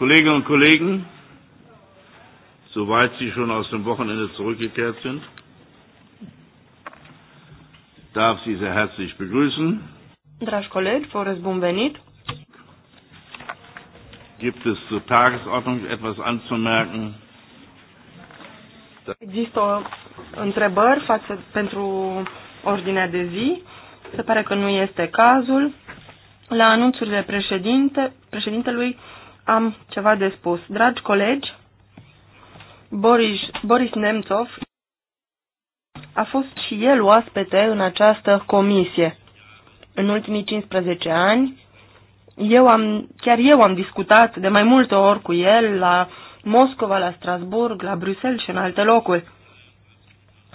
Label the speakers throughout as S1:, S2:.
S1: Kolleginnen und Kollegen, soweit Sie schon aus dem Wochenende zurückgekehrt sind, darf Sie sehr herzlich begrüßen.
S2: Dragi colegi, venit.
S1: Gibt es zur Tagesordnung etwas anzumerken?
S2: Există întrebări față, pentru ordinea de zi. Se pare că nu este cazul. La anunțurile președinte, președintelui, am ceva de spus. Dragi colegi, Boris, Boris Nemțov a fost și el oaspete în această comisie. În ultimii 15 ani, eu am, chiar eu am discutat de mai multe ori cu el la Moscova, la Strasburg, la Bruxelles și în alte locuri.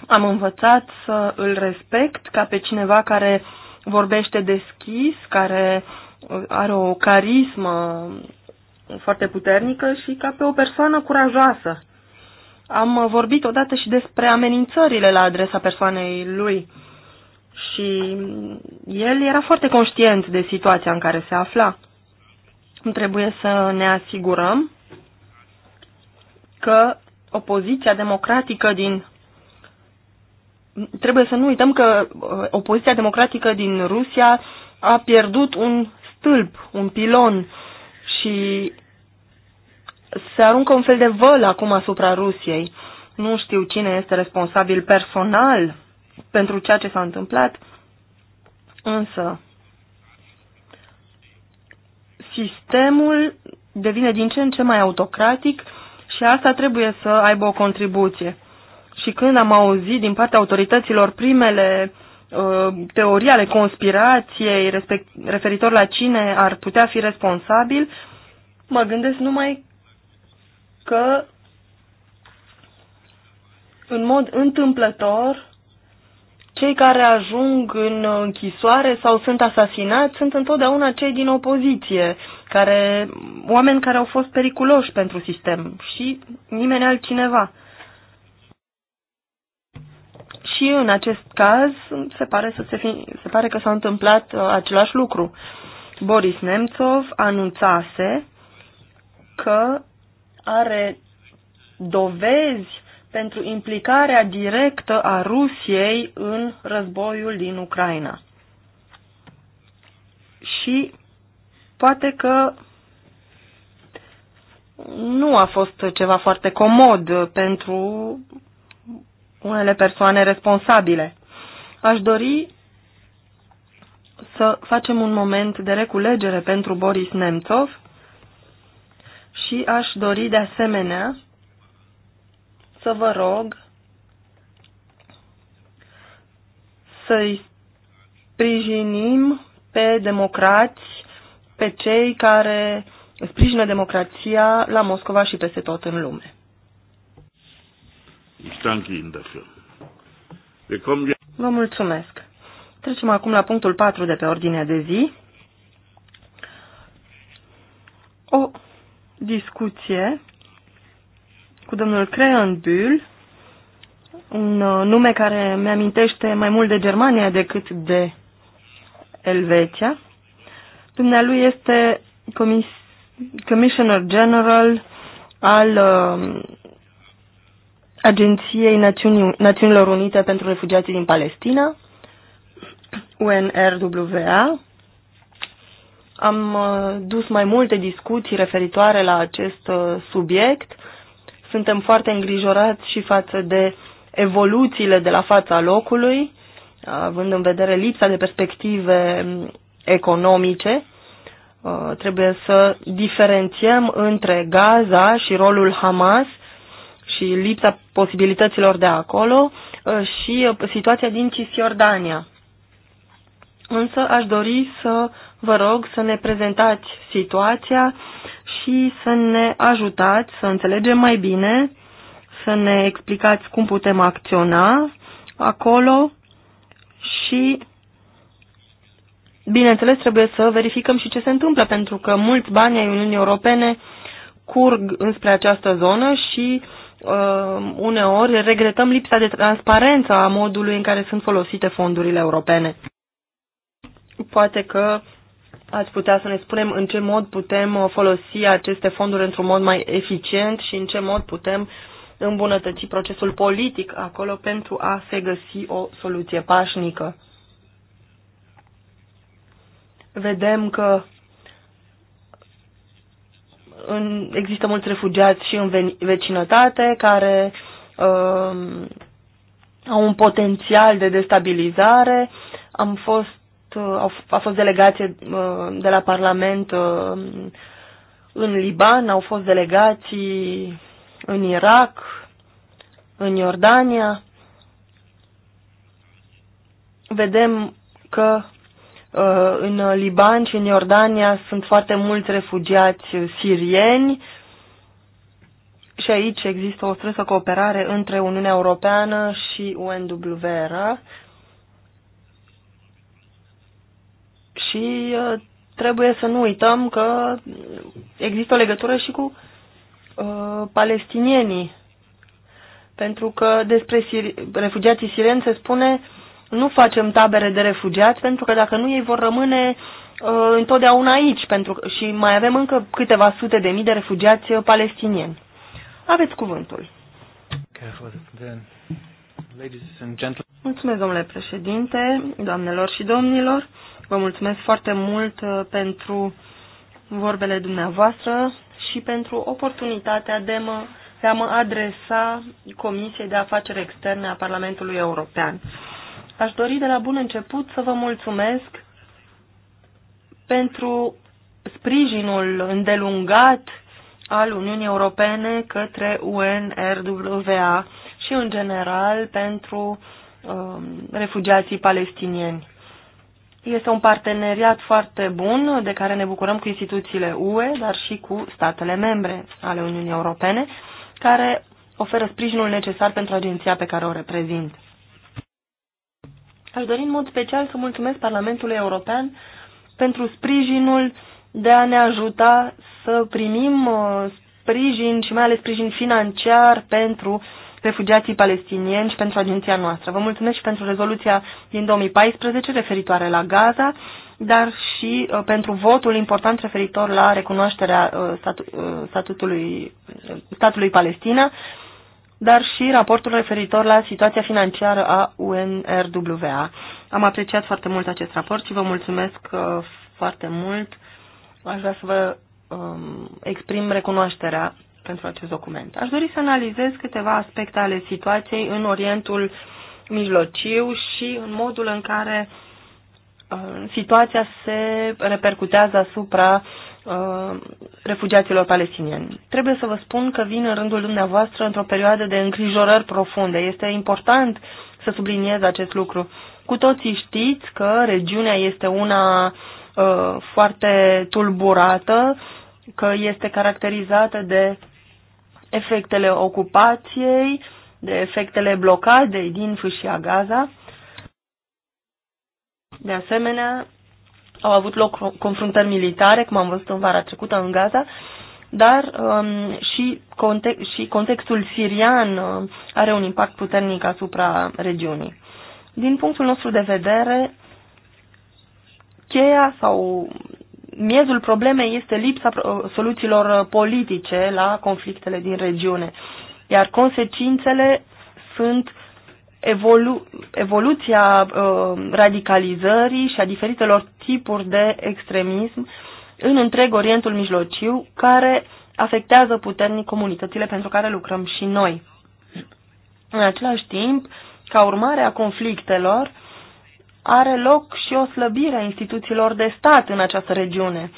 S2: Am învățat să îl respect ca pe cineva care vorbește deschis, care are o carismă foarte puternică și ca pe o persoană curajoasă. Am vorbit odată și despre amenințările la adresa persoanei lui și el era foarte conștient de situația în care se afla. Trebuie să ne asigurăm că opoziția democratică din trebuie să nu uităm că uh, opoziția democratică din Rusia a pierdut un stâlp, un pilon și se aruncă un fel de văl acum asupra Rusiei. Nu știu cine este responsabil personal pentru ceea ce s-a întâmplat, însă sistemul devine din ce în ce mai autocratic și asta trebuie să aibă o contribuție. Și când am auzit din partea autorităților primele uh, Uh, teorii ale conspirației respect, referitor la cine ar putea fi responsabil, mă gândesc numai că în mod întâmplător cei care ajung în închisoare sau sunt asasinați sunt întotdeauna cei din opoziție, care, oameni care au fost periculoși pentru sistem și nimeni altcineva și în acest caz se pare, să se, fi, se pare că s-a întâmplat uh, același lucru. Boris Nemțov anunțase că are dovezi pentru implicarea directă a Rusiei în războiul din Ucraina. Și poate că nu a fost ceva foarte comod pentru unele persoane responsabile. Aș dori să facem un moment de reculegere pentru Boris Nemțov și aș dori de asemenea să vă rog să-i sprijinim pe democrați, pe cei care sprijină democrația la Moscova și peste tot în lume.
S1: Ich danke Ihnen dafür. Wir kommen
S2: Vă mulțumesc. Trecem acum la punctul 4 de pe ordinea de zi. O discuție cu domnul Creanbül, un uh, nume care mi-amintește mai mult de Germania decât de Elveția. Dumnealui este Commissioner General al uh, Agenției Națiunii, Națiunilor Unite pentru Refugiații din Palestina, UNRWA. Am uh, dus mai multe discuții referitoare la acest uh, subiect. Suntem foarte îngrijorați și față de evoluțiile de la fața locului, având în vedere lipsa de perspective mm, economice. Uh, trebuie să diferențiem între Gaza și rolul Hamas – și lipsa posibilităților de acolo uh, și uh, situația din Cisjordania. Însă aș dori să vă rog să ne prezentați situația și să ne ajutați să înțelegem mai bine, să ne explicați cum putem acționa acolo și, bineînțeles, trebuie să verificăm și ce se întâmplă, pentru că mulți bani ai Uniunii Europene curg înspre această zonă și Uh, uneori regretăm lipsa de transparență a modului în care sunt folosite fondurile europene. Poate că ați putea să ne spunem în ce mod putem folosi aceste fonduri într-un mod mai eficient și în ce mod putem îmbunătăți procesul politic acolo pentru a se găsi o soluție pașnică. Vedem că în, există mulți refugiați și în vecinătate care uh, au un potențial de destabilizare. Am fost, uh, a fost delegație uh, de la Parlament uh, în Liban, au fost delegații în Irak, în Iordania. Vedem că Uh, în Liban și în Iordania sunt foarte mulți refugiați sirieni și aici există o strânsă cooperare între Uniunea Europeană și UNWRA și uh, trebuie să nu uităm că există o legătură și cu uh, palestinienii pentru că despre refugiații sireni se spune nu facem tabere de refugiați pentru că dacă nu ei vor rămâne uh, întotdeauna aici pentru că și mai avem încă câteva sute de mii de refugiați uh, palestinieni. Aveți cuvântul. Mulțumesc, domnule președinte, doamnelor și domnilor. Vă mulțumesc foarte mult uh, pentru vorbele dumneavoastră și pentru oportunitatea de, mă, de a mă adresa Comisiei de Afaceri Externe a Parlamentului European. Aș dori de la bun început să vă mulțumesc pentru sprijinul îndelungat al Uniunii Europene către UNRWA și, în general, pentru um, refugiații palestinieni. Este un parteneriat foarte bun de care ne bucurăm cu instituțiile UE, dar și cu statele membre ale Uniunii Europene, care oferă sprijinul necesar pentru agenția pe care o reprezint. Aș dori în mod special să mulțumesc Parlamentului European pentru sprijinul de a ne ajuta să primim uh, sprijin și mai ales sprijin financiar pentru refugiații palestinieni și pentru agenția noastră. Vă mulțumesc și pentru rezoluția din 2014 referitoare la Gaza, dar și uh, pentru votul important referitor la recunoașterea uh, statutului, statului Palestina dar și raportul referitor la situația financiară a UNRWA. Am apreciat foarte mult acest raport și vă mulțumesc uh, foarte mult. Aș vrea să vă um, exprim recunoașterea pentru acest document. Aș dori să analizez câteva aspecte ale situației în Orientul Mijlociu și în modul în care uh, situația se repercutează asupra Uh, refugiaților palestinieni. Trebuie să vă spun că vin în rândul dumneavoastră într-o perioadă de îngrijorări profunde. Este important să subliniez acest lucru. Cu toții știți că regiunea este una uh, foarte tulburată, că este caracterizată de efectele ocupației, de efectele blocadei din fâșia Gaza. De asemenea, au avut loc confruntări militare, cum am văzut în vara trecută în Gaza, dar um, și, context, și contextul sirian uh, are un impact puternic asupra regiunii. Din punctul nostru de vedere, cheia sau miezul problemei este lipsa uh, soluțiilor uh, politice la conflictele din regiune, iar consecințele sunt evolu evoluția uh, radicalizării și a diferitelor tipuri de extremism în întreg Orientul Mijlociu, care afectează puternic comunitățile pentru care lucrăm și noi. În același timp, ca urmare a conflictelor, are loc și o slăbire a instituțiilor de stat în această regiune.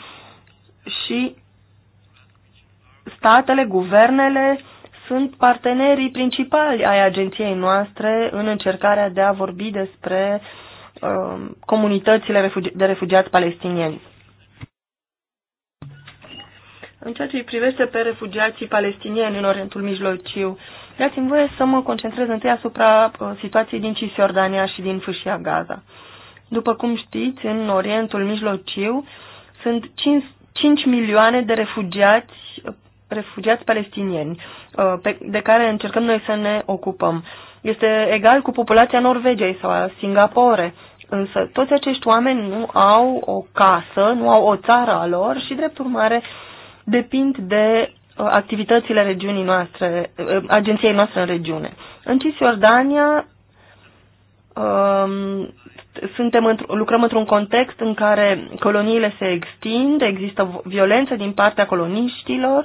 S2: Și statele, guvernele, sunt partenerii principali ai agenției noastre în încercarea de a vorbi despre um, comunitățile de refugiați palestinieni. În ceea ce îi privește pe refugiații palestinieni în Orientul Mijlociu, dați-mi voie să mă concentrez întâi asupra uh, situației din Cisjordania și din Fâșia Gaza. După cum știți, în Orientul Mijlociu sunt 5, 5 milioane de refugiați refugiați palestinieni, uh, de care încercăm noi să ne ocupăm. Este egal cu populația Norvegiei sau a Singapore, însă toți acești oameni nu au o casă, nu au o țară a lor și, drept urmare, depind de uh, activitățile regiunii noastre, uh, agenției noastre în regiune. În Cisjordania um, suntem într lucrăm într-un context în care coloniile se extind, există violență din partea coloniștilor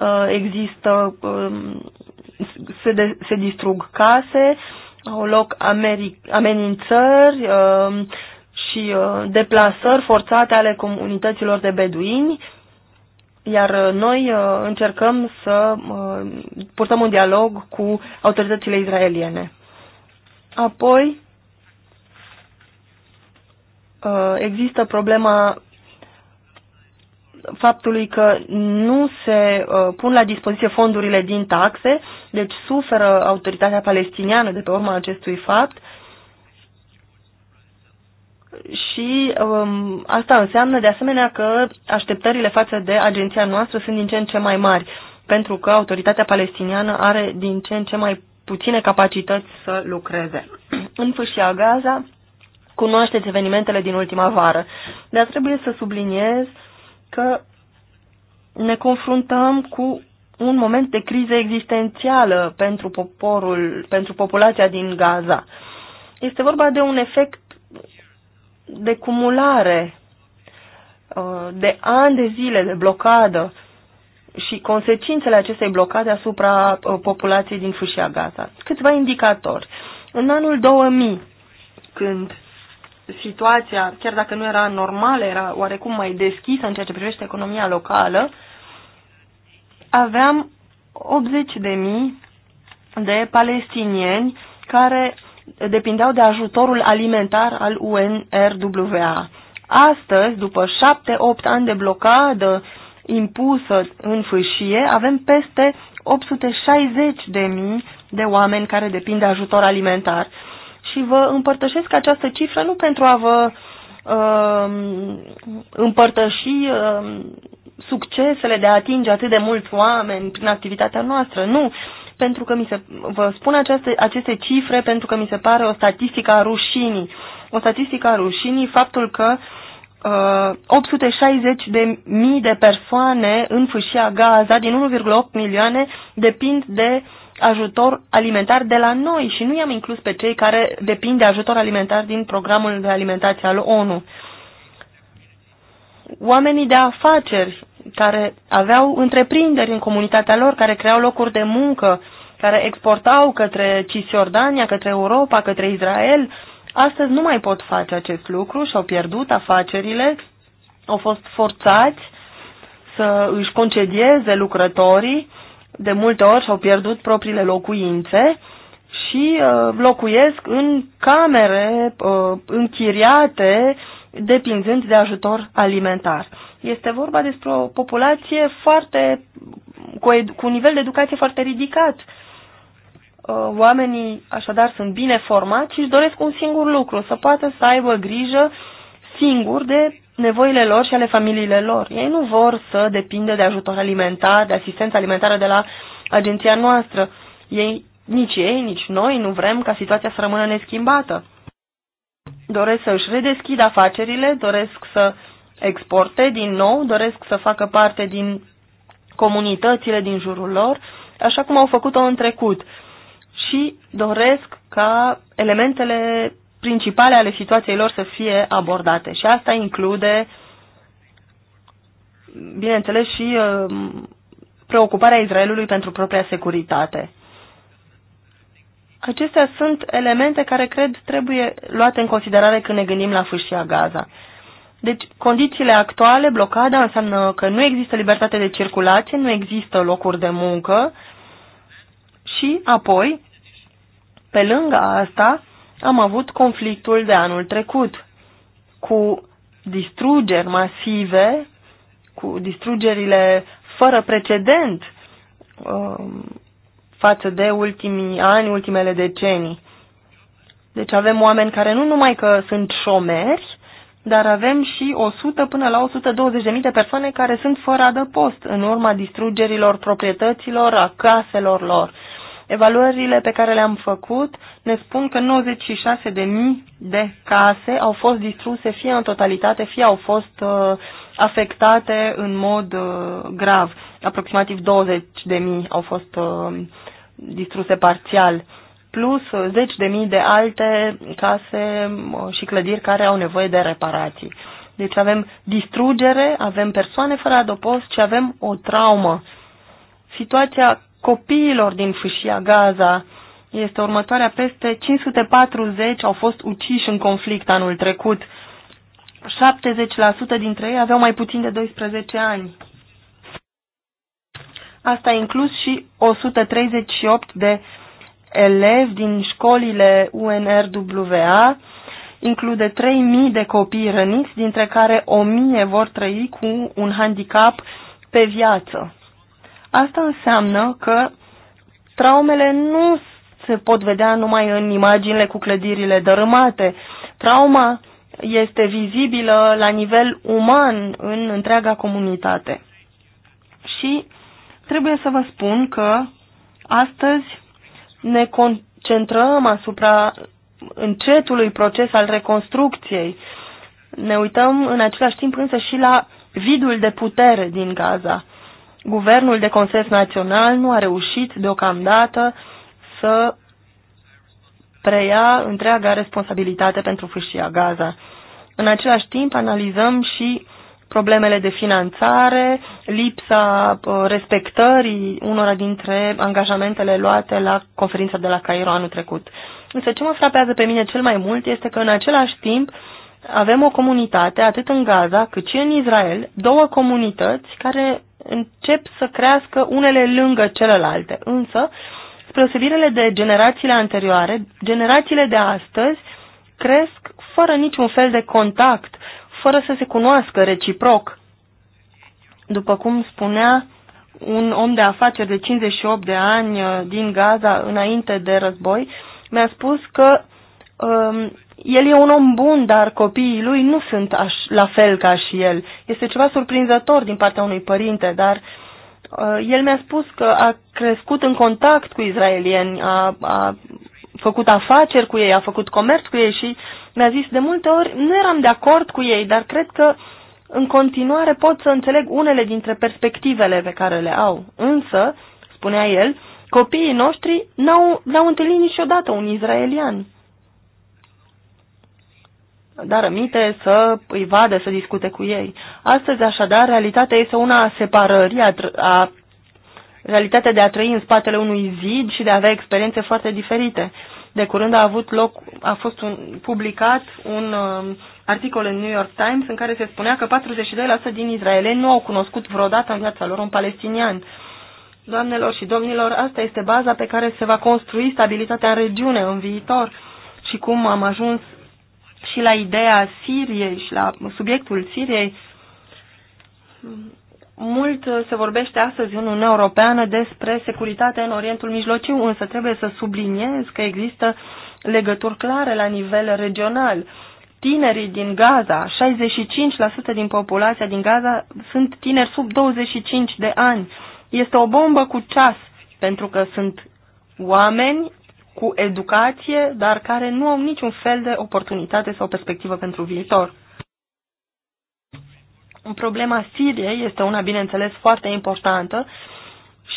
S2: Uh, există, um, se, de, se distrug case, au loc amenințări um, și uh, deplasări forțate ale comunităților de beduini, iar uh, noi încercăm să purtăm un dialog cu autoritățile israeliene. Apoi, există problema faptului că nu se uh, pun la dispoziție fondurile din taxe, deci suferă autoritatea palestiniană de pe urma acestui fapt și um, asta înseamnă de asemenea că așteptările față de agenția noastră sunt din ce în ce mai mari, pentru că autoritatea palestiniană are din ce în ce mai puține capacități să lucreze. În fâșia Gaza cunoașteți evenimentele din ultima vară, dar trebuie să subliniez uh, că ne confruntăm cu un moment de criză existențială pentru poporul, pentru populația din Gaza. Este vorba de un efect de cumulare uh, de ani de zile de blocadă și consecințele acestei blocade asupra uh, populației din Fâșia Gaza. Câțiva indicatori. În anul 2000, când situația, chiar dacă nu era normală, era oarecum mai deschisă în ceea ce privește economia locală, aveam 80.000 de, de palestinieni care depindeau de ajutorul alimentar al UNRWA. Astăzi, după 7-8 ani de blocadă impusă în fâșie, avem peste 860.000 de, de oameni care depind de ajutor alimentar și vă împărtășesc această cifră nu pentru a vă uh, împărtăși uh, succesele de a atinge atât de mulți oameni prin activitatea noastră, nu, pentru că mi se, vă spun aceste, aceste cifre pentru că mi se pare o statistică a rușinii. O statistică a rușinii, faptul că uh, 860 de mii de persoane în fâșia Gaza, din 1,8 milioane, depind de uh, ajutor alimentar de la noi și nu i-am inclus pe cei care depind de ajutor alimentar din programul de alimentație al ONU. Oamenii de afaceri care aveau întreprinderi în comunitatea lor, care creau locuri de muncă, care exportau către Cisjordania, către Europa, către Israel, astăzi nu mai pot face acest lucru și-au pierdut afacerile, au fost forțați să își concedieze lucrătorii de multe ori și-au pierdut propriile locuințe și uh, locuiesc în camere uh, închiriate, depinzând de ajutor alimentar. Este vorba despre o populație foarte, cu, cu un nivel de educație foarte ridicat. Uh, oamenii așadar sunt bine formați și își doresc un singur lucru, să poată să aibă grijă singur de nevoile lor și ale familiile lor. Ei nu vor să depindă de ajutor alimentar, de asistență alimentară de la agenția noastră. Ei, nici ei, nici noi nu vrem ca situația să rămână neschimbată. Doresc să își redeschid afacerile, doresc să exporte din nou, doresc să facă parte din comunitățile din jurul lor, așa cum au făcut-o în trecut. Și doresc ca elementele principale ale situației lor să fie abordate. Și asta include, bineînțeles, și um, preocuparea Israelului pentru propria securitate. Acestea sunt elemente care cred trebuie luate în considerare când ne gândim la fâșia Gaza. Deci, condițiile actuale, blocada, înseamnă că nu există libertate de circulație, nu există locuri de muncă și apoi, pe lângă asta, am avut conflictul de anul trecut cu distrugeri masive, cu distrugerile fără precedent um, față de ultimii ani, ultimele decenii. Deci avem oameni care nu numai că sunt șomeri, dar avem și 100 până la 120.000 de persoane care sunt fără adăpost în urma distrugerilor proprietăților, a caselor lor. Evaluările pe care le-am făcut ne spun că 96.000 de case au fost distruse fie în totalitate, fie au fost uh, afectate în mod uh, grav. Aproximativ 20.000 au fost uh, distruse parțial, plus 10.000 uh, de alte case uh, și clădiri care au nevoie de reparații. Deci avem distrugere, avem persoane fără adopost și avem o traumă. Situația copiilor din fâșia Gaza este următoarea. Peste 540 au fost uciși în conflict anul trecut. 70% dintre ei aveau mai puțin de 12 ani. Asta a inclus și 138 de elevi din școlile UNRWA, include 3000 de copii răniți, dintre care 1000 vor trăi cu un handicap pe viață. Asta înseamnă că traumele nu se pot vedea numai în imaginile cu clădirile dărâmate. Trauma este vizibilă la nivel uman în întreaga comunitate. Și trebuie să vă spun că astăzi ne concentrăm asupra încetului proces al reconstrucției. Ne uităm în același timp însă și la vidul de putere din Gaza. Guvernul de consens național nu a reușit deocamdată să preia întreaga responsabilitate pentru fâșia Gaza. În același timp analizăm și problemele de finanțare, lipsa uh, respectării unora dintre angajamentele luate la conferința de la Cairo anul trecut. Însă ce mă frapează pe mine cel mai mult este că în același timp avem o comunitate, atât în Gaza cât și în Israel, două comunități care încep să crească unele lângă celelalte. Însă, spre osebirele de generațiile anterioare, generațiile de astăzi cresc fără niciun fel de contact, fără să se cunoască reciproc. După cum spunea un om de afaceri de 58 de ani uh, din Gaza înainte de război, mi-a spus că um, el e un om bun, dar copiii lui nu sunt aș, la fel ca și el. Este ceva surprinzător din partea unui părinte, dar uh, el mi-a spus că a crescut în contact cu izraelieni, a, a făcut afaceri cu ei, a făcut comerț cu ei și mi-a zis de multe ori, nu eram de acord cu ei, dar cred că în continuare pot să înțeleg unele dintre perspectivele pe care le au. Însă, spunea el, copiii noștri n-au, n-au întâlnit niciodată un izraelian dar aminte să îi vadă, să discute cu ei. Astăzi, așadar, realitatea este una a separării, a, a, realitatea de a trăi în spatele unui zid și de a avea experiențe foarte diferite. De curând a avut loc, a fost un, publicat un uh, articol în New York Times în care se spunea că 42% din israeleni nu au cunoscut vreodată în viața lor un palestinian. Doamnelor și domnilor, asta este baza pe care se va construi stabilitatea în regiune în viitor și cum am ajuns și la ideea Siriei și la subiectul Siriei. Mult se vorbește astăzi în Uniunea Europeană despre securitate în Orientul Mijlociu, însă trebuie să subliniez că există legături clare la nivel regional. Tinerii din Gaza, 65% din populația din Gaza sunt tineri sub 25 de ani. Este o bombă cu ceas, pentru că sunt oameni cu educație, dar care nu au niciun fel de oportunitate sau perspectivă pentru viitor. Problema Siriei este una, bineînțeles, foarte importantă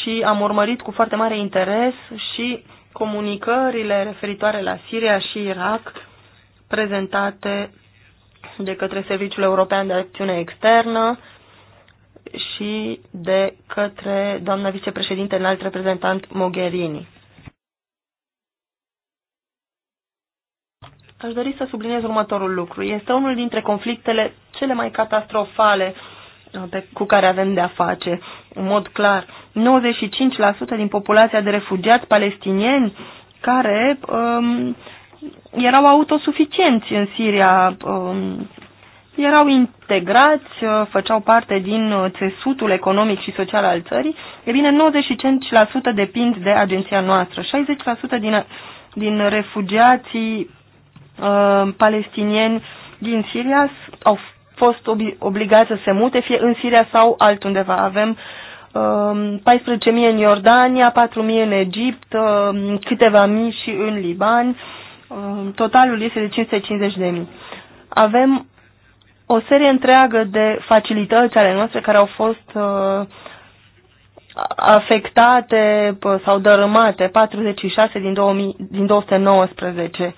S2: și am urmărit cu foarte mare interes și comunicările referitoare la Siria și Irak prezentate de către Serviciul European de Acțiune Externă și de către doamna vicepreședinte înalt reprezentant Mogherini. Aș dori să subliniez următorul lucru. Este unul dintre conflictele cele mai catastrofale uh, pe, cu care avem de-a face. În mod clar, 95% din populația de refugiați palestinieni care um, erau autosuficienți în Siria, um, erau integrați, uh, făceau parte din uh, țesutul economic și social al țării, e bine, 95% depind de agenția noastră. 60% din, din refugiații Uh, palestinieni din Siria au fost ob- obligați să se mute fie în Siria sau altundeva. Avem uh, um, 14.000 în Iordania, 4.000 în Egipt, uh, câteva mii și în Liban. Uh, totalul este de 550.000. Avem o serie întreagă de facilități ale noastre care au fost uh, afectate sau dărâmate, 46 din, 2000, din 219.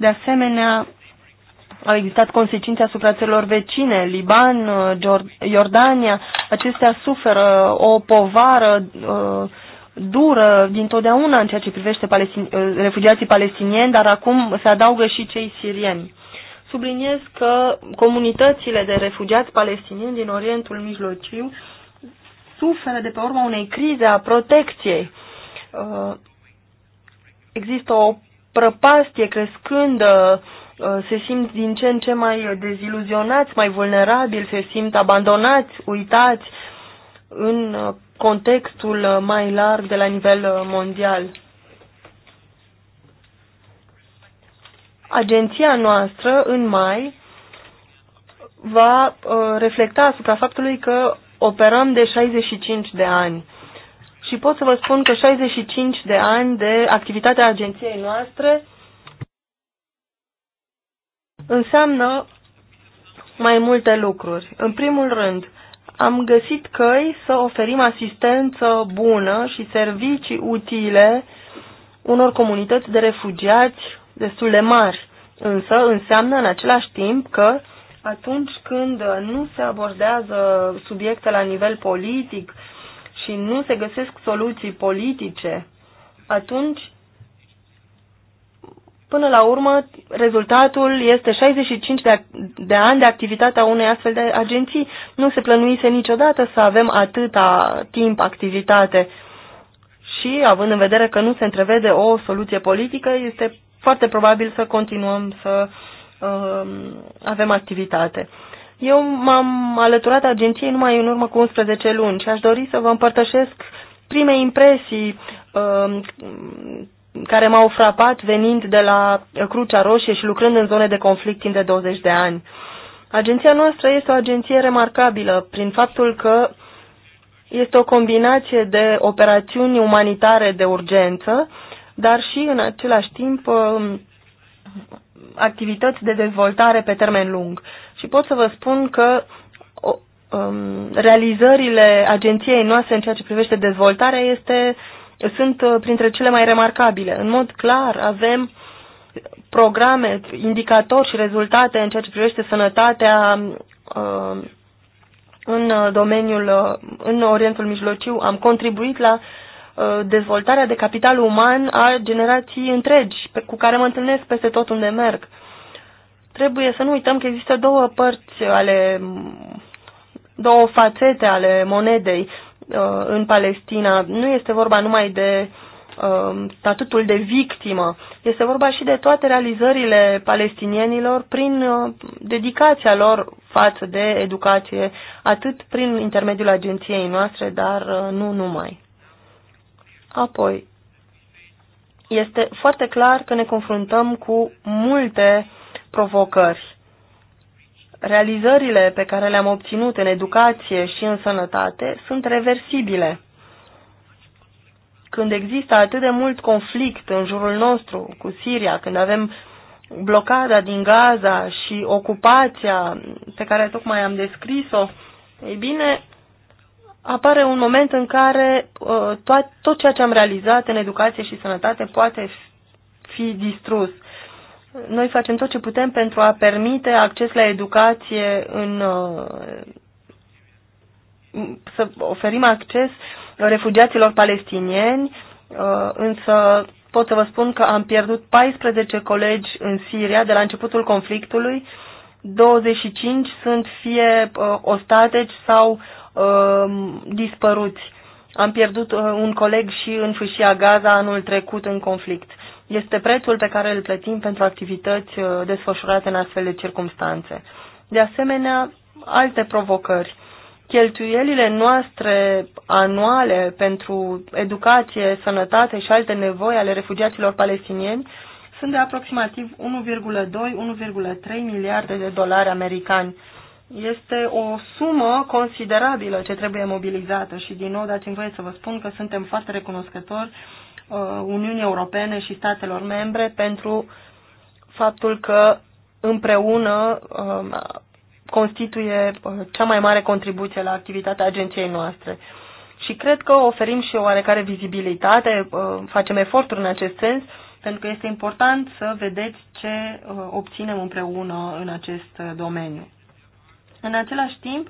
S2: De asemenea, au existat consecințe asupra țărilor vecine, Liban, uh, Iordania, acestea suferă o povară uh, dură dintotdeauna în ceea ce privește palestin, uh, refugiații palestinieni, dar acum se adaugă și cei sirieni. Subliniez că comunitățile de refugiați palestinieni din Orientul Mijlociu suferă de pe urma unei crize a protecției. Uh, există o prăpastie crescând, uh, se simt din ce în ce mai deziluzionați, mai vulnerabili, se simt abandonați, uitați în uh, contextul uh, mai larg de la nivel mondial. Agenția noastră, în mai, va reflecta asupra faptului că operăm de 65 de ani și pot să vă spun că 65 de ani de activitatea agenției noastre înseamnă mai multe lucruri. În primul rând, am găsit căi să oferim asistență bună și servicii utile unor comunități de refugiați destul de mari. Însă înseamnă în același timp că atunci când nu se abordează subiecte la nivel politic și nu se găsesc soluții politice, atunci, până la urmă, rezultatul este 65 de, de ani de activitate a unei astfel de agenții. Nu se plănuise niciodată să avem atâta timp activitate și, având în vedere că nu se întrevede o soluție politică, este foarte probabil să continuăm să uh, avem activitate. Eu m-am alăturat agenției numai în urmă cu 11 luni și aș dori să vă împărtășesc prime impresii uh, care m-au frapat venind de la Crucea Roșie și lucrând în zone de conflict timp de 20 de ani. Agenția noastră este o agenție remarcabilă prin faptul că este o combinație de operațiuni umanitare de urgență, dar și în același timp um, activități de dezvoltare pe termen lung și pot să vă spun că um, realizările agenției noastre în ceea ce privește dezvoltarea este, sunt uh, printre cele mai remarcabile. În mod clar avem programe, indicatori și rezultate în ceea ce privește sănătatea um, în uh, domeniul, în Orientul Mijlociu. Am contribuit la dezvoltarea de capital uman a generații întregi cu care mă întâlnesc peste tot unde merg trebuie să nu uităm că există două părți ale două fațete ale monedei uh, în Palestina. Nu este vorba numai de uh, statutul de victimă. Este vorba și de toate realizările palestinienilor prin uh, dedicația lor față de educație, atât prin intermediul agenției noastre, dar nu numai. Apoi, este foarte clar că ne confruntăm cu multe provocări. Realizările pe care le-am obținut în educație și în sănătate sunt reversibile. Când există atât de mult conflict în jurul nostru cu Siria, când avem blocada din Gaza și ocupația pe care tocmai am descris-o, ei bine, apare un moment în care uh, tot ceea ce am realizat în educație și sănătate poate fi distrus. Noi facem tot ce putem pentru a permite acces la educație în uh, să oferim acces refugiaților palestinieni, uh, însă pot să vă spun că am pierdut 14 colegi în Siria de la începutul conflictului, 25 sunt fie uh, ostateci sau dispăruți. Am pierdut un coleg și în fâșia Gaza anul trecut în conflict este prețul pe care îl plătim pentru activități uh, desfășurate în astfel de circunstanțe. De asemenea, alte provocări. Cheltuielile noastre anuale pentru educație, sănătate și alte nevoi ale refugiaților palestinieni sunt de aproximativ 1,2-1,3 miliarde de dolari americani. Este o sumă considerabilă ce trebuie mobilizată și, din nou, dați-mi voie să vă spun că suntem foarte recunoscători Uh, Uniunii Europene și statelor membre pentru faptul că împreună um, constituie uh, cea mai mare contribuție la activitatea agenției noastre. Și cred că oferim și o oarecare vizibilitate, uh, facem eforturi în acest sens, pentru că este important să vedeți ce obținem împreună în acest domeniu. În același timp,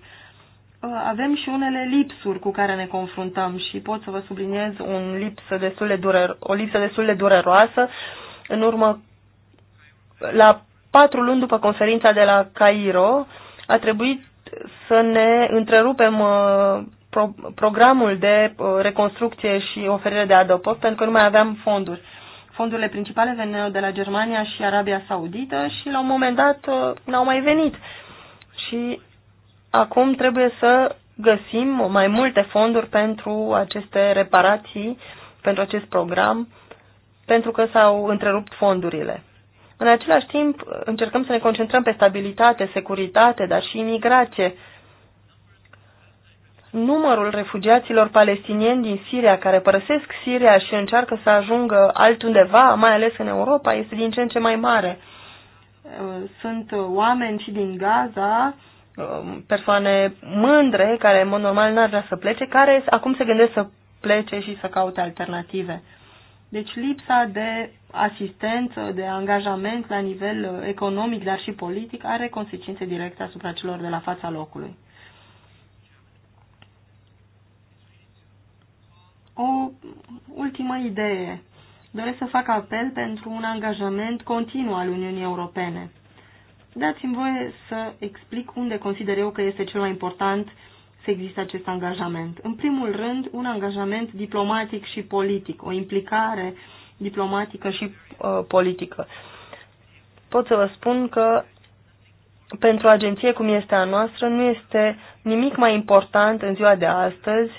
S2: Uh, avem și unele lipsuri cu care ne confruntăm și pot să vă subliniez un lipsă destul de durer, o lipsă destul de dureroasă. În urmă, la patru luni după conferința de la Cairo, a trebuit să ne întrerupem uh, pro, programul de uh, reconstrucție și oferire de adăpost pentru că nu mai aveam fonduri. Fondurile principale veneau de la Germania și Arabia Saudită și la un moment dat n-au mai venit. Și acum trebuie să găsim mai multe fonduri pentru aceste reparații, pentru acest program, pentru că s-au întrerupt fondurile. În același timp, încercăm să ne concentrăm pe stabilitate, securitate, dar și imigrație. Numărul refugiaților palestinieni din Siria care părăsesc Siria și încearcă să ajungă altundeva, mai ales în Europa, este din ce în ce mai mare. Sunt oameni și din Gaza, Um, persoane mândre, care în mod normal n-ar vrea să plece, care acum se gândesc să plece și să caute alternative. Deci lipsa de asistență, de angajament la nivel uh, economic, dar și politic, are consecințe directe asupra celor de la fața locului. O ultimă idee. Doresc să fac apel pentru un angajament continuu al Uniunii Europene. Dați-mi voie să explic unde consider eu că este cel mai important să existe acest angajament. În primul rând, un angajament diplomatic și politic, o implicare diplomatică și uh, politică. Pot să vă spun că pentru o agenție cum este a noastră nu este nimic mai important în ziua de astăzi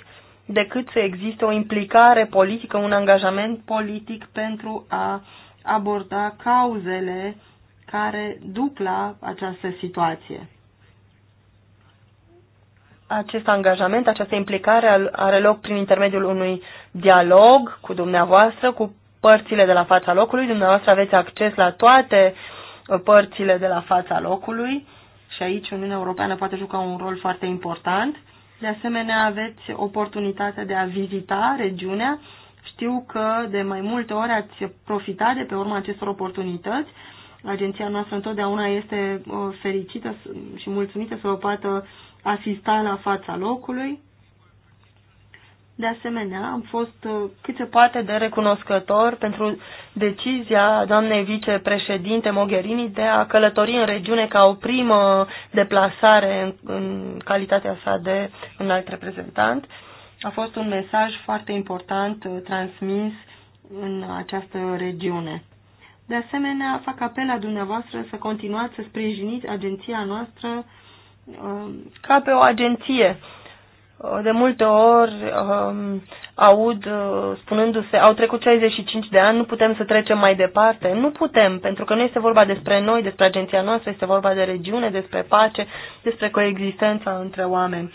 S2: decât să existe o implicare politică, un angajament politic pentru a aborda cauzele uh, care duc la această situație. Acest angajament, această implicare are loc prin intermediul unui dialog cu dumneavoastră, cu părțile de la fața locului. Dumneavoastră aveți acces la toate uh, părțile de la fața locului și aici Uniunea Europeană poate juca un rol foarte important. De asemenea, aveți oportunitatea de a vizita regiunea. Știu că de mai multe ori ați profitat de pe urma acestor oportunități Agenția noastră întotdeauna este uh, fericită și mulțumită să o poată asista la fața locului. De asemenea, am fost uh, cât se poate de recunoscător pentru decizia doamnei vicepreședinte Mogherini de a călători în regiune ca o primă deplasare în, în calitatea sa de înalt reprezentant. A fost un mesaj foarte important uh, transmis în această regiune. De asemenea, fac apel la dumneavoastră să continuați să sprijiniți agenția noastră um, ca pe o agenție. Uh, de multe ori um, aud uh, spunându-se, au trecut 65 de ani, nu putem să trecem mai departe. Nu putem, pentru că nu este vorba despre noi, despre agenția noastră, este vorba de regiune, despre pace, despre coexistența între oameni.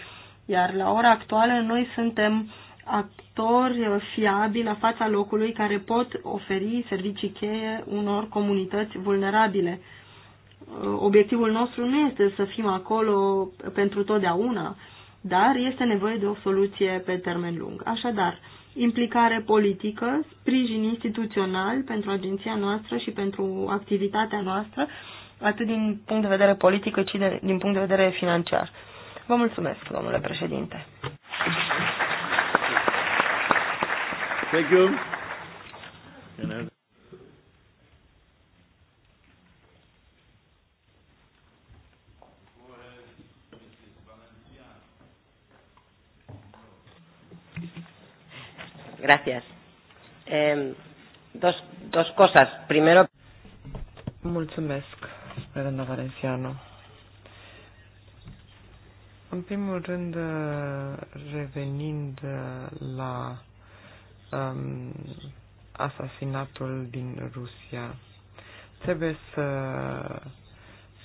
S2: Iar la ora actuală noi suntem uh, actori fiabili la fața locului care pot oferi servicii cheie unor comunități vulnerabile. Obiectivul nostru nu este să fim acolo pentru totdeauna, dar este nevoie de o soluție pe termen lung. Așadar, implicare politică, sprijin instituțional pentru agenția noastră și pentru activitatea noastră, atât din punct de vedere politic, cât și de, din punct de vedere financiar. Vă mulțumesc, domnule președinte. Thank you. Gracias. Eh, dos, dos cosas. Primero. Mulțumesc,
S3: spre doamna Valenciano. În primul rând, revenind la um, asasinatul din Rusia. Trebuie să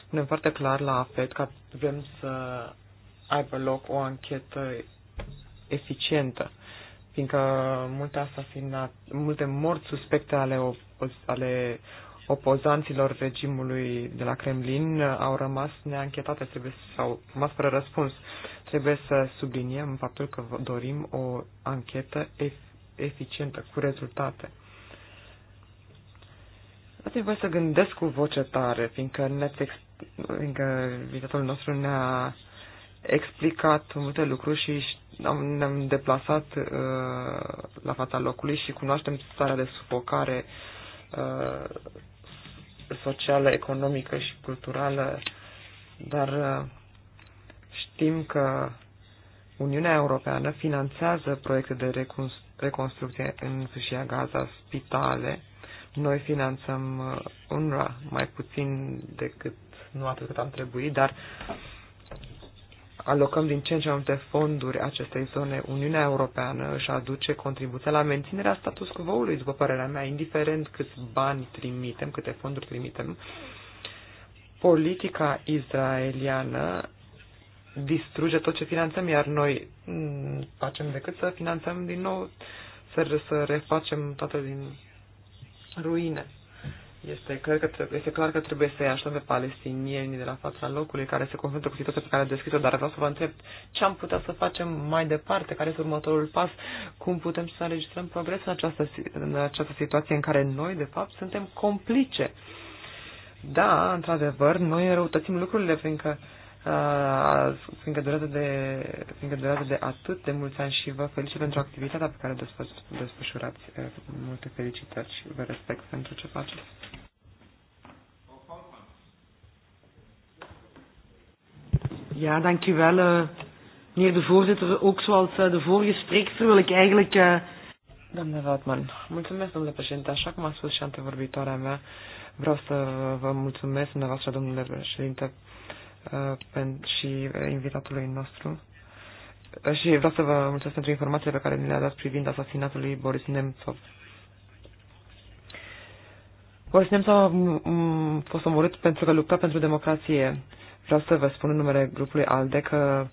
S3: spunem foarte clar la AFET că vrem să aibă loc o anchetă eficientă, fiindcă multe asasinat, multe morți suspecte ale, opoz- ale opozanților regimului de la Kremlin au rămas neanchetate trebuie, sau rămas fără răspuns. Trebuie să subliniem faptul că dorim o anchetă eficientă eficientă, cu rezultate. Dați-mi voi să gândesc cu voce tare, fiindcă, ex- fiindcă vizitatorul nostru ne-a explicat multe lucruri și am, ne-am deplasat uh, la fața locului și cunoaștem starea de sufocare uh, socială, economică și culturală, dar uh, știm că Uniunea Europeană finanțează proiecte de reconstrucție reconstrucție în Sfâșia Gaza, spitale. Noi finanțăm uh, UNRWA mai puțin decât nu atât cât am trebuit, dar alocăm din ce în ce mai multe fonduri acestei zone. Uniunea Europeană își aduce contribuția la menținerea status quo-ului, după părerea mea, indiferent câți bani trimitem, câte fonduri trimitem. Politica israeliană distruge tot ce finanțăm, iar noi mm, facem decât să finanțăm din nou, să, să refacem toate din ruine. Este, cred că trebuie, este clar că trebuie să-i ajutăm pe palestinienii de la fața locului care se confruntă cu situația pe care a descris-o, dar vreau să vă întreb ce am putea să facem mai departe, care este următorul pas, cum putem să înregistrăm progres în această, în această situație în care noi, de fapt, suntem complice. Da, într-adevăr, noi răutățim lucrurile, fiindcă uh, Uh, fiindcă, durează de, fiindcă durează de atât de mulți ani și vă felicit pentru activitatea pe care o desfășurați. Uh, multe felicitări și vă respect pentru ce faceți.
S2: Ja, dankjewel, uh, eh, meneer de voorzitter. Ook zoals uh, de vorige spreekster wil ik eigenlijk... Uh...
S3: Doamne mulțumesc, domnule președinte. Așa cum a spus și antevorbitoarea mea, vreau să vă mulțumesc, dumneavoastră, domnule președinte, și uh, invitatului nostru. Și vreau să vă mulțumesc pentru informațiile pe care mi le-a dat privind asasinatul lui Boris Nemtsov. Boris Nemtsov a fost omorât pentru că lupta pentru democrație. Vreau să vă spun în numele grupului ALDE că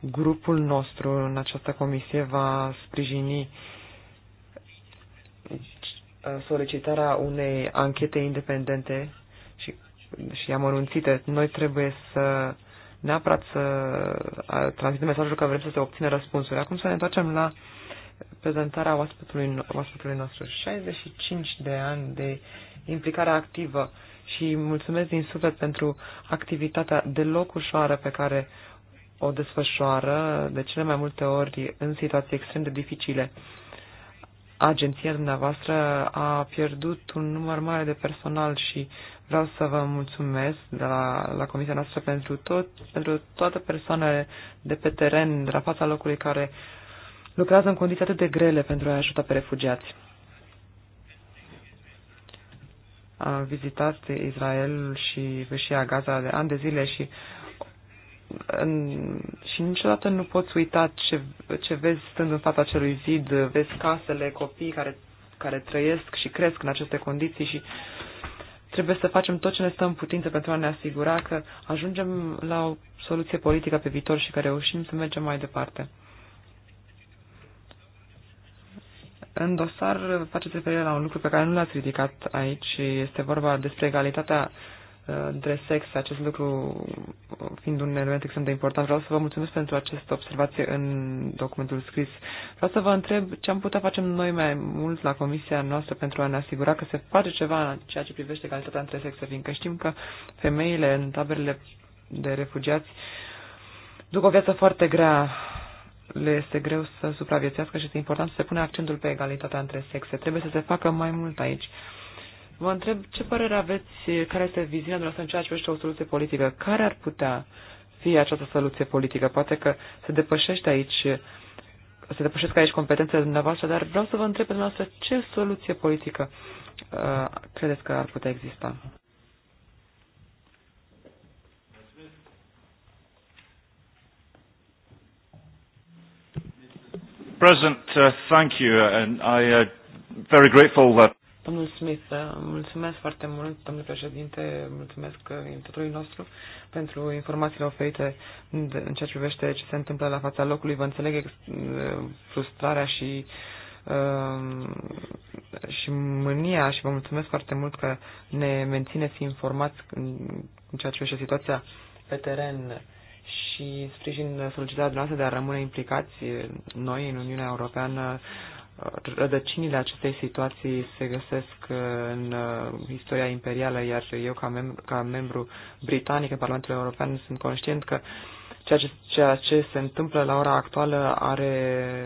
S3: grupul nostru în această comisie va sprijini uh, solicitarea unei anchete independente și amănunțite. Noi trebuie să neapărat să transmitem mesajul că vrem să se obțină răspunsuri. Acum să ne întoarcem la prezentarea oaspetului, oaspetului nostru. 65 de ani de implicare activă și mulțumesc din suflet pentru activitatea deloc ușoară pe care o desfășoară de cele mai multe ori în situații extrem de dificile. Agenția dumneavoastră a pierdut un număr mare de personal și Vreau să vă mulțumesc de la, la comisia noastră pentru, tot, pentru toate persoanele de pe teren, de la fața locului, care lucrează în condiții atât de grele pentru a ajuta pe refugiați. Am vizitat Israelul și Vâșia Gaza de ani de zile și, în, și niciodată nu poți uita ce, ce vezi stând în fața acelui zid, vezi casele, copii care, care trăiesc și cresc în aceste condiții și uh, Trebuie să facem tot ce ne stă în putință pentru a ne asigura că ajungem la o soluție politică pe viitor și că reușim să mergem mai departe. În dosar faceți referire la un lucru pe care nu l-ați ridicat aici. Este vorba despre egalitatea între sex, acest lucru fiind un element extrem de important. Vreau să vă mulțumesc pentru această observație în documentul scris. Vreau să vă întreb ce am putea face noi mai mult la comisia noastră pentru a ne asigura că se face ceva în ceea ce privește calitatea între sexe, fiindcă știm că femeile în taberele de refugiați duc o viață foarte grea le este greu să supraviețească și este important să se pune accentul pe egalitatea între sexe. Trebuie să se facă mai mult aici. Vă întreb ce părere aveți, care este viziunea dumneavoastră în ceea ce privește o soluție politică. Care ar putea fi această soluție politică? Poate că se depășește aici se depășesc aici competențele dumneavoastră, dar vreau să vă întreb pe dumneavoastră ce soluție politică uh, credeți că ar putea exista?
S1: President, uh, thank you, and I uh, very grateful that.
S3: Domnul Smith, uh, mulțumesc foarte mult, domnul președinte, mulțumesc uh, invitatorului nostru pentru informațiile oferite în ceea ce privește ce se întâmplă la fața locului. Vă înțeleg uh, frustrarea și și mânia și vă mulțumesc foarte mult că ne mențineți informați în ceea ce privește situația pe teren și sprijin solicitarea dumneavoastră de a rămâne implicați noi în Uniunea Europeană rădăcinile acestei situații se găsesc în uh, istoria imperială, iar eu ca, mem- ca membru britanic în Parlamentul European sunt conștient că ceea ce, ceea ce se întâmplă la ora actuală are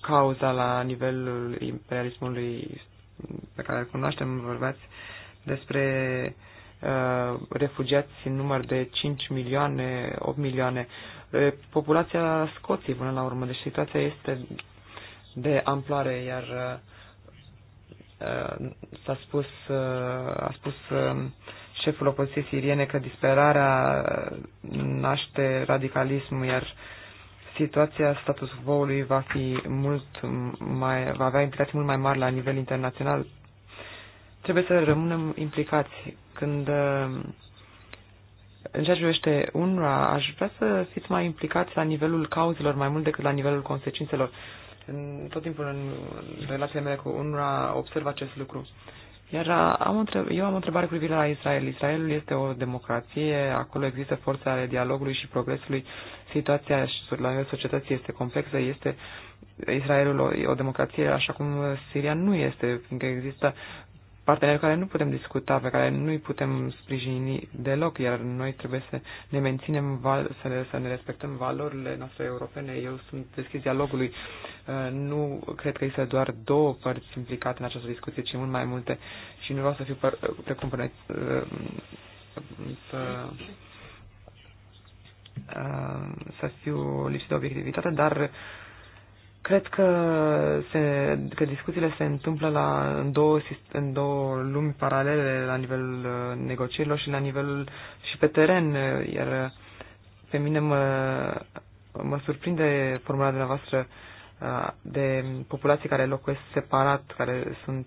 S3: cauza la nivelul imperialismului pe care îl cunoaștem, vorbeați despre uh, refugiați în număr de 5 milioane, 8 milioane, uh, populația Scoției până la urmă. Deci situația este de amploare, iar uh, s-a spus, uh, a spus um, șeful opoziției siriene că disperarea uh, naște radicalism, iar situația status quo-ului va fi mult mai, va avea implicații mult mai mari la nivel internațional. Trebuie să rămânem implicați. Când în ceea ce privește UNRWA, aș vrea să fiți mai implicați la nivelul cauzelor mai mult decât la nivelul consecințelor în, tot timpul în relațiile mele cu UNRWA observ acest lucru. Iar am întreb, eu am o întrebare cu privire la Israel. Israelul este o democrație, acolo există forța ale dialogului și progresului. Situația la nivel societății este complexă, este Israelul o, o democrație așa cum Siria nu este, fiindcă există parteneri care nu putem discuta, pe care nu-i putem sprijini deloc, iar noi trebuie să ne menținem, val, să, ne, să ne respectăm valorile noastre europene. Eu sunt deschis dialogului. Uh, nu cred că există doar două părți implicate în această discuție, ci mult mai multe. Și nu vreau să fiu precum până, uh, să, uh, să fiu lipsit de obiectivitate, dar Cred că, se, că discuțiile se întâmplă la, în, două, în două lumi paralele la nivelul uh, negocierilor și la nivelul și pe teren, uh, iar uh, pe mine mă, mă surprinde formularea dumneavoastră de populații care locuiesc separat, care sunt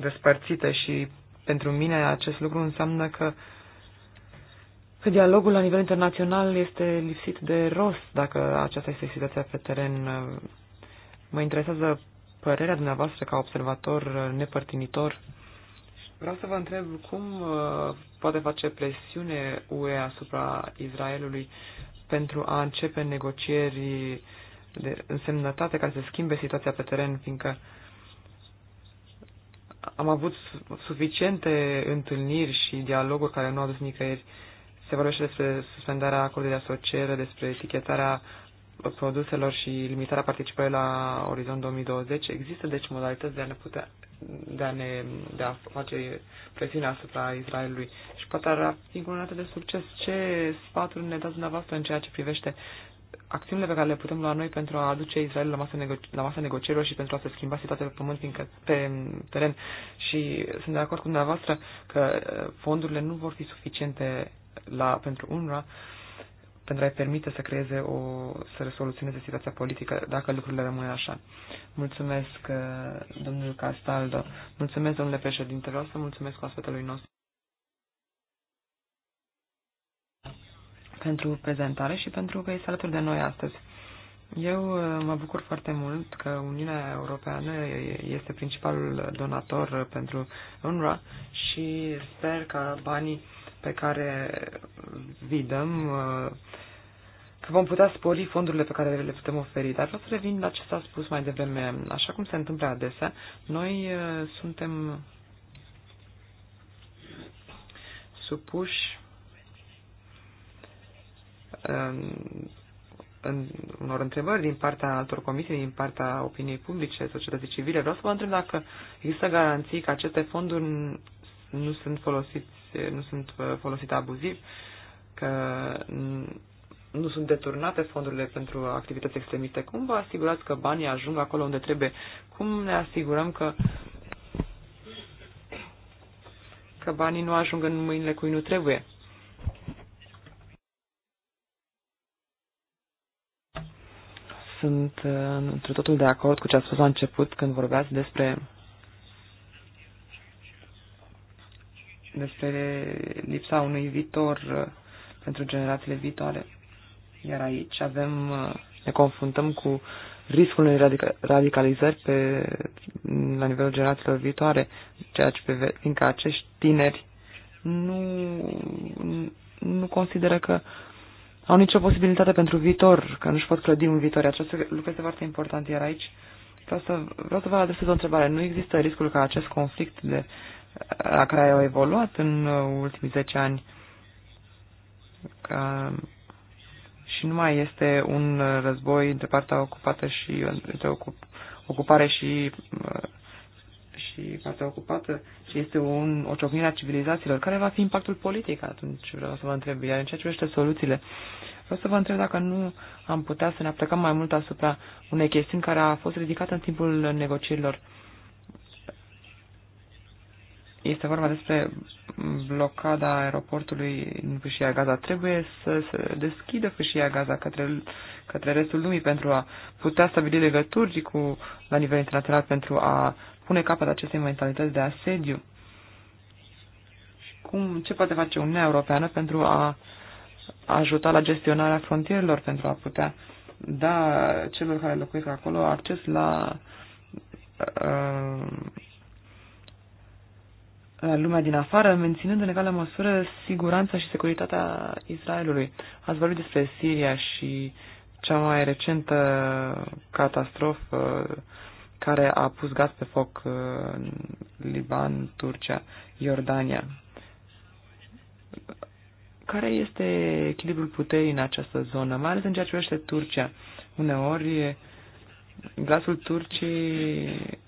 S3: despărțite și pentru mine acest lucru înseamnă că uh, că dialogul la nivel internațional este lipsit de rost, dacă aceasta este situația pe teren. Mă interesează părerea dumneavoastră ca observator nepărtinitor. Vreau să vă întreb cum uh, poate face presiune UE asupra Israelului pentru a începe negocieri de însemnătate care să schimbe situația pe teren, fiindcă am avut suficiente întâlniri și dialoguri care nu au dus nicăieri. Uh, se vorbește despre suspendarea acordului de asociere, despre etichetarea produselor și limitarea participării la Orizont 2020. Există deci modalități de a ne putea de a, ne, de a face presiune asupra Israelului și poate ar fi încununată de succes. Ce sfaturi ne dați dumneavoastră în ceea ce privește acțiunile pe care le putem lua noi pentru a aduce Israel la masa, nego- la masa negocierilor și pentru a se schimba situația pe pământ, fiindcă, pe teren. Și sunt de acord cu dumneavoastră că eh, fondurile nu vor fi suficiente la, pentru UNRWA pentru a-i permite să creeze o, să resoluționeze situația politică dacă lucrurile rămân așa. Mulțumesc, uh, domnul Castaldo. Mulțumesc, domnule președinte. Vreau să mulțumesc oaspetelui nostru pentru prezentare și pentru că este alături de noi astăzi. Eu uh, mă bucur foarte mult că Uniunea Europeană este principalul donator pentru UNRWA și sper că banii pe care vi dăm, uh, că vom putea spori fondurile pe care le putem oferi. Dar vreau să revin la ce s-a spus mai devreme. Așa cum se întâmplă adesea, noi uh, suntem supuși um, în unor întrebări din partea altor comisii, din partea opiniei publice, societății civile. Vreau să vă întreb dacă există garanții că aceste fonduri nu sunt folosiți se, nu sunt uh, folosite abuziv, că nu sunt deturnate fondurile pentru activități extremiste. Cum vă asigurați că banii ajung acolo unde trebuie? Cum ne asigurăm că că banii nu ajung în mâinile cui nu trebuie? Sunt uh, într totul de acord cu ce a spus la început când vorbeați despre despre lipsa unui viitor uh, pentru generațiile viitoare. Iar aici avem, uh, ne confruntăm cu riscul unei radica, radicalizări pe, la nivelul generațiilor viitoare, ceea ce prive, fiindcă acești tineri nu, nu consideră că au nicio posibilitate pentru viitor, că nu-și pot clădi un viitor. Acest lucru este foarte important, iar aici vreau să, vreau să vă adresez o întrebare. Nu există riscul ca acest conflict de uh, la care au evoluat în ultimii 10 ani ca și nu mai este un război între partea ocupată și între ocup, ocupare și uh, și partea ocupată și este un, o ciocnire a civilizațiilor. Care va fi impactul politic atunci? Vreau să vă întreb. Iar în ceea ce privește soluțiile, vreau să vă întreb dacă nu am putea să ne aplicăm mai mult asupra unei chestiuni care a fost ridicată în timpul negocierilor este vorba despre blocada aeroportului în Fâșia Gaza. Trebuie să se deschidă Fâșia Gaza către, către restul lumii pentru a putea stabili legături cu, la nivel internațional pentru a pune capăt acestei mentalități de asediu. Cum, ce poate face Uniunea Europeană pentru a ajuta la gestionarea frontierelor, pentru a putea da celor care locuiesc acolo acces la uh, lumea din afară, menținând în egală măsură siguranța și securitatea Israelului. Ați vorbit despre Siria și cea mai recentă catastrofă care a pus gaz pe foc în Liban, Turcia, Iordania. Care este echilibrul puterii în această zonă, mai ales în ceea ce privește Turcia? Uneori glasul Turcii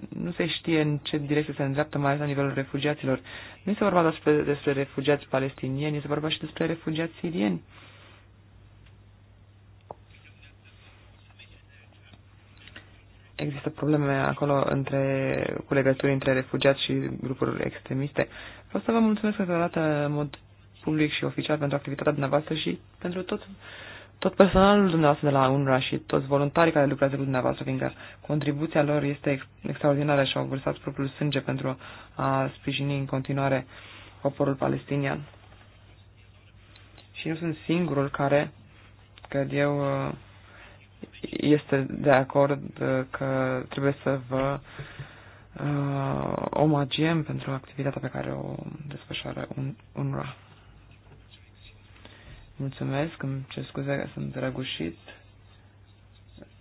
S3: nu se știe în ce direcție se îndreaptă, mai ales la nivelul refugiaților. Nu se vorba despre, despre refugiați palestinieni, se vorba și despre refugiați sirieni. Există probleme acolo între, cu legături între refugiați și grupuri extremiste. Vreau să vă mulțumesc că dată în mod public și oficial pentru activitatea dumneavoastră și pentru tot tot personalul dumneavoastră de la UNRWA și toți voluntarii care lucrează cu dumneavoastră, fiindcă contribuția lor este ex- extraordinară și au vărsat propriul sânge pentru a sprijini în continuare poporul palestinian. Și nu sunt singurul care, cred eu, este de acord uh, că trebuie să vă uh, omagiem pentru activitatea pe care o desfășoară UNRWA. Mulțumesc, îmi cer scuze că sunt răgușit.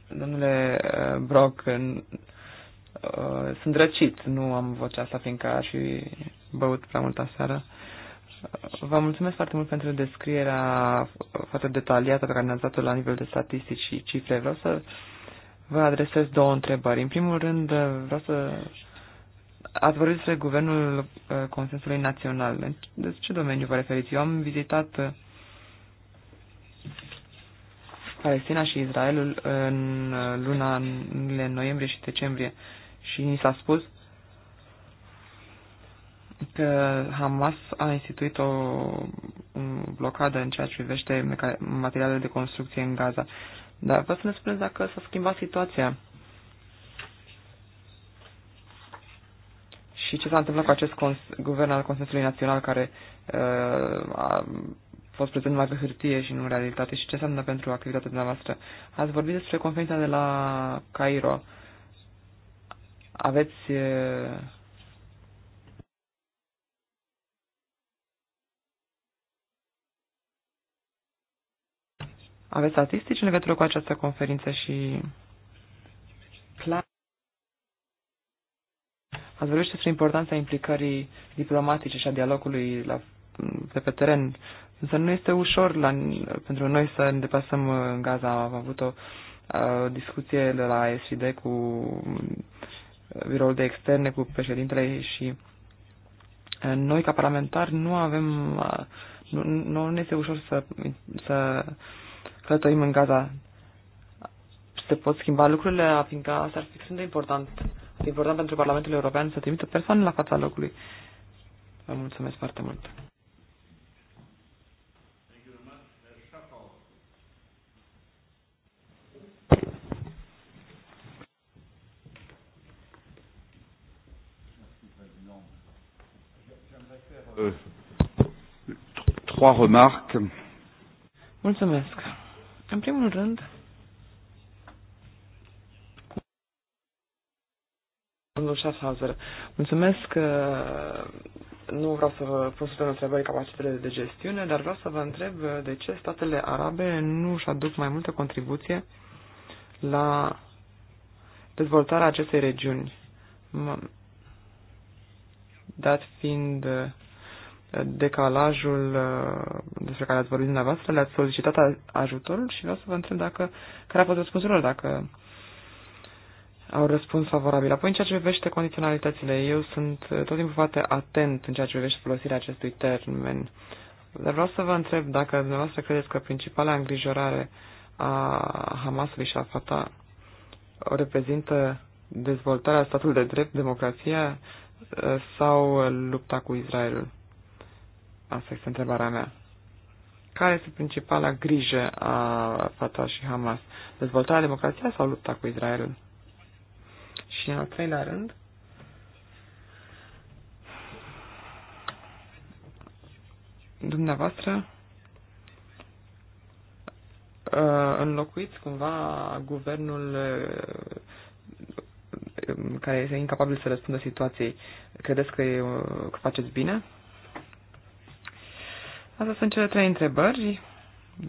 S3: Domnule uh, Brock, uh, sunt răcit, nu am vocea asta fiindcă aș fi băut prea mult aseară. Uh, vă mulțumesc foarte mult pentru descrierea foarte detaliată pe care ne-ați dat-o la nivel de statistici și cifre. Vreau să vă adresez două întrebări. În primul rând, vreau să... Ați vorbit despre Guvernul Consensului Național. De ce domeniu vă referiți? Eu am vizitat Palestina și Israelul în uh, luna noiembrie și decembrie și ni s-a spus că Hamas a instituit o blocadă în ceea ce privește materialele de construcție în Gaza. Dar vă să ne spuneți dacă s-a schimbat situația. Și ce s-a întâmplat cu acest guvern al Consensului Național care uh, a fost prezent numai pe hârtie și nu în realitate și ce înseamnă pentru activitatea dumneavoastră. Ați vorbit despre conferința de la Cairo. Aveți Aveți statistici în legătură cu această conferință și Ați vorbit despre importanța implicării diplomatice și a dialogului la, de pe teren Însă nu este ușor la, pentru noi să ne depasăm în Gaza. Am avut o uh, discuție de la SID cu biroul de externe, cu președintele și a, noi ca parlamentari nu avem, A, nu, nu, nu este ușor să, să călătorim în Gaza. Se pot schimba lucrurile, fiindcă asta ar fi extrem de important. Este important pentru Parlamentul European să trimită persoane la fața locului. Vă mulțumesc foarte mult.
S1: Euh, trois remarques. Mulțumesc.
S3: În primul rând, domnul Schaffhauser, mulțumesc că uh, nu vreau să vă pun sub întrebări capacitățile de gestiune, dar vreau să vă întreb uh, de ce statele arabe nu își aduc mai multă contribuție la dezvoltarea acestei regiuni, dat fiind uh, decalajul uh, despre care ați vorbit dumneavoastră, le-ați solicitat ajutorul și vreau să vă întreb dacă, care a fost răspunsul lor, dacă au răspuns favorabil. Apoi, în ceea ce privește condiționalitățile, eu sunt uh, tot timpul foarte atent în ceea ce privește folosirea acestui termen. Dar vreau să vă întreb dacă dumneavoastră credeți că principala îngrijorare a Hamasului și a Fatah o reprezintă dezvoltarea statului de drept, democrația uh, sau lupta cu Israelul. Asta este întrebarea mea. Care este principala grijă a Fatah și Hamas? Dezvoltarea democrației sau lupta cu Israelul? Și în al treilea rând, dumneavoastră uh, înlocuiți cumva guvernul uh, care este incapabil să răspundă situației. Credeți că, că faceți bine? Asta sunt cele trei întrebări,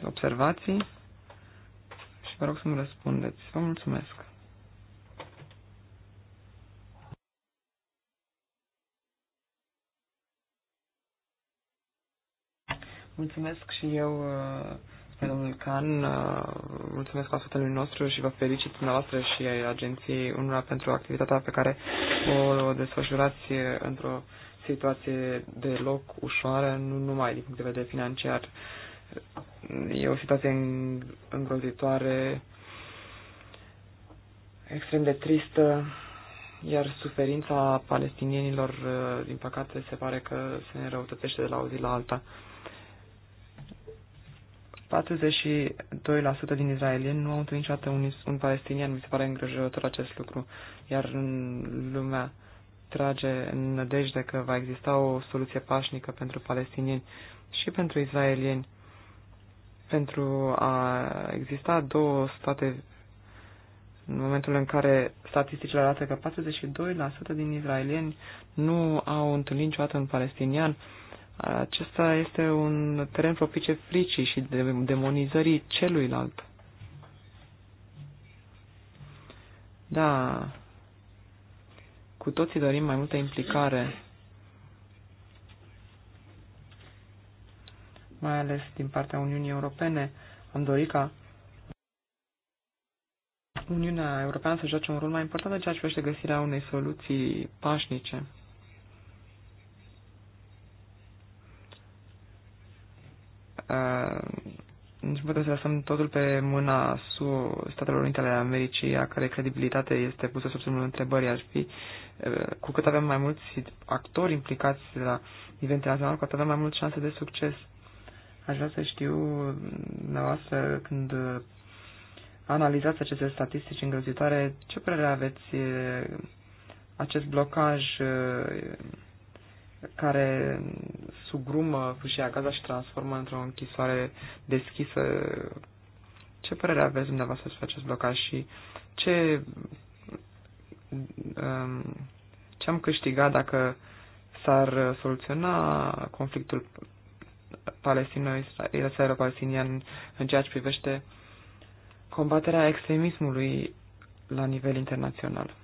S3: observații și vă rog să-mi răspundeți. Vă mulțumesc! Mulțumesc și eu, uh, spre domnul Can, uh, mulțumesc ascultătorului nostru și vă felicit dumneavoastră și agenției unora pentru activitatea pe care o desfășurați uh, într-o situație deloc ușoară, nu numai din punct de vedere financiar. E o situație îngrozitoare, extrem de tristă, iar suferința palestinienilor, uh, din păcate, se pare că se înrăutățește de la o zi la alta. 42% din israelieni nu au întâlnit niciodată un, un palestinian. Mi se pare îngrijorător acest lucru. Iar în lumea trage în nădejde că va exista o soluție pașnică pentru palestinieni și pentru izraelieni, pentru a exista două state în momentul în care statisticile arată că 42% din izraelieni nu au întâlnit niciodată un palestinian, acesta este un teren propice fricii și demonizării celuilalt. Da, cu toții dorim mai multă implicare, mai ales din partea Uniunii Europene. Am dorit ca Uniunea Europeană să joace un rol mai important în ceea ce privește găsirea unei soluții pașnice. Uh, nu putem să lăsăm totul pe mâna SUA, Statelor Unite ale Americii, a care credibilitate este pusă sub semnul întrebării. Ar fi cu cât avem mai mulți actori implicați la nivel internațional, cu atât avem mai multe șanse de succes. Aș vrea să știu, dumneavoastră, când analizați aceste statistici îngrozitoare, ce părere aveți acest blocaj care sugrumă fâșia Gaza și transformă într-o închisoare deschisă. Ce părere aveți dumneavoastră despre acest blocaj și ce Ehm, ce am câștigat dacă s-ar soluționa conflictul palestino-israelo-palestinian în ceea ce privește combaterea extremismului la nivel internațional.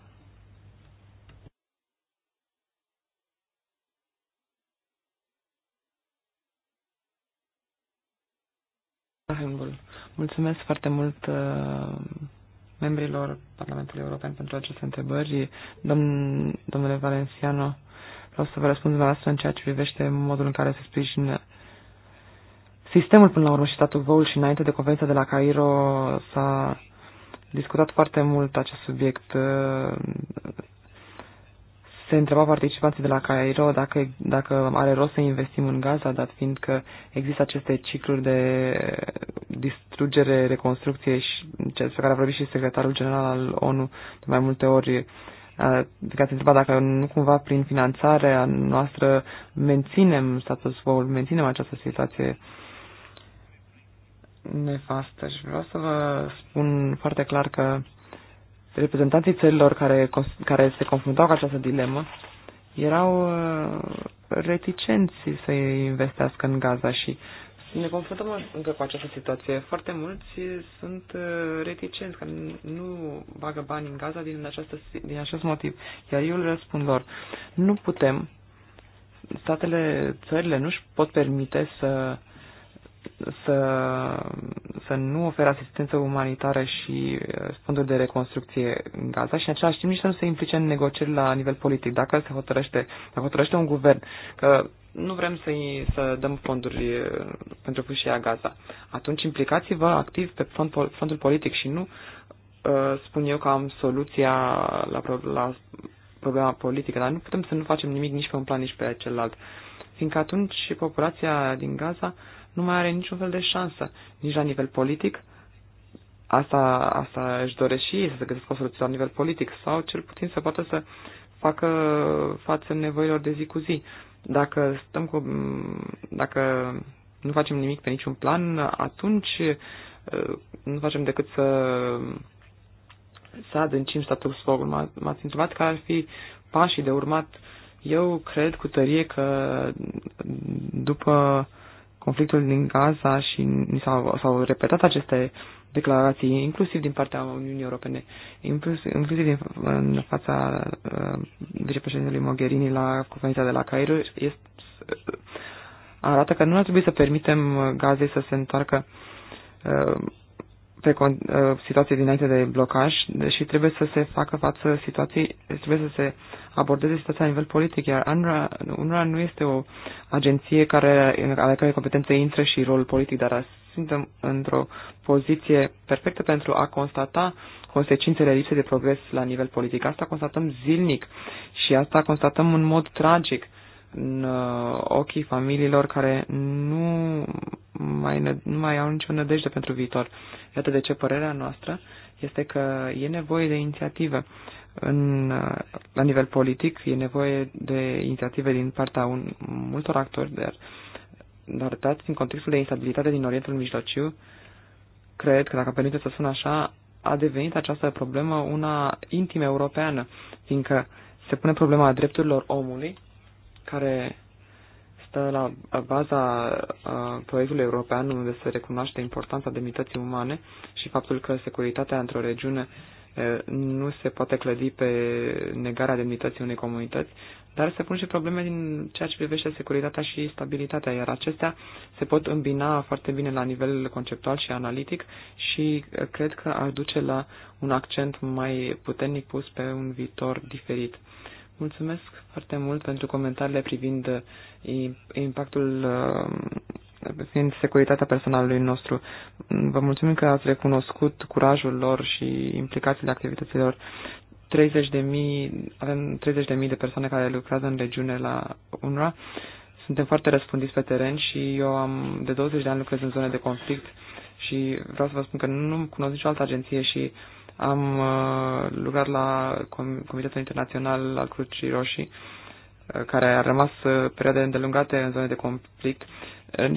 S4: Mulțumesc foarte
S3: mult ehm, membrilor Parlamentului European pentru aceste întrebări. Domn, domnule Valenciano, vreau să vă răspund dumneavoastră în ceea ce privește modul în care se sprijină sistemul până la urmă și statul voul și înainte de convenția de la Cairo s-a discutat foarte mult acest subiect se întreba participanții de la Cairo dacă, dacă are rost să investim în Gaza, dat fiind că există aceste cicluri de distrugere, reconstrucție și despre care a vorbit și secretarul general al ONU de mai multe ori uh, Adică ați întrebat dacă nu cumva prin finanțarea noastră menținem status quo menținem această situație nefastă. Și vreau să vă spun foarte clar că reprezentanții țărilor care, care se confruntau cu această dilemă erau uh, reticenți să investească în Gaza și ne confruntăm încă cu această situație. Foarte mulți sunt uh, reticenți, că nu bagă bani în Gaza din, această, din acest motiv. Iar eu le răspund lor, nu putem, statele, țările nu și pot permite să să, să nu ofere asistență umanitară și uh, fonduri de reconstrucție în Gaza și în același timp nici să nu se implice în negocieri la nivel politic. Dacă se hotărăște, dacă hotărăște un guvern că nu vrem să, să dăm fonduri uh, pentru fâșia Gaza, atunci implicați-vă activ pe front, frontul politic și nu uh, spun eu că am soluția la, la problema politică, dar nu putem să nu facem nimic nici pe un plan, nici pe celălalt. Fiindcă atunci populația din Gaza uh, nu mai are niciun fel de șansă, nici la nivel politic. Asta, asta își doresc și ei, să se găsesc o soluție la nivel politic sau cel puțin să poată să facă față nevoilor de zi cu zi. Dacă stăm cu, dacă nu facem nimic pe niciun plan, atunci eh, nu facem decât să să adâncim status quo. M-ați întrebat care ar fi pașii de urmat. Eu cred cu tărie că după conflictul din Gaza și s-au, s-au repetat aceste declarații, inclusiv din partea Uniunii Europene, inclusiv, inclusiv din, în fața uh, vicepreședintelui Mogherini la conferința de la Cairo, este, arată că nu ar trebui să permitem uh, Gazei să se întoarcă uh, pe uh, situații dinainte de blocaj și trebuie să se facă față situației, trebuie să se abordeze situația la nivel politic, iar UNRWA, UNRWA nu este o agenție care, ale care competențe intră și rol politic, dar suntem într-o poziție perfectă pentru a constata consecințele lipsei de progres la nivel politic. Asta constatăm zilnic și asta constatăm în mod tragic în uh, ochii familiilor care nu mai, nu mai au nicio nădejde pentru viitor. Iată de ce părerea noastră este că e nevoie de inițiativă. În, uh, la nivel politic e nevoie de inițiative din partea un, multor actori, dar, dar dat în contextul de instabilitate din Orientul Mijlociu, cred că, dacă permite să spun așa, a devenit această problemă una intim europeană, fiindcă se pune problema drepturilor omului care stă la baza proiectului european unde se recunoaște importanța demnității umane și faptul că securitatea într-o regiune nu se poate clădi pe negarea demnității unei comunități, dar se pun și probleme din ceea ce privește securitatea și stabilitatea, iar acestea se pot îmbina foarte bine la nivel conceptual și analitic și cred că ar duce la un accent mai puternic pus pe un viitor diferit. Mulțumesc foarte mult pentru comentariile privind uh, impactul fiind uh, securitatea personalului nostru. Vă mulțumim că ați recunoscut curajul lor și implicațiile activităților. 30 de mii, avem 30 de mii de persoane care lucrează în regiune la UNRWA. Suntem foarte răspândiți pe teren și eu am de 20 de ani lucrez în zone de conflict și vreau să vă spun că nu cunosc nicio altă agenție și am uh, lucrat la Comitetul Internațional al Crucii Roșii, uh, care a rămas uh, perioade îndelungate în zone de conflict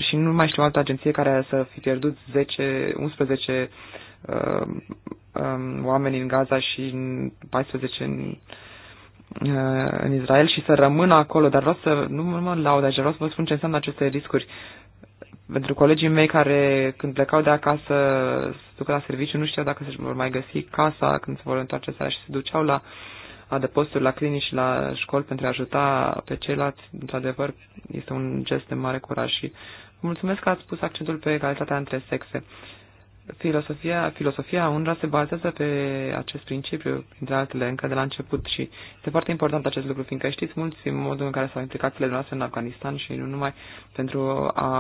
S3: și nu mai știu altă agenție care să fi pierdut 10, 11 uh, um, oameni în Gaza și 14 în, uh, în Israel și să rămână acolo. Dar vreau să nu mă laud, dar vreau să vă spun ce înseamnă aceste riscuri pentru colegii mei care când plecau de acasă se ducă la serviciu, nu știau dacă se vor mai găsi casa când se vor întoarce seara și se duceau la adăposturi, la clinici, la școli pentru a ajuta pe ceilalți. Într-adevăr, este un gest de mare curaj și mulțumesc că ați pus accentul pe egalitatea între sexe filosofia, filosofia UNRWA se bazează pe acest principiu, printre altele, încă de la început și este foarte important acest lucru, fiindcă știți mulți modul în care s-au implicat țările noastre în Afganistan și nu numai pentru a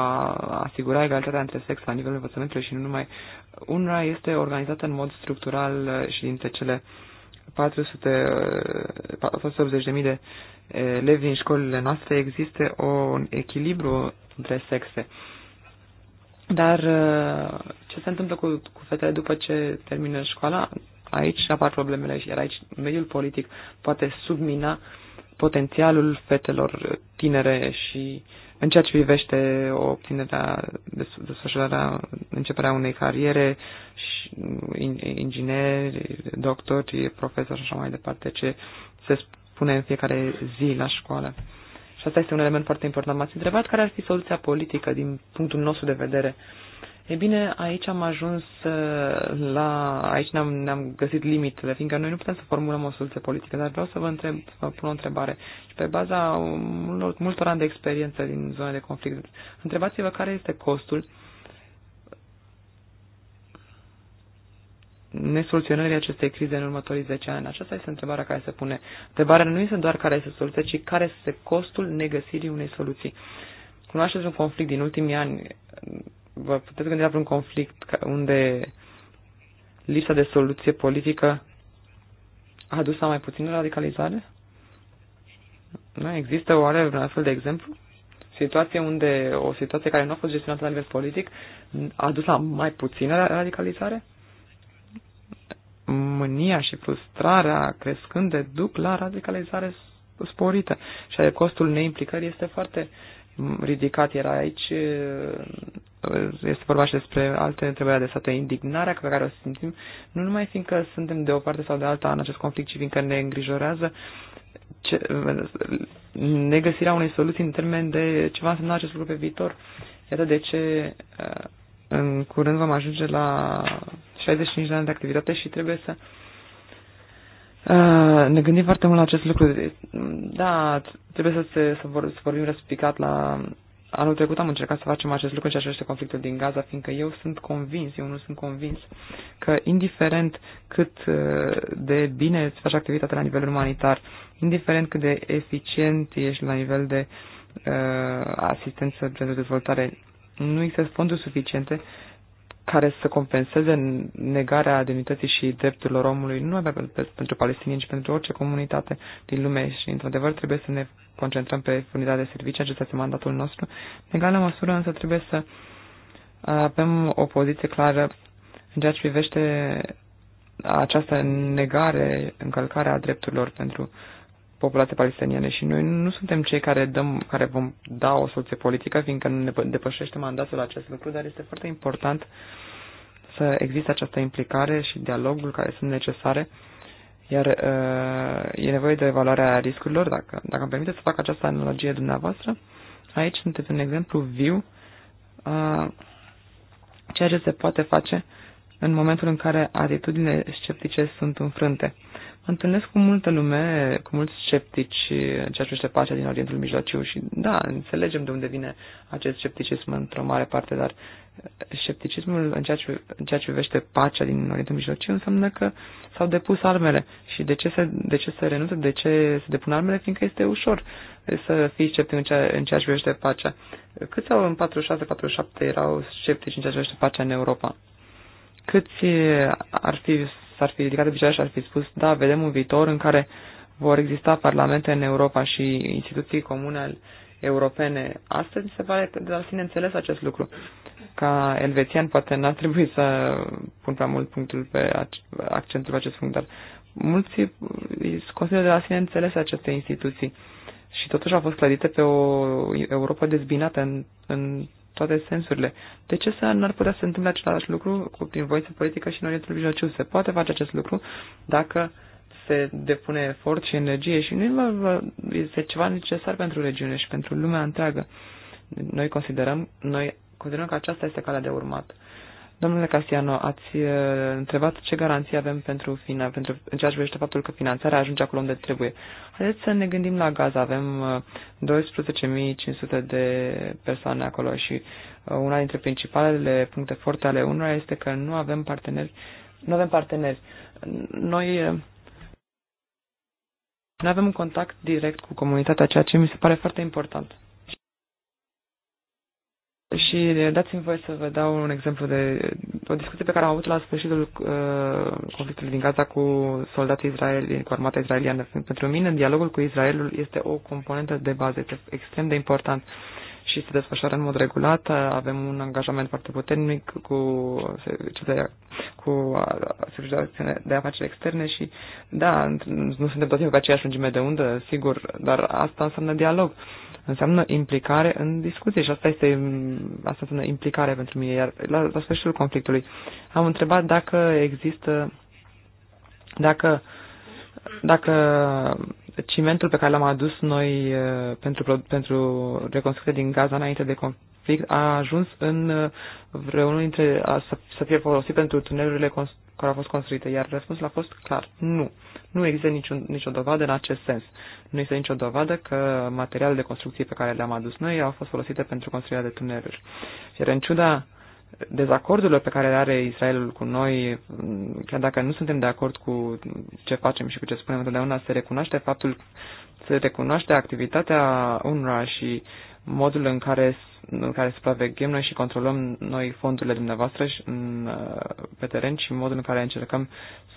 S3: asigura egalitatea între sex la nivelul învățământului și nu numai. UNRWA este organizată în mod structural și dintre cele 480.000 de eh, elevi din școlile noastre există un echilibru între sexe dar uh, ce se întâmplă cu, cu fetele după ce termină școala? Aici apar problemele, iar aici mediul politic poate submina potențialul fetelor tinere și în ceea ce privește obținerea, desfășurarea, începerea unei cariere, și mm, ingineri, doctori, profesori și așa mai departe, ce se spune în fiecare zi la școală. Și asta este un element foarte important. M-ați întrebat care ar fi soluția politică din punctul nostru de vedere. E bine, aici am ajuns uh, la... Aici ne-am, ne-am găsit limitele, fiindcă noi nu putem să formulăm o soluție politică, dar vreau să vă, întreb, să vă pun o întrebare. Și pe baza multor, multor ani de experiență din zone de conflict, întrebați-vă care este costul uh, nesoluționării acestei crize în următorii 10 ani? Aceasta este întrebarea care se pune. Întrebarea nu este doar care este soluția, ci care este costul negăsirii unei soluții. Cunoașteți un conflict din ultimii ani, vă puteți gândi la un conflict unde lipsa de soluție politică a dus la mai puțină radicalizare? Nu există oare un astfel de exemplu? Situație unde o situație care nu a fost gestionată la nivel politic a dus la mai puțină radicalizare? mânia și frustrarea crescânde duc la radicalizare sporită și costul neimplicării este foarte ridicat. Era aici, eh, este vorba și despre alte întrebări adresate, indignarea pe care o simțim, nu numai fiindcă suntem de o parte sau de alta în acest conflict, ci fiindcă ne îngrijorează ce, negăsirea unei soluții în termen de ce va însemna acest lucru pe viitor. Iată de ce eh, în curând vom ajunge la 65 de ani de activitate și trebuie să uh, ne gândim foarte mult la acest lucru. Da, trebuie să, se, să, vor, să vorbim răspicat la... Anul trecut am încercat să facem acest lucru în ceea ce este conflictul din Gaza, fiindcă eu sunt convins, eu nu sunt convins că indiferent cât uh, de bine îți faci activitatea la nivel umanitar, indiferent cât de eficient ești la nivel de uh, asistență pentru dezvoltare, nu există fonduri suficiente care să compenseze negarea demnității și drepturilor omului, nu numai pentru palestinieni, ci pentru orice comunitate din lume și, într-adevăr, trebuie să ne concentrăm pe furnizarea de servicii, acesta este mandatul nostru. În egală măsură, însă, trebuie să uh, avem o poziție clară în ceea ce privește această negare, încălcarea drepturilor pentru uh, populația palestiniene și noi nu suntem cei care, dăm, care vom da o soluție politică, fiindcă nu ne depășește mandatul acest lucru, dar este foarte important să existe această implicare și dialogul care sunt necesare, iar uh, e nevoie de evaluarea riscurilor, dacă, dacă îmi permiteți să fac această analogie dumneavoastră. Aici sunteți un exemplu viu a uh, ceea ce se poate face în momentul în care atitudinile sceptice sunt înfrânte întâlnesc cu multă lume, cu mulți sceptici în ceea ce privește pacea din Orientul Mijlociu și da, înțelegem de unde vine acest scepticism într-o mare parte, dar eh, scepticismul în ceea, ce, în ceea ce privește pacea din Orientul Mijlociu înseamnă că s-au depus armele. Și de ce se, de ce se renunță, de ce se depun armele? Fiindcă este ușor să fii sceptic în ceea, în ceea ce privește pacea. Câți au în 46-47 erau sceptici în ceea ce privește pacea în Europa? Câți eh, ar fi s-ar fi ridicat de și ar fi spus, da, vedem un viitor în care vor exista parlamente în Europa și instituții comune europene. Astăzi mi se pare de la sine înțeles acest lucru. Ca elvețian, poate n-ar trebui să pun prea mult punctul pe accentul pe acest punct, dar mulți consideră de la sine înțeles aceste instituții. Și totuși au fost clădite pe o Europa dezbinată în, în toate sensurile. De ce să n-ar putea să se întâmple același lucru cu prin voință politică și în Orientul Mijlociu? Se poate face acest lucru dacă se depune efort și energie și nu este ceva necesar pentru regiune și pentru lumea întreagă. Noi considerăm, noi considerăm că aceasta este calea de urmat. Domnule Castiano, ați uh, întrebat ce garanții avem pentru, fina, pentru în ceea ce privește faptul că finanțarea ajunge acolo unde trebuie. Haideți să ne gândim la gaz. Avem 12.500 uh, de persoane acolo și uh, una dintre principalele puncte forte ale unora este că nu avem parteneri. Nu avem parteneri. Noi nu avem un contact direct cu comunitatea, ceea ce mi se pare foarte important. Și dați-mi voie să vă dau un exemplu de o discuție pe care am avut la sfârșitul uh, conflictului din Gaza cu soldații israelieni, cu armata israeliană. Pentru mine, dialogul cu Israelul este o componentă de bază, este extrem de important. Uh, și se desfășoară în mod regulat. Avem un angajament foarte puternic cu, cu Serviciul de de Afaceri Externe și, da, nu suntem tot timpul pe aceeași lungime de undă, sigur, dar asta înseamnă dialog, înseamnă implicare în discuție și asta, este, asta înseamnă implicare pentru mine. Iar la, la sfârșitul conflictului am întrebat dacă există, dacă dacă cimentul pe care l-am adus noi uh, pentru, pentru reconstrucție din Gaza înainte de conflict a ajuns în uh, vreunul dintre a, să, să fie folosit pentru tunelurile care au fost construite, iar răspunsul a fost clar, nu. Nu există niciun, nicio dovadă în acest sens. Nu există nicio dovadă că materialele de construcție pe care le-am adus noi au fost folosite pentru construirea de tuneluri. Iar în ciuda uh, dezacordurilor pe care le are Israelul cu noi, chiar dacă nu suntem de acord cu ce facem și cu ce spunem întotdeauna, se recunoaște faptul, se recunoaște activitatea UNRWA și modul în care, în care supraveghem noi și controlăm noi fondurile dumneavoastră și în, pe teren și modul în care încercăm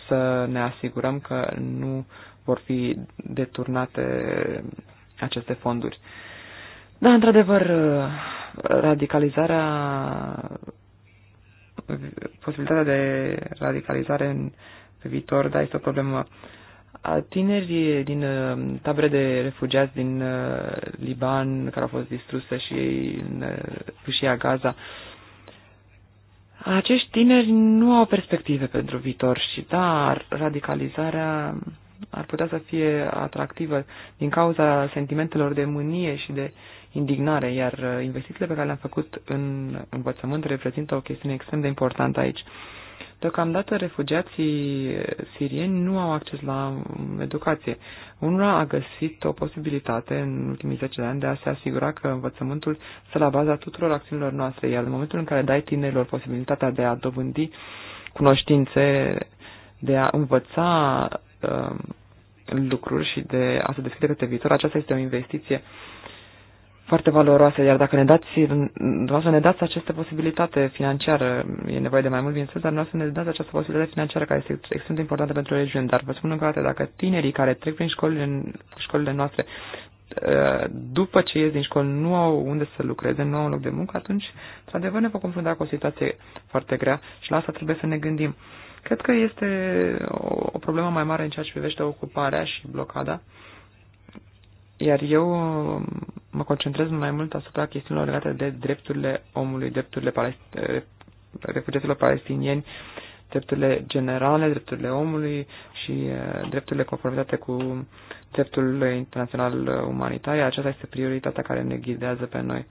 S3: să ne asigurăm că nu vor fi deturnate aceste fonduri. Da, într-adevăr, radicalizarea posibilitatea de radicalizare în, pe viitor, da, este o problemă. Tinerii din uh, tabere de refugiați din uh, Liban, care au fost distruse și în uh, fâșia Gaza, acești tineri nu au perspective pentru viitor și, da, radicalizarea ar putea să fie atractivă din cauza sentimentelor de mânie și de uh, indignare, iar uh, investițiile pe care le-am făcut în învățământ reprezintă o chestiune extrem de importantă aici. Deocamdată refugiații uh, sirieni nu au acces la um, educație. Unora a găsit o posibilitate în ultimii 10 de ani de a se asigura că învățământul să la baza tuturor acțiunilor noastre, iar în momentul în care dai tinerilor posibilitatea de a dobândi cunoștințe, de a învăța uh, lucruri și de a se deschide către viitor, aceasta este o investiție foarte valoroase, iar dacă ne dați, să ne dați această posibilitate financiară, e nevoie de mai mult, bineînțeles, dar nu să ne dați această posibilitate financiară care este extrem de importantă pentru regiune. Dar vă spun încă o dată, dacă tinerii care trec prin școlile, școlile noastre, uh, după ce ies din școală, nu au unde să lucreze, nu au un loc de muncă, atunci, într-adevăr, ne vom confrunta cu o situație foarte grea și la asta trebuie să ne gândim. Cred că este o, o problemă mai mare în ceea ce privește ocuparea și blocada. Uh, iar eu um, mă concentrez mai mult asupra chestiunilor legate de drepturile omului, drepturile palestin, refugiaților palestinieni, drepturile generale, drepturile omului și uh, drepturile conformitate cu dreptul internațional uh, umanitar. Aceasta este prioritatea care ne ghidează pe noi.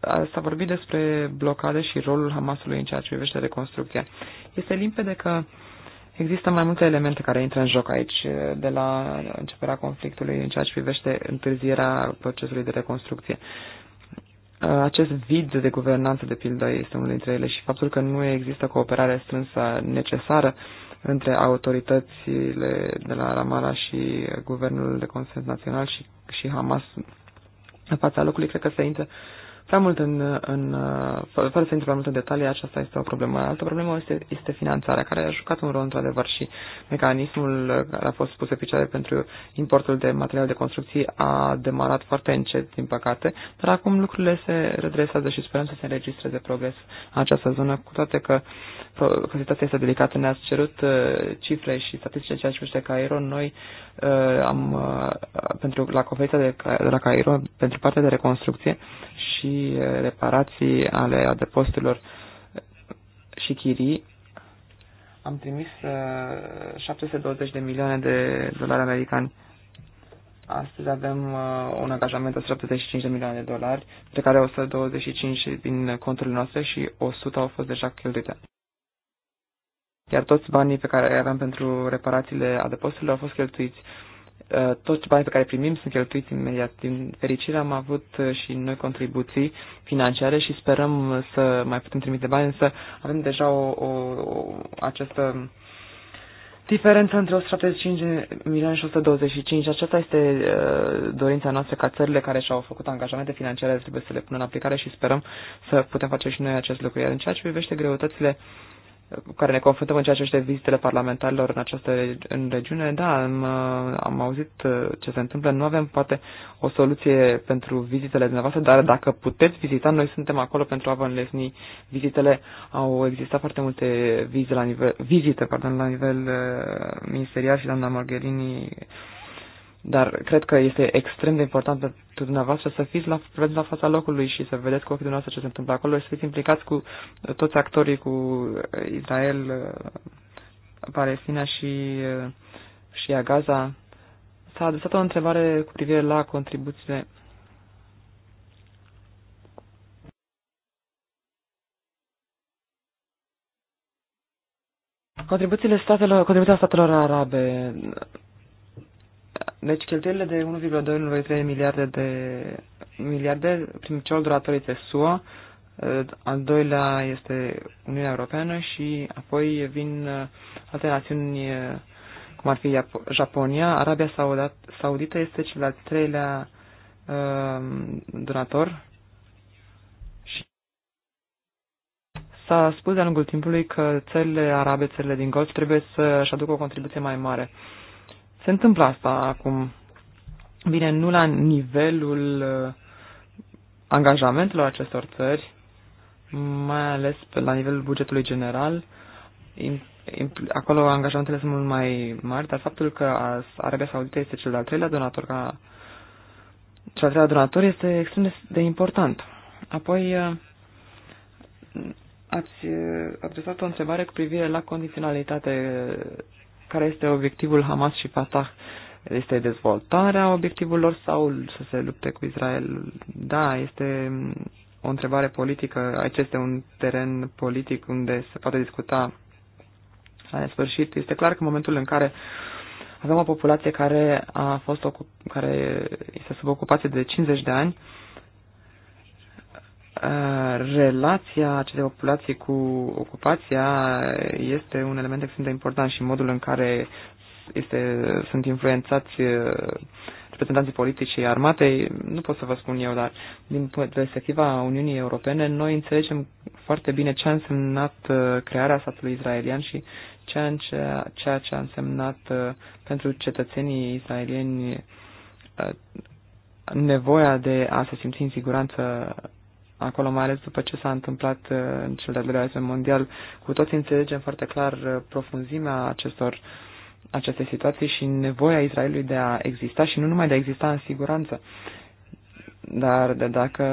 S3: S-a vorbit despre blocade și rolul Hamasului în ceea ce privește reconstrucția. Este limpede că uh, Există mai multe elemente care intră în joc aici, de la începerea conflictului în ceea ce privește întârzierea procesului de reconstrucție. Acest vid de guvernanță, de pildă, este unul dintre ele și faptul că nu există cooperare strânsă necesară între autoritățile de la Ramala și Guvernul de Consens Național și, și Hamas în fața locului, cred că se intră uh, prea mult în, în fără să intru prea mult în detalii, aceasta este o problemă. Altă problemă este, este finanțarea, care a jucat un rol într-adevăr și mecanismul care a fost pus pe picioare pentru importul de material de construcții a demarat foarte încet, din păcate, dar acum lucrurile se redresează și sperăm să se înregistreze progres în această zonă, cu toate că că situația este delicată, ne-ați cerut uh, cifre și statistice ceea ce privește Cairo. Noi uh, am, uh, pentru, la conferința de, de la Cairo, pentru partea de reconstrucție și reparații ale adăposturilor și chirii, am trimis 720 de milioane de dolari americani. Astăzi avem uh, un angajament de 75 de milioane de dolari, de care 125 din conturile noastre și 100 au fost deja cheltuite iar toți banii pe care îi aveam pentru reparațiile adăpostului au fost cheltuiți. Uh, toți banii pe care primim sunt cheltuiți imediat. Din fericire am avut uh, și noi contribuții financiare și sperăm să mai putem trimite bani, însă avem deja o, o, o această diferență între 175 milioane și 125. Aceasta este uh, dorința noastră ca țările care și-au făcut angajamente financiare trebuie să le pună în aplicare și sperăm să putem face și noi acest lucru. Iar în ceea ce privește greutățile uh, cu care ne confruntăm în ceea ce este vizitele parlamentarilor în această în regiune, da, am, uh, am auzit uh, ce se întâmplă, nu avem poate o soluție pentru vizitele dumneavoastră, dar dacă puteți vizita, noi suntem acolo pentru a vă înlesni vizitele. Au existat foarte multe vizite la nivel, vizite, pardon, la nivel uh, ministerial și doamna Margherini dar cred că este extrem de important pentru dumneavoastră să fiți la, la fața locului și să vedeți cu ochii dumneavoastră ce se întâmplă acolo și să fiți implicați cu toți actorii, cu Israel, uh, Palestina și, uh, și a Gaza. S-a adresat o întrebare cu privire la contribuțiile Contribuțiile statelor, contribuția statelor arabe deci cheltuielile de 1,2-1,3 miliarde de miliarde, principalul este SUA, eh, al doilea este Uniunea Europeană și apoi vin eh, alte națiuni eh, cum ar fi Japonia, Arabia Saudită este cel al treilea donator și s-a spus de-a lungul timpului că țările arabe, țările din Golf trebuie să-și aducă o contribuție mai mare. Se întâmplă asta acum. Bine, nu la nivelul uh, angajamentelor acestor țări, mai ales pe la nivelul bugetului general, acolo angajamentele sunt mult mai mari, dar faptul că Arabia Saudită este cel de-al treilea donator ca cel de-al treilea donator este extrem de important. Apoi uh, ați uh, adresat o întrebare cu privire la condiționalitate care este obiectivul Hamas și Fatah? Este dezvoltarea lor. sau să se lupte cu Israel? Da, este o întrebare politică. Aici este un teren politic unde se poate discuta la sfârșit. Este clar că în momentul în care avem o populație care a fost care este sub ocupație de 50 de ani, Uh, relația acelei populații cu ocupația este un element extrem de important și modul în care este, sunt influențați uh, reprezentanții politicii armatei, nu pot să vă spun eu, dar din perspectiva Uniunii Europene, noi înțelegem foarte bine ce a însemnat uh, crearea statului israelian și ceea ce, ceea ce a însemnat pentru cetățenii israelieni nevoia de a se simți în siguranță acolo, mai ales după ce s-a întâmplat uh, în cel de-al doilea război mondial. Cu toți înțelegem foarte clar uh, profunzimea acestor aceste situații și nevoia Israelului de a exista și nu numai de a exista în siguranță, dar de dacă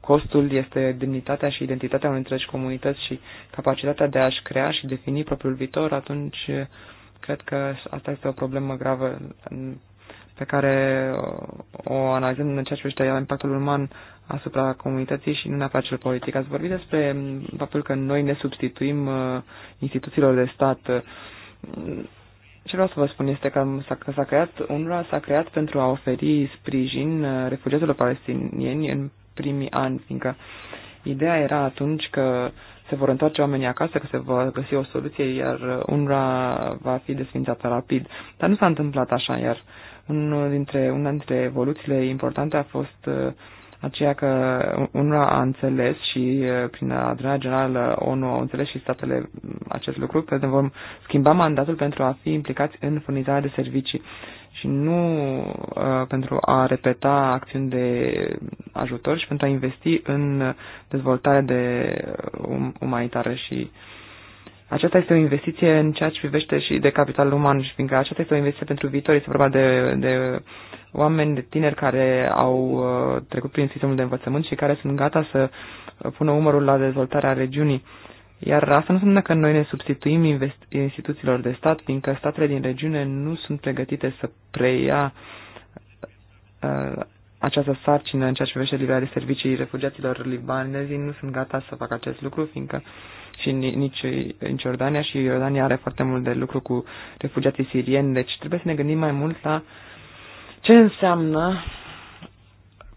S3: costul este demnitatea și identitatea unei întregi comunități și capacitatea de a-și crea și defini propriul viitor, atunci uh, cred că asta este o problemă gravă pe care o analizăm în ceea ce privește impactul uman asupra comunității și în afacerile politic. Ați vorbit despre faptul că noi ne substituim uh, instituțiilor de stat. Uh, ce vreau să vă spun este că s-a creat, UNRWA s-a creat pentru a oferi sprijin uh, refugiaților palestinieni în primii ani, fiindcă ideea era atunci că se vor întoarce oamenii acasă, că se va găsi o soluție, iar UNRWA va fi desfințată rapid. Dar nu s-a întâmplat așa, iar unul dintre, una dintre evoluțiile importante a fost uh, aceea că UNRWA a înțeles și prin adunarea generală ONU au înțeles și statele acest lucru, că vom schimba mandatul pentru a fi implicați în furnizarea de servicii și nu uh, pentru a repeta acțiuni de ajutor și pentru a investi în dezvoltarea de um, umanitară și aceasta este o investiție în ceea ce privește și de capital uman și fiindcă aceasta este o investiție pentru viitor, este vorba de, de oameni de tineri care au uh, trecut prin sistemul de învățământ și care sunt gata să pună umărul la dezvoltarea regiunii. Iar asta nu înseamnă că noi ne substituim instituțiilor de stat, fiindcă statele din regiune nu sunt pregătite să preia uh, această sarcină în ceea ce privește livrarea de servicii refugiaților libanezi, nu sunt gata să facă acest lucru, fiindcă și nici, uh, nici Iordania și Iordania are foarte mult de lucru cu refugiații sirieni, deci trebuie să ne gândim mai mult la uh, ce înseamnă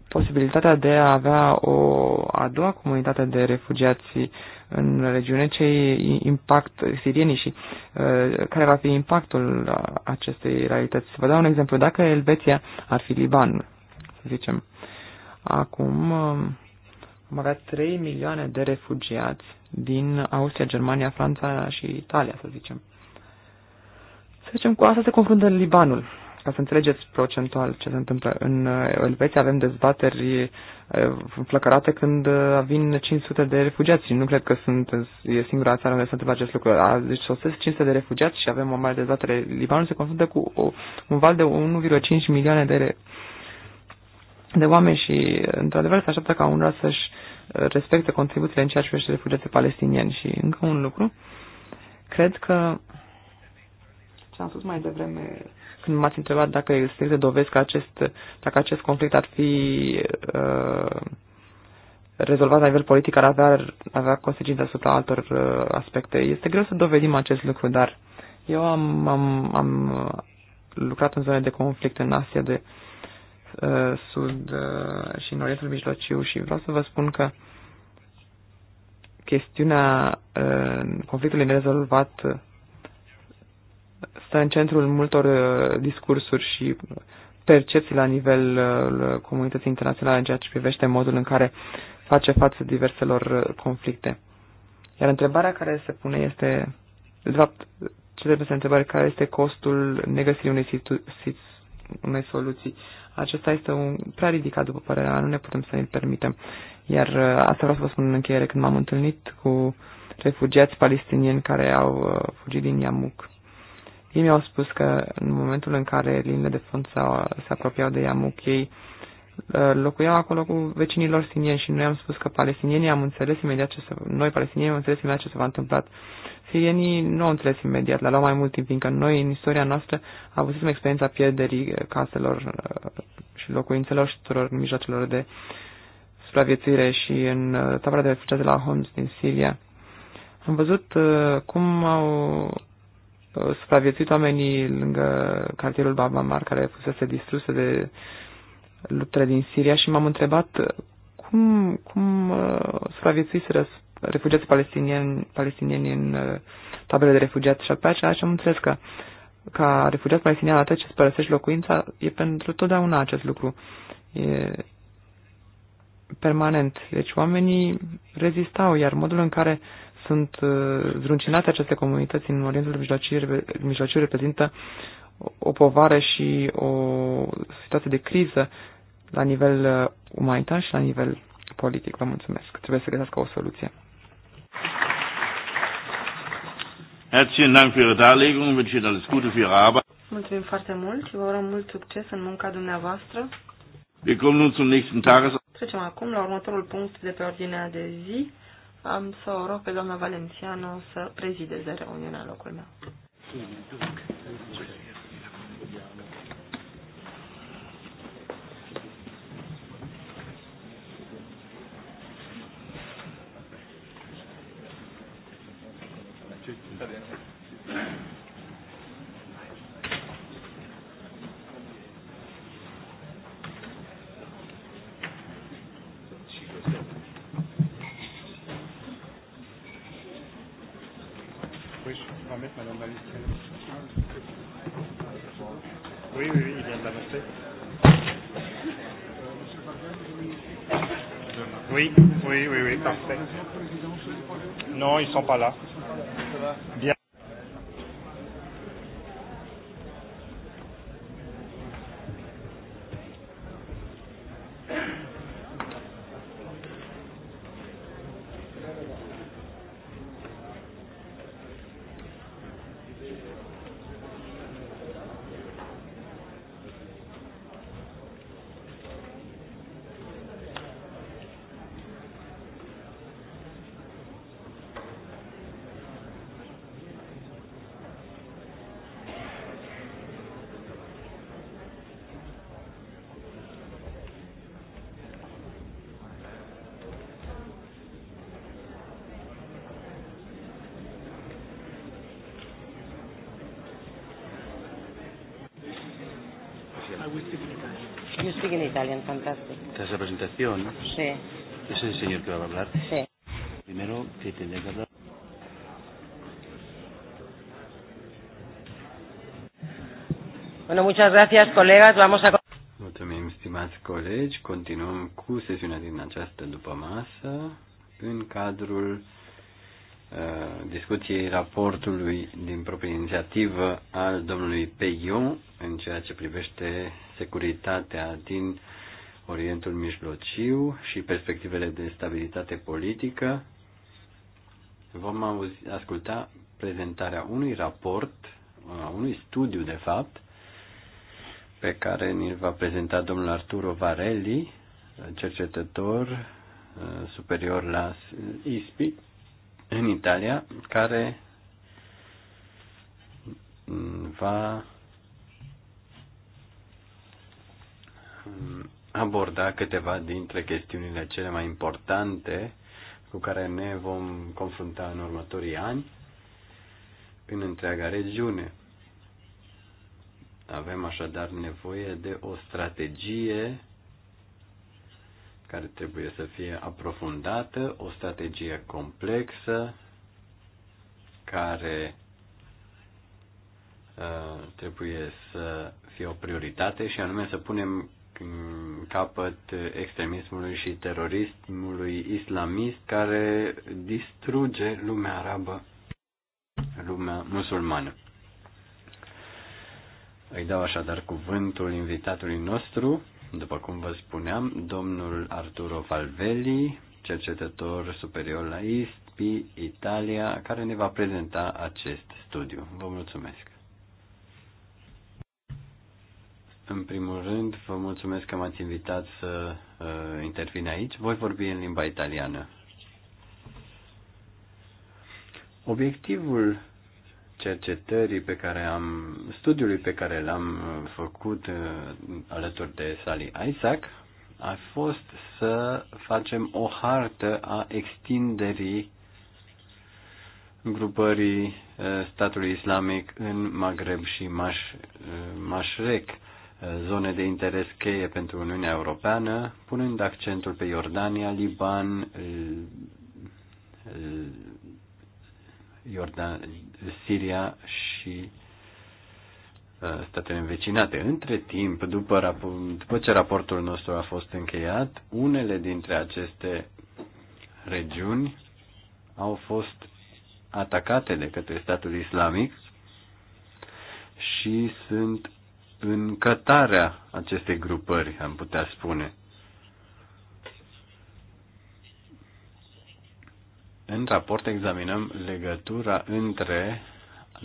S3: posibilitatea de a avea o a doua comunitate de refugiați în regiune, ce impact sirienii și uh, care va fi impactul acestei realități. vă dau un exemplu. Dacă Elveția ar fi Liban, să zicem, acum uh, am avea 3 milioane de refugiați din Austria, Germania, Franța și Italia, să zicem. Să zicem, cu asta se confruntă Libanul ca să înțelegeți procentual ce se întâmplă. În uh, Elveția avem dezbateri uh, flăcărate când uh, vin 500 de refugiați. Nu cred că sunt, e singura țară unde se întâmplă acest lucru. Deci sosesc 500 de refugiați și avem o mare dezbatere. Libanul se confruntă cu o, un val de 1,5 milioane de, re, de oameni și, într-adevăr, se așteaptă ca UNRWA să-și respecte contribuțiile în ceea ce privește refugiații palestinieni. Și încă un lucru, cred că ce am spus mai devreme când m-ați întrebat dacă există dovezi că acest, dacă acest conflict ar fi uh, rezolvat la nivel politic, ar avea, avea consecințe asupra altor uh, aspecte. Este greu să dovedim acest lucru, dar eu am, am, am uh, lucrat în zone de conflict în Asia de uh, Sud uh, și în Orientul Mijlociu și vreau să vă spun că chestiunea uh, conflictului nerezolvat stă în centrul multor uh, discursuri și percepții la nivel uh, comunității internaționale în ceea ce privește modul în care face față diverselor uh, conflicte. Iar întrebarea care se pune este, de fapt, ce trebuie să întrebare, care este costul negăsirii unei, situ- unei soluții. Acesta este un prea ridicat, după părerea mea, nu ne putem să ne permitem. Iar asta vreau să vă spun în încheiere, când m-am întâlnit cu refugiați palestinieni care au fugit din Yamuk. Ei mi-au spus că în momentul în care linile de fond se apropiau de Yamuk, ei uh, locuiau acolo cu vecinilor sinieni și noi am spus că palestinienii am înțeles imediat ce se, noi palestinienii am înțeles imediat ce s-a întâmplat. Sirienii nu au înțeles imediat, le-a luat mai mult timp, fiindcă noi în istoria noastră avut experiența pierderii caselor uh, și locuințelor și tuturor mijloacelor de supraviețuire și în uh, tabăra de refugiați de la Homs din Siria. Am văzut cum au Uh, supraviețuit oamenii lângă cartierul Mar care fusese distrusă de luptele din Siria și m-am întrebat uh, cum, cum uh, supraviețuiseră refugiații palestinieni, palestinieni în tabele de refugiați și pe aceea am înțeles că ca refugiat palestinian atât ce îți părăsești locuința e pentru totdeauna acest lucru. E permanent. Deci oamenii rezistau, iar modul în care sunt uh, zruncinate aceste comunități în Orientul Mijlociu, Mijlociu reprezintă o povară și o situație de criză la nivel uh, umanitar și la nivel politic. Vă mulțumesc. Trebuie să găsească o soluție.
S2: Mulțumim foarte mult și vă urăm mult succes în munca dumneavoastră. Trecem acum la următorul punct de pe ordinea de zi am să o rog pe doamna Valențianu să prezideze reuniunea în locul meu.
S4: Thank you. ils sont pas là. Bien.
S2: Big in Italian, fantástico.
S4: Tras la
S1: presentación, sí. es el señor que va a hablar. Sí. Primero, que tendría que hablar.
S2: Bueno, muchas gracias, colegas. Vamos a...
S1: Mulțumim, stimați colegi. Continuăm cu sesiunea din această după masă în cadrul Uh, discuției raportului din proprie inițiativă al domnului Peion în ceea ce privește securitatea din Orientul Mijlociu și perspectivele de stabilitate politică. Vom auzi, asculta prezentarea unui raport, unui studiu de fapt, pe care ni va prezenta domnul Arturo Varelli, cercetător uh, superior la ISPI, în Italia care va um, aborda câteva dintre chestiunile cele mai importante cu care ne vom confrunta în următorii ani în întreaga regiune. Avem așadar nevoie de o strategie care trebuie să fie aprofundată, o strategie complexă care uh, trebuie să fie o prioritate și anume să punem capăt extremismului și terorismului islamist care distruge lumea arabă, lumea musulmană. Îi dau așadar cuvântul invitatului nostru după cum vă spuneam, domnul Arturo Valvelli, cercetător superior la ISPI Italia, care ne va prezenta acest studiu. Vă mulțumesc! În primul rând, vă mulțumesc că m-ați invitat să uh, intervin aici. Voi vorbi în limba italiană. Obiectivul cercetării pe care am, studiului pe care l-am uh, făcut uh, alături de Sally Isaac a fost să facem o hartă a extinderii grupării uh, statului islamic în Maghreb și Maș, Mașrec, zone de interes cheie pentru Uniunea Europeană, punând accentul pe Iordania, Liban, Iordan, Siria și uh, statele învecinate. Între timp, după, după ce raportul nostru a fost încheiat, unele dintre aceste regiuni au fost atacate de către statul islamic și sunt în cătarea acestei grupări, am putea spune. În raport examinăm legătura între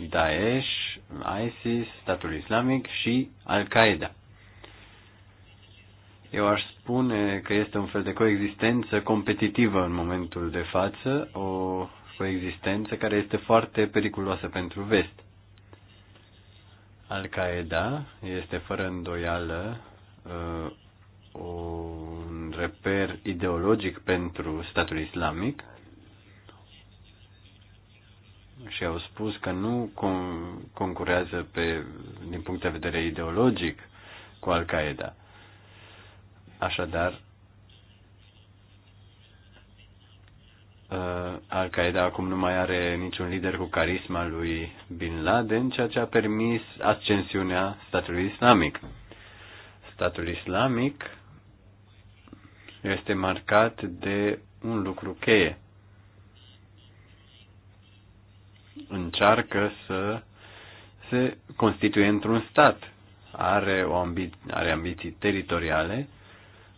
S1: Daesh, ISIS, statul islamic și Al-Qaeda. Eu aș spune că este un fel de coexistență competitivă în momentul de față, o coexistență care este foarte periculoasă pentru vest. Al-Qaeda este fără îndoială uh, un reper ideologic pentru statul islamic și au spus că nu concurează pe, din punct de vedere ideologic cu Al-Qaeda. Așadar, uh, Al-Qaeda acum nu mai are niciun lider cu carisma lui Bin Laden, ceea ce a permis ascensiunea statului islamic. Statul islamic este marcat de un lucru cheie. încearcă să se constituie într-un stat. Are, o ambi- are ambiții teritoriale,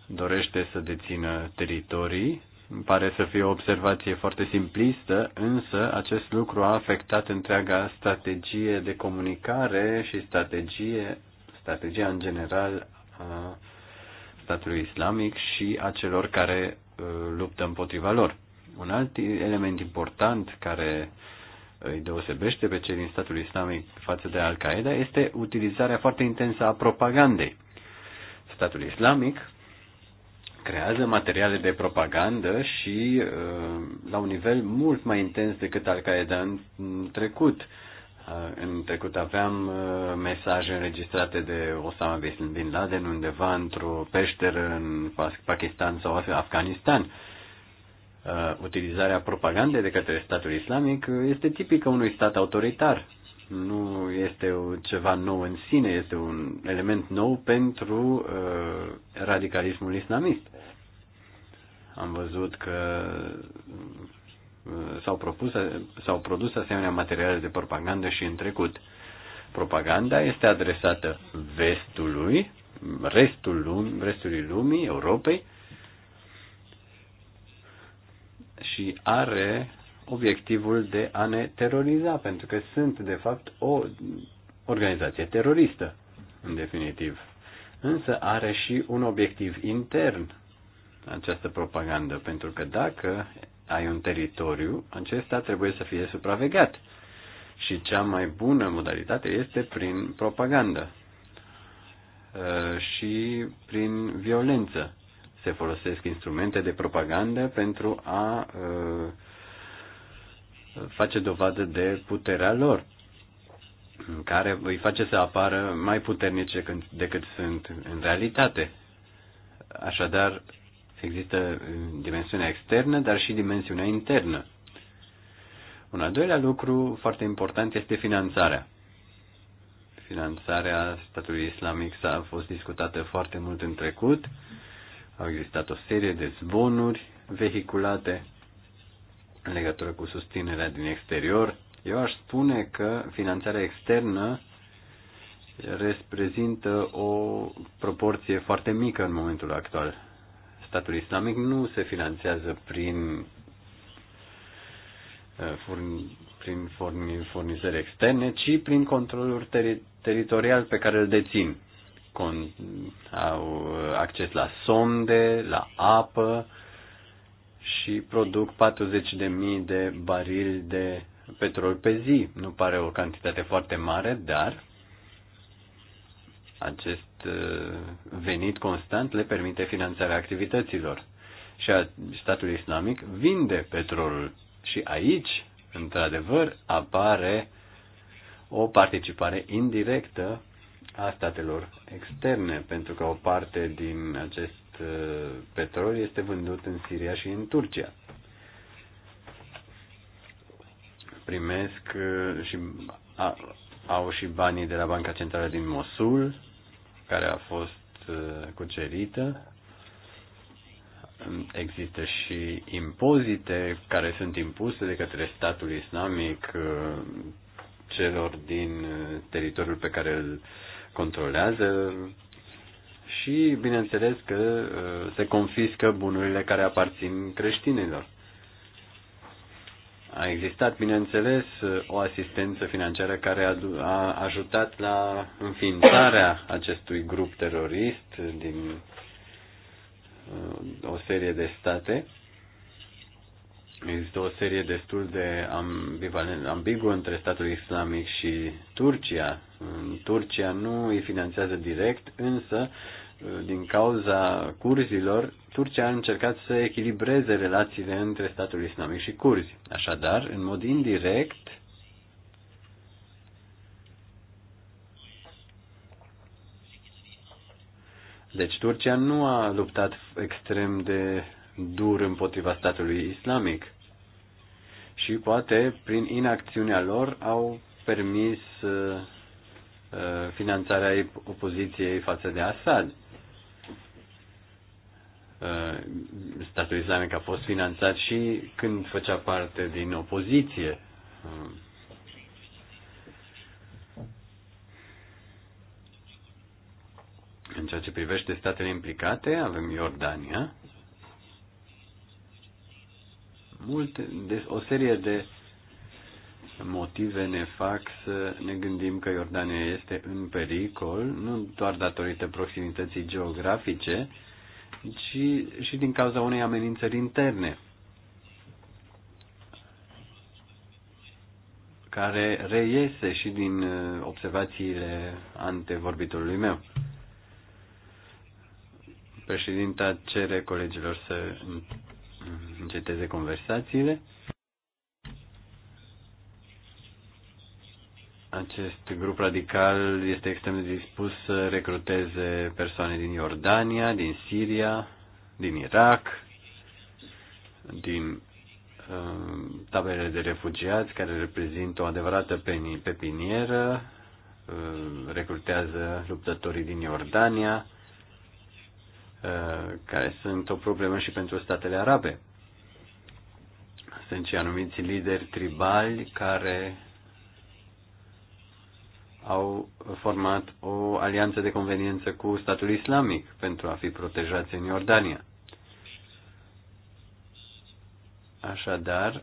S1: dorește să dețină teritorii. Îmi pare să fie o observație foarte simplistă, însă acest lucru a afectat întreaga strategie de comunicare și strategie, strategia în general a statului islamic și a celor care uh, luptă împotriva lor. Un alt element important care uh, îi deosebește pe cei din statul islamic față de Al-Qaeda este utilizarea foarte intensă a propagandei. Statul islamic creează materiale de propagandă și uh, la un nivel mult mai intens decât Al-Qaeda în trecut. Uh, în trecut aveam uh, mesaje înregistrate de Osama Bin Laden undeva într-o peșteră în Pakistan sau Afganistan uh, utilizarea propagandei de către statul islamic este tipică unui stat autoritar. Nu este o, ceva nou în sine, este un element nou pentru uh, radicalismul islamist. Am văzut că uh, s-au, propus, s-au produs asemenea materiale de propagandă și în trecut. Propaganda este adresată vestului, restul lumii, restului lumii, Europei, și are obiectivul de a ne teroriza, pentru că sunt, de fapt, o organizație teroristă, în definitiv. Însă are și un obiectiv intern această propagandă, pentru că dacă ai un teritoriu, acesta trebuie să fie supravegheat. Și cea mai bună modalitate este prin propagandă uh, și prin violență se folosesc instrumente de propagandă pentru a uh, face dovadă de puterea lor, care îi face să apară mai puternice decât sunt în realitate. Așadar, există uh, dimensiunea externă, dar și dimensiunea internă. Un al doilea lucru foarte important este finanțarea. Finanțarea statului islamic s-a fost discutată foarte mult în trecut. Uh, au existat o serie de zvonuri vehiculate în legătură cu susținerea din exterior. Eu aș spune că finanțarea externă reprezintă o proporție foarte mică în momentul actual. Statul islamic nu se finanțează prin uh, prin fornizări externe, ci prin controlul teri- teritorial pe care îl dețin con au acces la sonde, la apă și produc 40.000 de barili de petrol pe zi. Nu pare o cantitate foarte mare, dar acest uh, venit constant le permite finanțarea activităților. Și statul islamic vinde petrolul. Și aici, într-adevăr, apare o participare indirectă a statelor externe, pentru că o parte din acest uh, petrol este vândut în Siria și în Turcia. Primesc uh, și au și banii de la Banca Centrală din Mosul, care a fost uh, cucerită. Există și impozite care sunt impuse de către statul islamic celor din teritoriul pe care îl uh, controlează și, bineînțeles, că uh, se confiscă bunurile care aparțin creștinilor. A existat, bineînțeles, o asistență financiară care a, ajutat la înființarea acestui grup terorist din uh, o serie de state. Există o serie destul de ambiguă între statul islamic și Turcia, în Turcia nu îi finanțează direct, însă din cauza curzilor, Turcia a încercat să echilibreze relațiile între statul islamic și curzi. Așadar, în mod indirect, Deci Turcia nu a luptat extrem de dur împotriva statului islamic și poate prin inacțiunea lor au permis uh, Uh, finanțarea opoziției față de Assad. Uh, statul islamic a fost finanțat și când făcea parte din opoziție. Uh, în ceea ce privește statele implicate, avem Iordania, multe, de, o serie de motive ne fac să ne gândim că Iordania este în pericol, nu doar datorită proximității geografice, ci și din cauza unei amenințări interne, care reiese și din uh, observațiile antevorbitorului meu. Președinta cere colegilor să înceteze conversațiile. Acest grup radical este extrem de dispus să recruteze persoane din Iordania, din Siria, din Irak, din uh, tabele de refugiați care reprezintă o adevărată pepinieră, uh, recrutează luptătorii din Iordania, uh, care sunt o problemă și pentru statele arabe. Sunt și anumiți lideri tribali care au format o alianță de conveniență cu statul islamic pentru a fi protejați în Iordania. Așadar,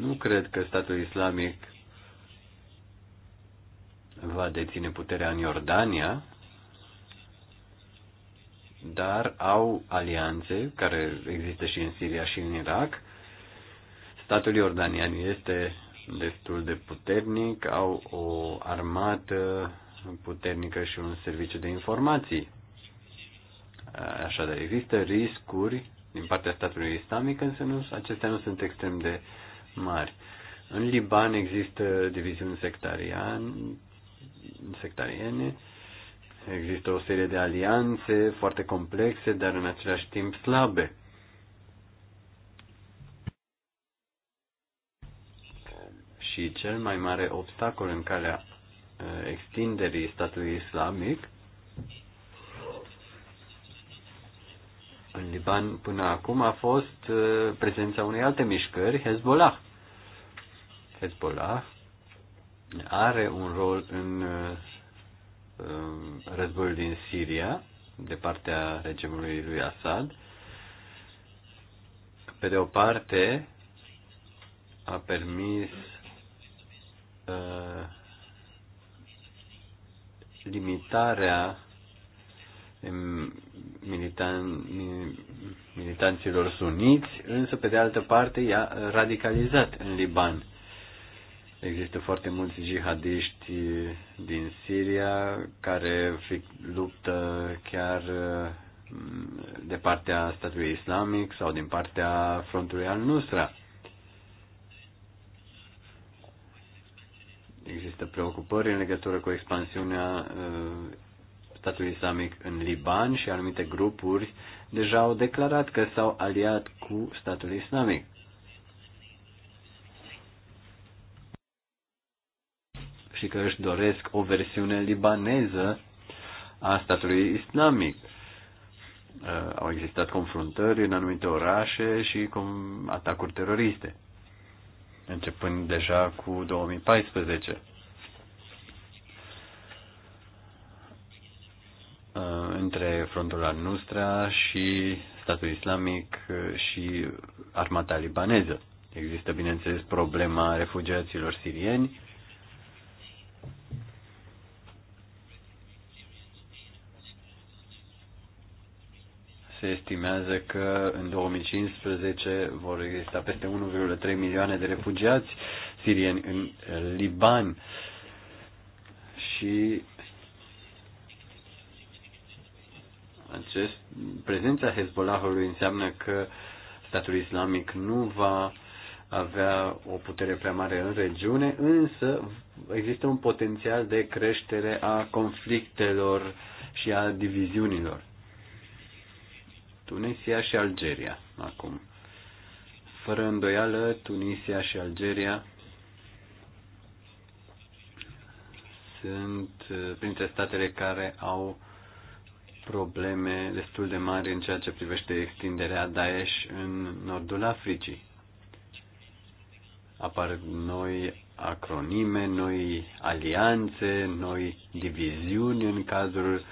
S1: nu cred că statul islamic va deține puterea în Iordania, dar au alianțe care există și în Siria și în Irak Statul iordanian este destul de puternic, au o armată puternică și un serviciu de informații. Așadar, există riscuri din partea statului islamic, însă nu, acestea nu sunt extrem de mari. În Liban există diviziuni sectarian, sectariene, există o serie de alianțe foarte complexe, dar în același timp slabe. și cel mai mare obstacol în calea extinderii statului islamic. În Liban până acum a fost prezența unei alte mișcări, Hezbollah. Hezbollah are un rol în războiul din Siria, de partea regimului lui Assad. Pe de o parte, a permis limitarea militan, militanților suniți, însă pe de altă parte i-a radicalizat în Liban. Există foarte mulți jihadiști din Siria care luptă chiar mm, de partea statului islamic sau din partea frontului al Nusra. Există preocupări în legătură cu expansiunea uh, statului islamic în Liban și anumite grupuri deja au declarat că s-au aliat cu statul islamic. Și că își doresc o versiune libaneză a statului islamic. Uh, au existat confruntări în anumite orașe și atacuri teroriste începând deja cu 2014. Uh, între frontul al și statul islamic uh, și armata libaneză. Există, bineînțeles, problema refugiaților sirieni se estimează că în 2015 vor exista peste 1,3 milioane de refugiați sirieni în Liban și acest, prezența Hezbollahului înseamnă că statul islamic nu va avea o putere prea mare în regiune, însă există un potențial de creștere a conflictelor și a diviziunilor. Tunisia și Algeria acum. Fără îndoială, Tunisia și Algeria sunt uh, printre statele care au probleme destul de mari în ceea ce privește extinderea Daesh în nordul Africii. Apar noi acronime, noi alianțe, noi diviziuni în cadrul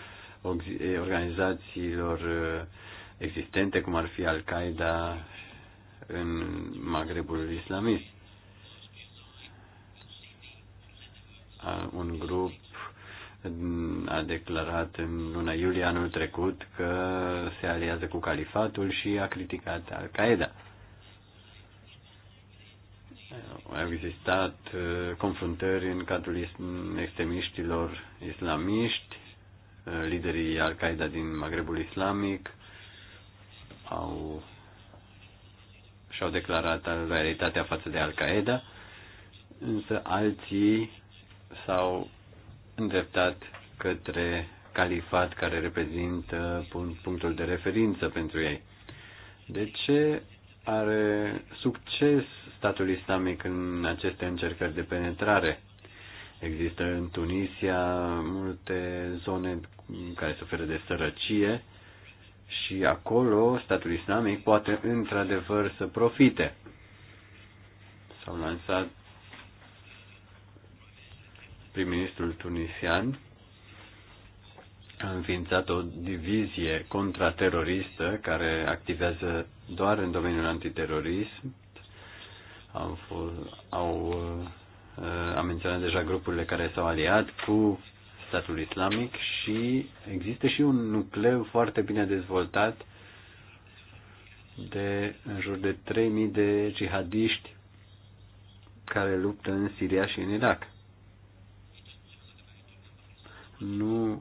S1: organizațiilor uh, existente, cum ar fi Al-Qaeda în Maghrebul islamist. Un grup a declarat în luna iulie anul trecut că se aliază cu califatul și a criticat Al-Qaeda. Au existat uh, confruntări în cadrul extremiștilor islamiști, uh, liderii Al-Qaeda din Maghrebul Islamic, au și-au declarat loialitatea față de Al-Qaeda, însă alții s-au îndreptat către califat care reprezintă punctul de referință pentru ei. De ce are succes statul islamic în aceste încercări de penetrare? Există în Tunisia multe zone care suferă de sărăcie și acolo statul islamic poate într-adevăr să profite. S-au lansat prim-ministrul tunisian a înființat o divizie contrateroristă care activează doar în domeniul antiterorism. Au, au uh, au menționat deja grupurile care s-au aliat cu statul islamic și există și un nucleu foarte bine dezvoltat de în jur de 3000 de jihadiști care luptă în Siria și în Irak. Nu uh,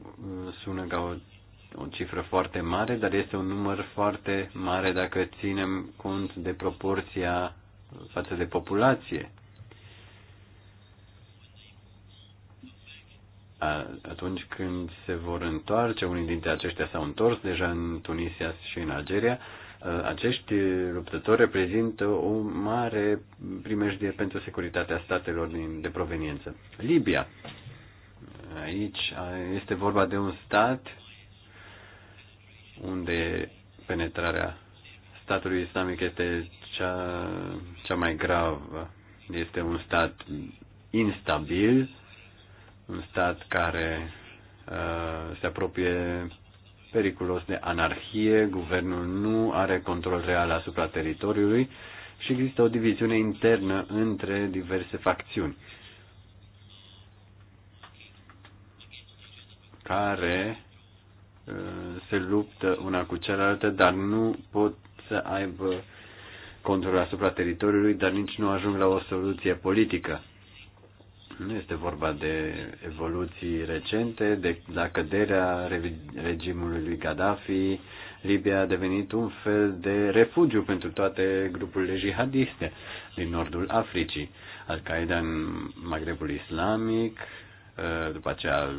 S1: sună ca o, o cifră foarte mare, dar este un număr foarte mare dacă ținem cont de proporția față de populație. atunci când se vor întoarce, unii dintre aceștia s-au întors deja în Tunisia și în Algeria, acești luptători reprezintă o mare primejdie pentru securitatea statelor de proveniență. Libia. Aici este vorba de un stat unde penetrarea statului islamic este cea, cea mai gravă. Este un stat instabil, un stat care uh, se apropie periculos de anarhie, guvernul nu are control real asupra teritoriului și există o diviziune internă între diverse facțiuni care uh, se luptă una cu cealaltă, dar nu pot să aibă control asupra teritoriului, dar nici nu ajung la o soluție politică nu este vorba de evoluții recente, de la căderea regimului lui Gaddafi, Libia a devenit un fel de refugiu pentru toate grupurile jihadiste din nordul Africii. Al-Qaeda în Maghrebul Islamic, ă, după aceea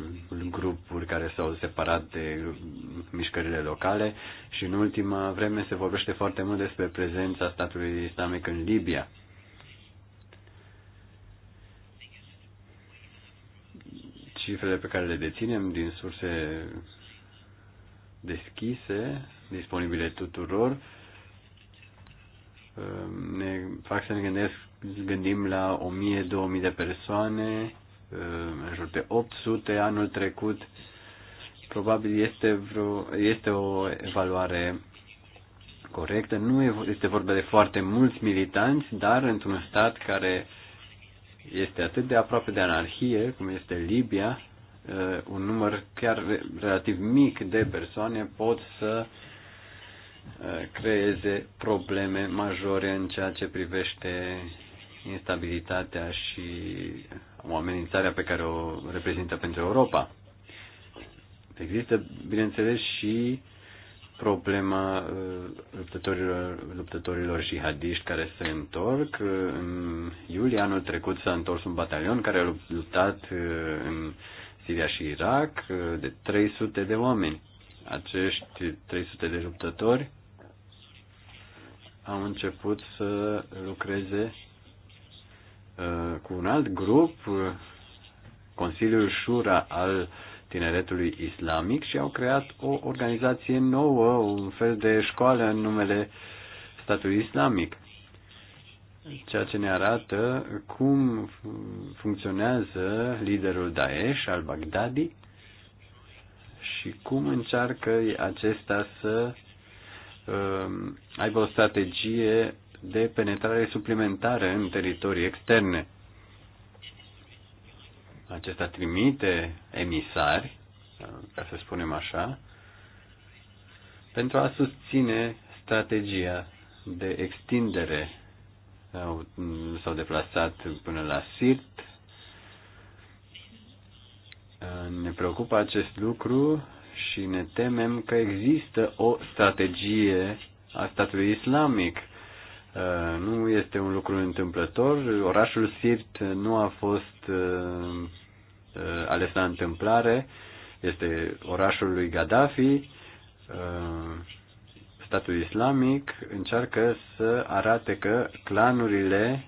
S1: grupuri care s-au separat de mișcările locale și în ultima vreme se vorbește foarte mult despre prezența statului islamic în Libia. cifrele pe care le deținem din surse deschise, disponibile tuturor, uh, ne fac să ne gândesc, gândim la 1000-2000 de persoane, uh, în jur de 800 anul trecut. Probabil este, vreo, este o evaluare corectă. Nu este vorba de foarte mulți militanți, dar într-un stat care este atât de aproape de anarhie cum este Libia, uh, un număr chiar relativ mic de persoane pot să uh, creeze probleme majore în ceea ce privește instabilitatea și o amenințare pe care o reprezintă pentru Europa. Există, bineînțeles, și problema uh, luptătorilor, luptătorilor jihadiști care se întorc. Uh, în iulie anul trecut s-a întors un batalion care a luptat uh, în Siria și Irak de 300 de oameni. Acești 300 de luptători au început să lucreze cu un alt grup, Consiliul Shura al uh, tineretului islamic și au creat o organizație nouă, un fel de școală în numele statului islamic. Ceea ce ne arată cum funcționează liderul Daesh al Bagdadi și cum încearcă acesta să um, aibă o strategie de penetrare suplimentară în teritorii externe acesta trimite emisari, ca să spunem așa, pentru a susține strategia de extindere. S-au deplasat până la SIRT. Ne preocupă acest lucru și ne temem că există o strategie a statului islamic Uh, nu este un lucru întâmplător. Orașul Sirt nu a fost uh, uh, ales la întâmplare. Este orașul lui Gaddafi. Statul islamic încearcă să arate că clanurile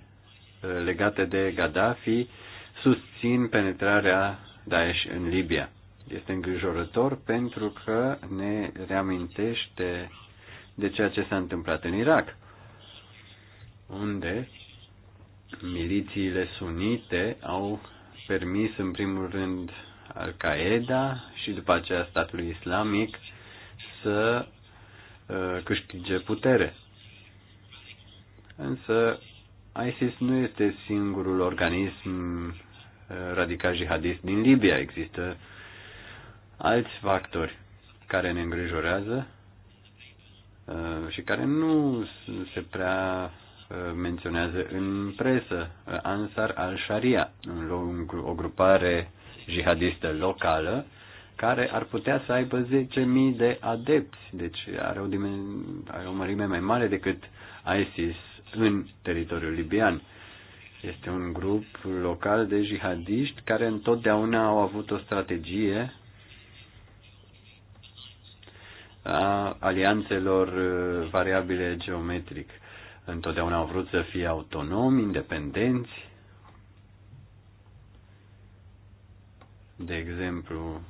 S1: legate de Gaddafi susțin penetrarea Daesh în Libia. Este îngrijorător pentru că ne reamintește de ceea ce s-a întâmplat în Irak unde milițiile sunite au permis în primul rând Al-Qaeda și după aceea statul islamic să uh, câștige putere. Însă ISIS nu este singurul organism uh, radical jihadist din Libia. Există alți factori care ne îngrijorează uh, și care nu se prea Uh, menționează în presă uh, Ansar al-Sharia, o grupare jihadistă locală care ar putea să aibă 10.000 de adepți, deci are o, dimen- are o mărime mai mare decât ISIS în teritoriul libian. Este un grup local de jihadiști care întotdeauna au avut o strategie a alianțelor uh, variabile geometric întotdeauna au vrut să fie autonomi, independenți. De exemplu,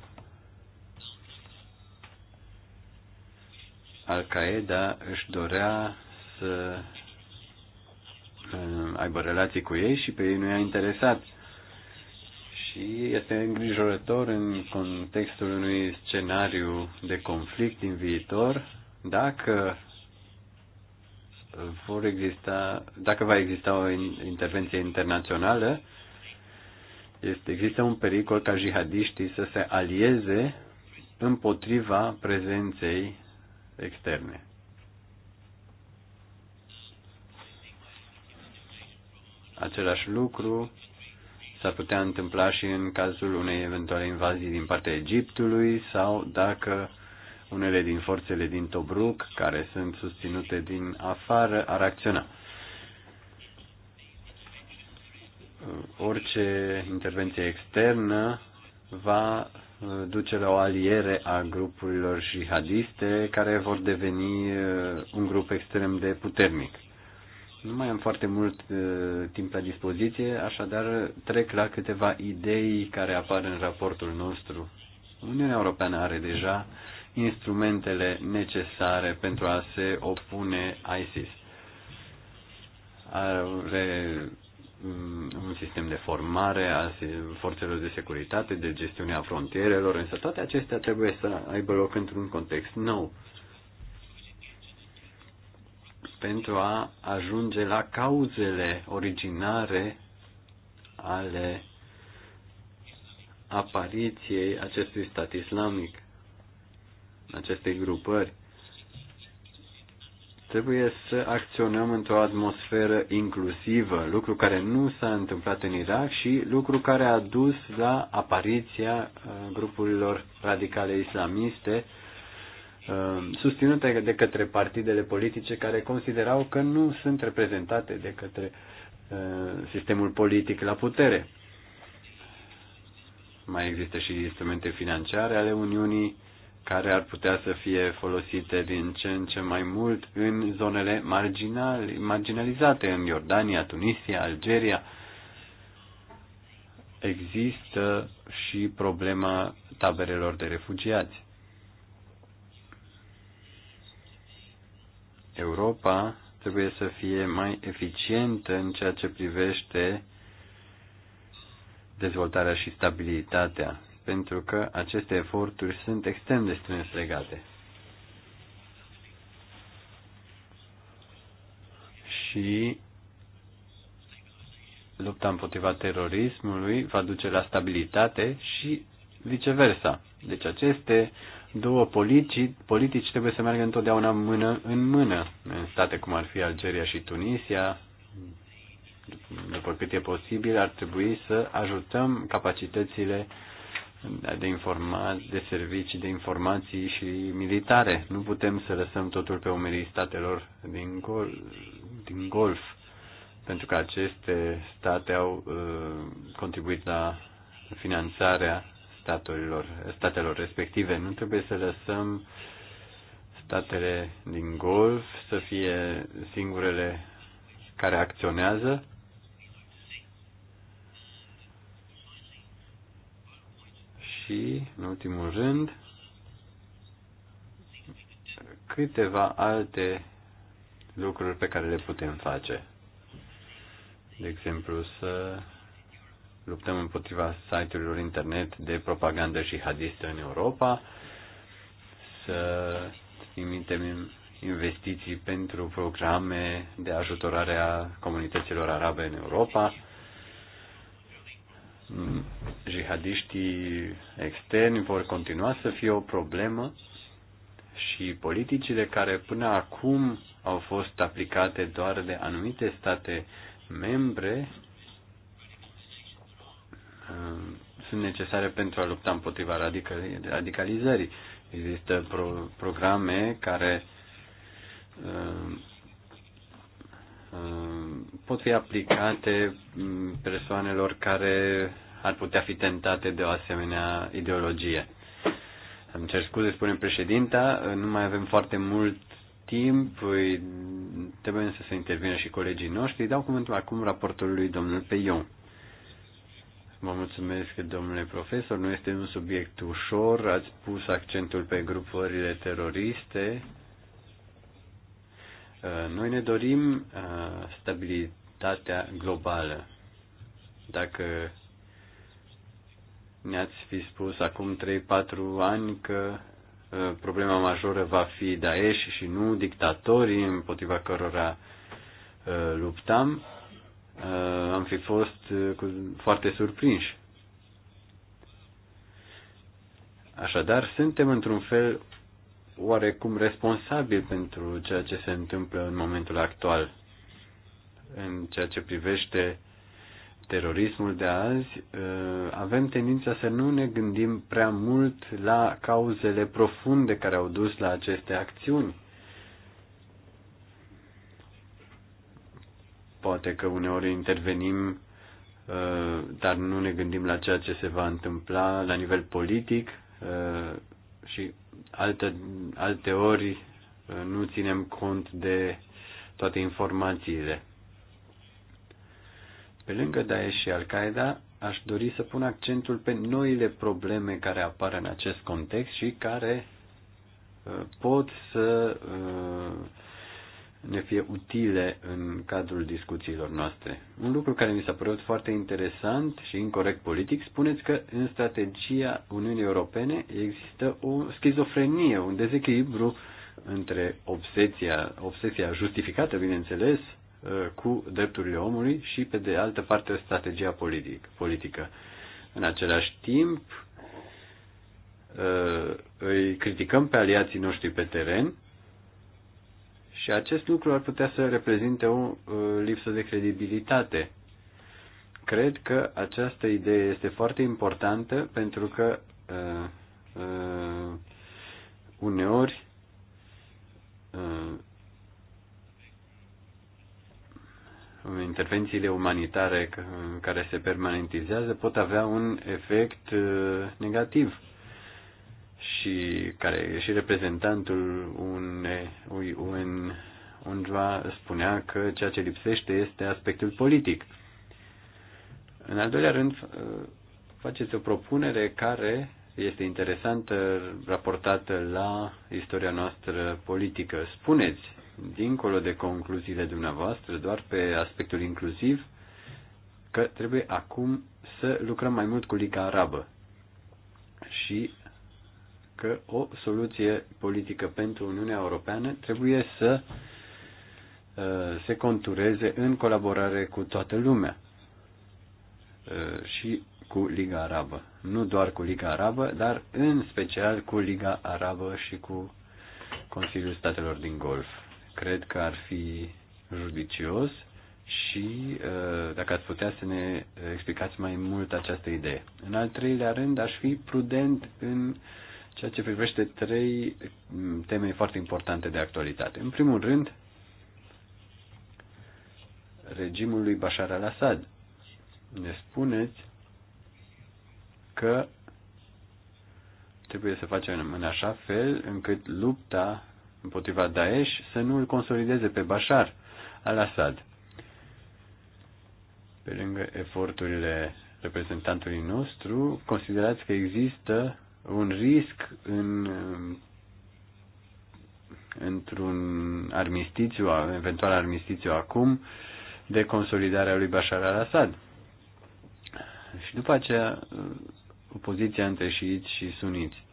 S1: Al-Qaeda își dorea să uh, aibă relații cu ei și pe ei nu i-a interesat. Și este îngrijorător în contextul unui scenariu de conflict din viitor dacă vor exista, dacă va exista o intervenție internațională, este, există un pericol ca jihadiștii să se alieze împotriva prezenței externe. Același lucru s-ar putea întâmpla și în cazul unei eventuale invazii din partea Egiptului sau dacă uh, unele din forțele din Tobruk, care sunt susținute din afară, ar acționa. Orice intervenție externă va uh, duce la o aliere a grupurilor jihadiste care vor deveni uh, un grup extrem de puternic. Nu mai am foarte mult uh, timp la dispoziție, așadar trec la câteva idei care apar în raportul nostru. Uniunea Europeană are deja instrumentele necesare pentru a se opune ISIS. Are un mm, sistem de formare a forțelor de securitate, de gestiune a frontierelor, însă toate acestea trebuie să aibă loc într-un context nou pentru a ajunge la cauzele originare ale apariției acestui stat islamic acestei grupări, trebuie să acționăm într-o atmosferă inclusivă, lucru care nu s-a întâmplat în Irak și lucru care a dus la apariția uh, grupurilor radicale islamiste uh, susținute de către partidele politice care considerau că nu sunt reprezentate de către uh, sistemul politic la putere. Mai există și instrumente financiare ale Uniunii care ar putea să fie folosite din ce în ce mai mult în zonele marginal, marginalizate, în Iordania, Tunisia, Algeria. Există și problema taberelor de refugiați. Europa trebuie să fie mai eficientă în ceea ce privește dezvoltarea și stabilitatea pentru că aceste eforturi sunt extrem de strâns legate. Și lupta împotriva terorismului va duce la stabilitate și viceversa. Deci aceste două politici, politici trebuie să meargă întotdeauna mână în mână în state cum ar fi Algeria și Tunisia. După cât e posibil, ar trebui să ajutăm capacitățile de, informa- de servicii de informații și militare. Nu putem să lăsăm totul pe umerii statelor din, gol- din Golf, pentru că aceste state au uh, contribuit la finanțarea statelor, statelor respective. Nu trebuie să lăsăm statele din Golf să fie singurele care acționează și, în ultimul rând, câteva alte lucruri pe care le putem face. De exemplu, să luptăm împotriva site-urilor internet de propagandă și hadistă în Europa, să imitem investiții pentru programe de ajutorare a comunităților arabe în Europa, jihadiștii externi vor continua să fie o problemă și politicile care până acum au fost aplicate doar de anumite state membre uh, sunt necesare pentru a lupta împotriva radicalizării. Există pro- programe care uh, uh, pot fi aplicate mm, persoanelor care ar putea fi tentate de o asemenea ideologie. Îmi cer scuze, spune președinta, nu mai avem foarte mult timp, trebuie să se intervină și colegii noștri. Dau cuvântul acum lui domnul Peion. Vă mulțumesc, domnule profesor. Nu este un subiect ușor. Ați pus accentul pe grupările teroriste Uh, noi ne dorim uh, stabilitatea globală. Dacă ne-ați fi spus acum 3-4 ani că uh, problema majoră va fi Daesh și nu dictatorii împotriva cărora luptam, am fi fost foarte surprinși. Așadar, suntem într-un fel oarecum responsabil pentru ceea ce se întâmplă în momentul actual în ceea ce privește terorismul de azi, ă, avem tendința să nu ne gândim prea mult la cauzele profunde care au dus la aceste acțiuni. Poate că uneori intervenim, ă, dar nu ne gândim la ceea ce se va întâmpla la nivel politic ă, și alte, alte ori uh, nu ținem cont de toate informațiile. Pe lângă Daesh și Al-Qaeda, aș dori să pun accentul pe noile probleme care apar în acest context și care uh, pot să uh, ne fie utile în cadrul discuțiilor noastre. Un lucru care mi s-a părut foarte interesant și incorrect politic, spuneți că în strategia Uniunii Europene există o schizofrenie, un dezechilibru între obsesia, obsesia justificată, bineînțeles, cu drepturile omului și, pe de altă parte, strategia politic, politică. În același timp, ă, îi criticăm pe aliații noștri pe teren, și acest lucru ar putea să reprezinte o uh, lipsă de credibilitate. Cred că această idee este foarte importantă pentru că uh, uh, uneori uh, intervențiile umanitare care se permanentizează pot avea un efect uh, negativ și care e și reprezentantul un un, undva spunea că ceea ce lipsește este aspectul politic. În al doilea rând, faceți o propunere care este interesantă raportată la istoria noastră politică. Spuneți, dincolo de concluziile dumneavoastră, doar pe aspectul inclusiv, că trebuie acum să lucrăm mai mult cu Liga Arabă și că o soluție politică pentru Uniunea Europeană trebuie să uh, se contureze în colaborare cu toată lumea uh, și cu Liga Arabă. Nu doar cu Liga Arabă, dar în special cu Liga Arabă și cu Consiliul Statelor din Golf. Cred că ar fi judicios și uh, dacă ați putea să ne explicați mai mult această idee. În al treilea rând, aș fi prudent în uh, ceea ce privește trei mm, teme foarte importante de actualitate. În primul rând, regimul lui Bashar al-Assad. Ne spuneți că trebuie să facem în așa fel încât lupta împotriva Daesh să nu îl consolideze pe Bashar al-Assad. Pe lângă eforturile reprezentantului nostru, considerați că există un risc în, într-un armistițiu, eventual armistițiu acum, de consolidarea lui Bashar al-Assad. Și după aceea, opoziția între șiiți și suniți.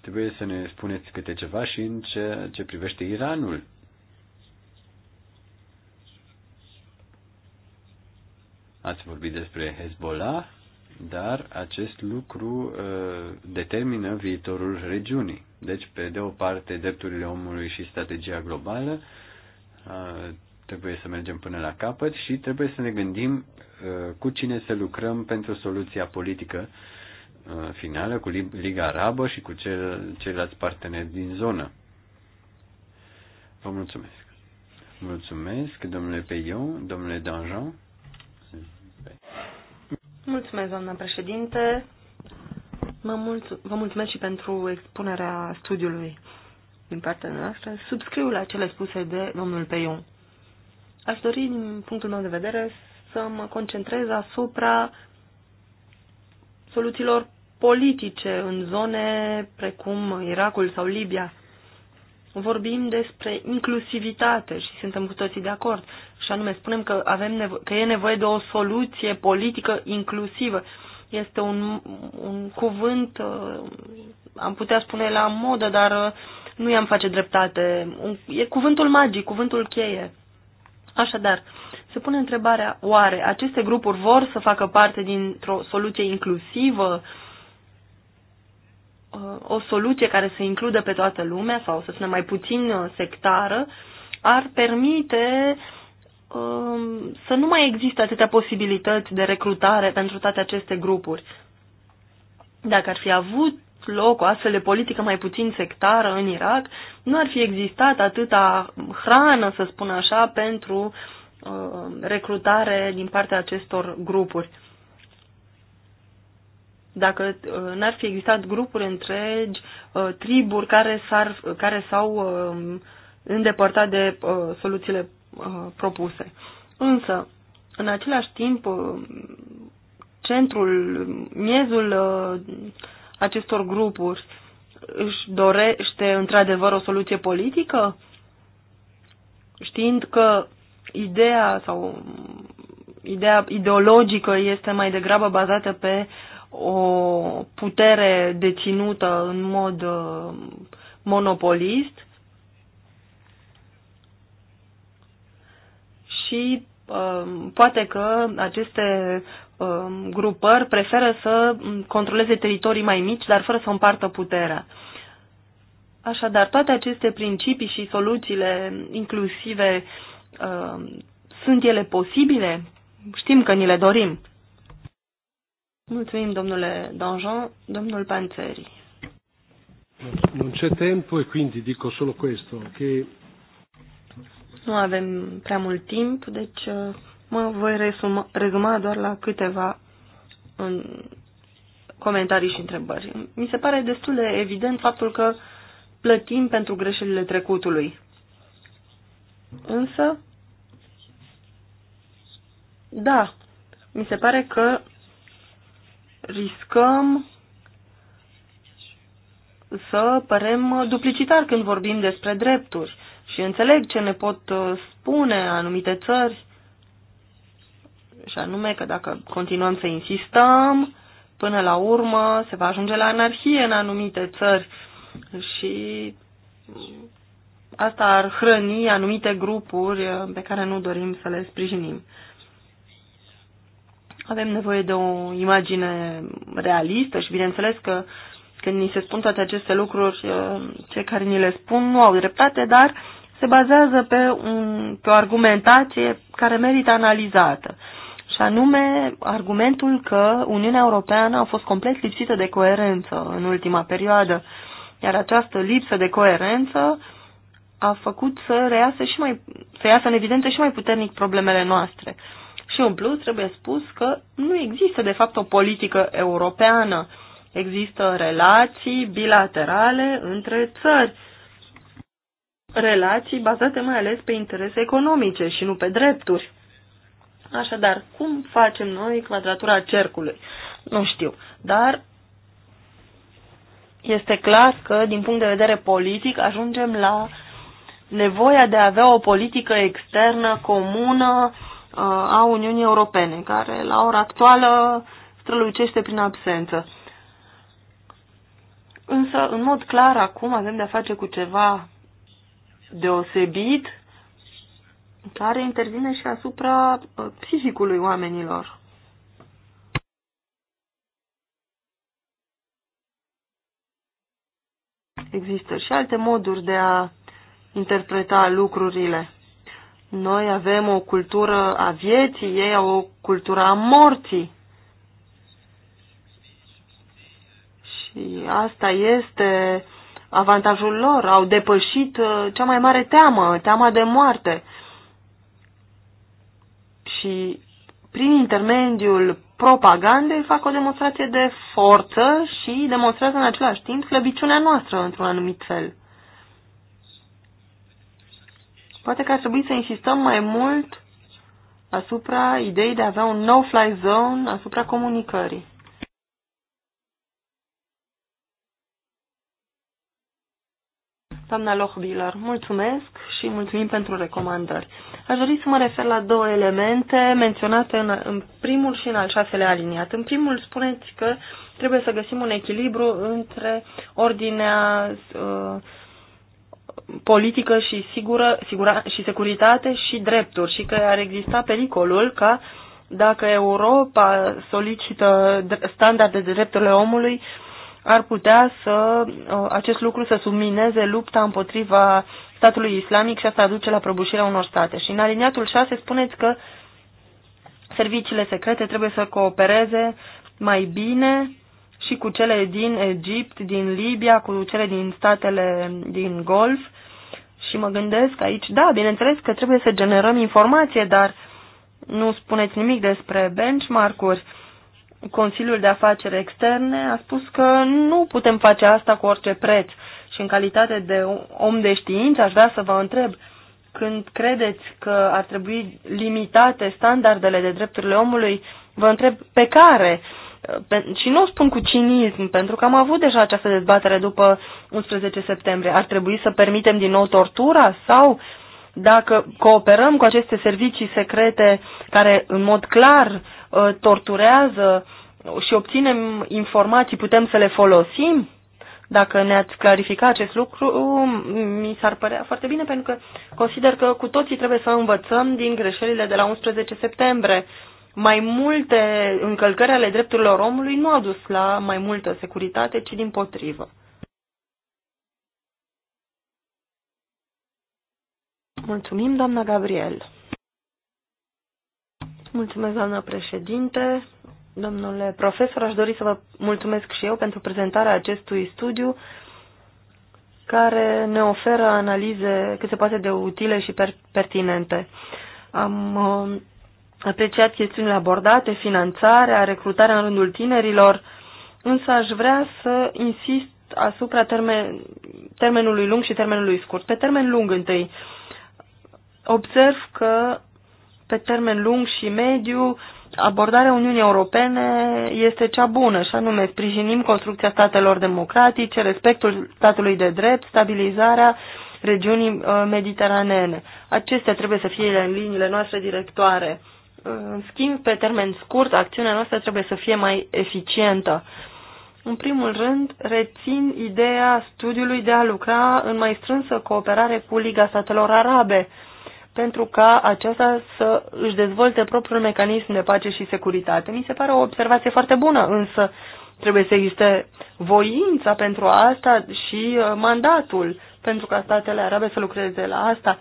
S1: Trebuie să ne spuneți câte ceva și în ce, ce privește Iranul. Ați vorbit despre Hezbollah, dar acest lucru uh, determină viitorul regiunii. Deci, pe de o parte, drepturile omului și strategia globală uh, trebuie să mergem până la capăt și trebuie să ne gândim uh, cu cine să lucrăm pentru soluția politică finală cu Liga Arabă și cu cel, ceilalți parteneri din zonă. Vă mulțumesc. Mulțumesc, domnule Peion, domnule Danjean.
S2: Mulțumesc, doamna președinte. Mă mulțu- vă mulțumesc și pentru expunerea studiului din partea noastră. Subscriu la cele spuse de domnul Peion. Aș dori, din punctul meu de vedere, să mă concentrez asupra soluțiilor politice în zone precum Irakul sau Libia vorbim despre inclusivitate și suntem cu toții de acord. Și anume, spunem că, avem nevo- că e nevoie de o soluție politică inclusivă. Este un, un cuvânt, uh, am putea spune la modă, dar uh, nu i-am face dreptate. E cuvântul magic, cuvântul cheie. Așadar, se pune întrebarea, oare aceste grupuri vor să facă parte dintr-o soluție inclusivă uh, Uh, o soluție care să includă pe toată lumea sau să spunem mai puțin uh, sectară ar permite um, să nu mai există atâtea posibilități de recrutare pentru toate aceste grupuri. Dacă ar fi avut loc o astfel de politică mai puțin sectară în Irak, nu ar fi existat atâta hrană, să spun așa, pentru uh, recrutare din partea acestor grupuri dacă uh, n-ar fi existat grupuri întregi, uh, triburi care, s-ar, care s-au um, îndepărtat de uh, soluțiile propuse. Însă, în același timp, centrul, miezul acestor grupuri își dorește într-adevăr o soluție politică, știind că ideea sau um, ideea ideologică este mai degrabă bazată pe o putere deținută în mod uh, monopolist și uh, poate că aceste uh, grupări preferă să controleze teritorii mai mici, dar fără să împartă puterea. Așadar, toate aceste principii și soluțiile inclusive, sunt ele posibile? Știm că ni le dorim. Mulțumim, domnule Donjon. Domnul Panțeri.
S4: Non c'è tempo e quindi dico solo questo, che...
S2: Nu avem prea mult timp, deci uh, mă voi resuma, rezuma doar la câteva în comentarii și întrebări. Mi se pare destul de evident faptul că plătim pentru greșelile trecutului. Însă, da, mi se pare că riscăm să părem duplicitar când vorbim despre drepturi. Și înțeleg ce ne pot uh, spune anumite țări, și anume că dacă continuăm să insistăm, până la urmă se va ajunge la anarhie în anumite țări și mm, asta ar hrăni anumite grupuri uh, pe care nu dorim să le sprijinim. Avem nevoie de o imagine realistă și bineînțeles că când ni se spun toate aceste lucruri, eh, cei care ni le spun nu au dreptate, dar se bazează pe, un, pe o argumentație care merită analizată. Și anume argumentul că Uniunea Europeană a fost complet lipsită de coerență în ultima perioadă, iar această lipsă de coerență a făcut să, reiasă și mai, să iasă în evidență și mai puternic problemele noastre. Și în plus trebuie spus că nu există de fapt o politică europeană. Există relații bilaterale între țări. Relații bazate mai ales pe interese economice și nu pe drepturi. Așadar, cum facem noi quadratura cercului? Nu știu, dar este clar că, din punct de vedere politic, ajungem la nevoia de a avea o politică externă comună Uh, a Uniunii Europene, care la ora actuală strălucește prin absență. Însă, în mod clar, acum avem de-a face cu ceva deosebit care intervine și asupra uh, psihicului oamenilor. Există și alte moduri de a interpreta lucrurile. Noi avem o cultură a vieții, ei au o cultură a morții. Și asta este avantajul lor. Au depășit uh, cea mai mare teamă, teama de moarte. Și prin intermediul propagandei fac o demonstrație de forță și demonstrează în același timp slăbiciunea noastră într-un anumit fel. Poate că ar trebui să insistăm mai mult asupra ideii de a avea un no-fly zone asupra comunicării. Doamna Lohbilar, mulțumesc și mulțumim pentru recomandări. Aș dori să mă refer la două elemente menționate în, în primul și în al șaselea aliniat. În primul spuneți că trebuie să găsim un echilibru între ordinea uh, politică și, sigură, sigura, și securitate și drepturi și că ar exista pericolul ca dacă Europa solicită standarde de drepturile omului, ar putea să uh, acest lucru să submineze lupta împotriva statului islamic și asta aduce la prăbușirea unor state. Și în aliniatul 6 spuneți că serviciile secrete trebuie să coopereze mai bine și cu cele din Egipt, din Libia, cu cele din statele din Golf. Și mă gândesc aici, da, bineînțeles că trebuie să generăm informație, dar nu spuneți nimic despre benchmark-uri. Consiliul de Afaceri Externe a spus că nu putem face asta cu orice preț. Și în calitate de om de știință aș vrea să vă întreb, când credeți că ar trebui limitate standardele de drepturile omului, vă întreb pe care? și nu o spun cu cinism, pentru că am avut deja această dezbatere după 11 septembrie. Ar trebui să permitem din nou tortura sau dacă cooperăm cu aceste servicii secrete care în mod clar uh, torturează și obținem informații, putem să le folosim? Dacă ne-ați clarifica acest lucru, um, mi s-ar părea foarte bine, pentru că consider că cu toții trebuie să învățăm din greșelile de la 11 septembrie mai multe încălcări ale drepturilor omului nu au dus la mai multă securitate, ci din potrivă. Mulțumim, doamna Gabriel. Mulțumesc, doamna președinte. Domnule profesor, aș dori să vă mulțumesc și eu pentru prezentarea acestui studiu care ne oferă analize cât se poate de utile și per pertinente. Am uh, apreciat chestiunile abordate, finanțarea, recrutarea în rândul tinerilor, însă aș vrea să insist asupra termen, termenului lung și termenului scurt. Pe termen lung întâi, observ că pe termen lung și mediu abordarea Uniunii Europene este cea bună, și anume sprijinim construcția statelor democratice, respectul statului de drept, stabilizarea regiunii uh, mediteranene. Acestea trebuie să fie în liniile noastre directoare. În schimb, pe termen scurt, acțiunea noastră trebuie să fie mai eficientă. În primul rând, rețin ideea studiului de a lucra în mai strânsă cooperare cu Liga Statelor Arabe, pentru ca aceasta să își dezvolte propriul mecanism de pace și securitate. Mi se pare o observație foarte bună, însă trebuie să existe voința pentru asta și uh, mandatul pentru ca statele arabe să lucreze la asta.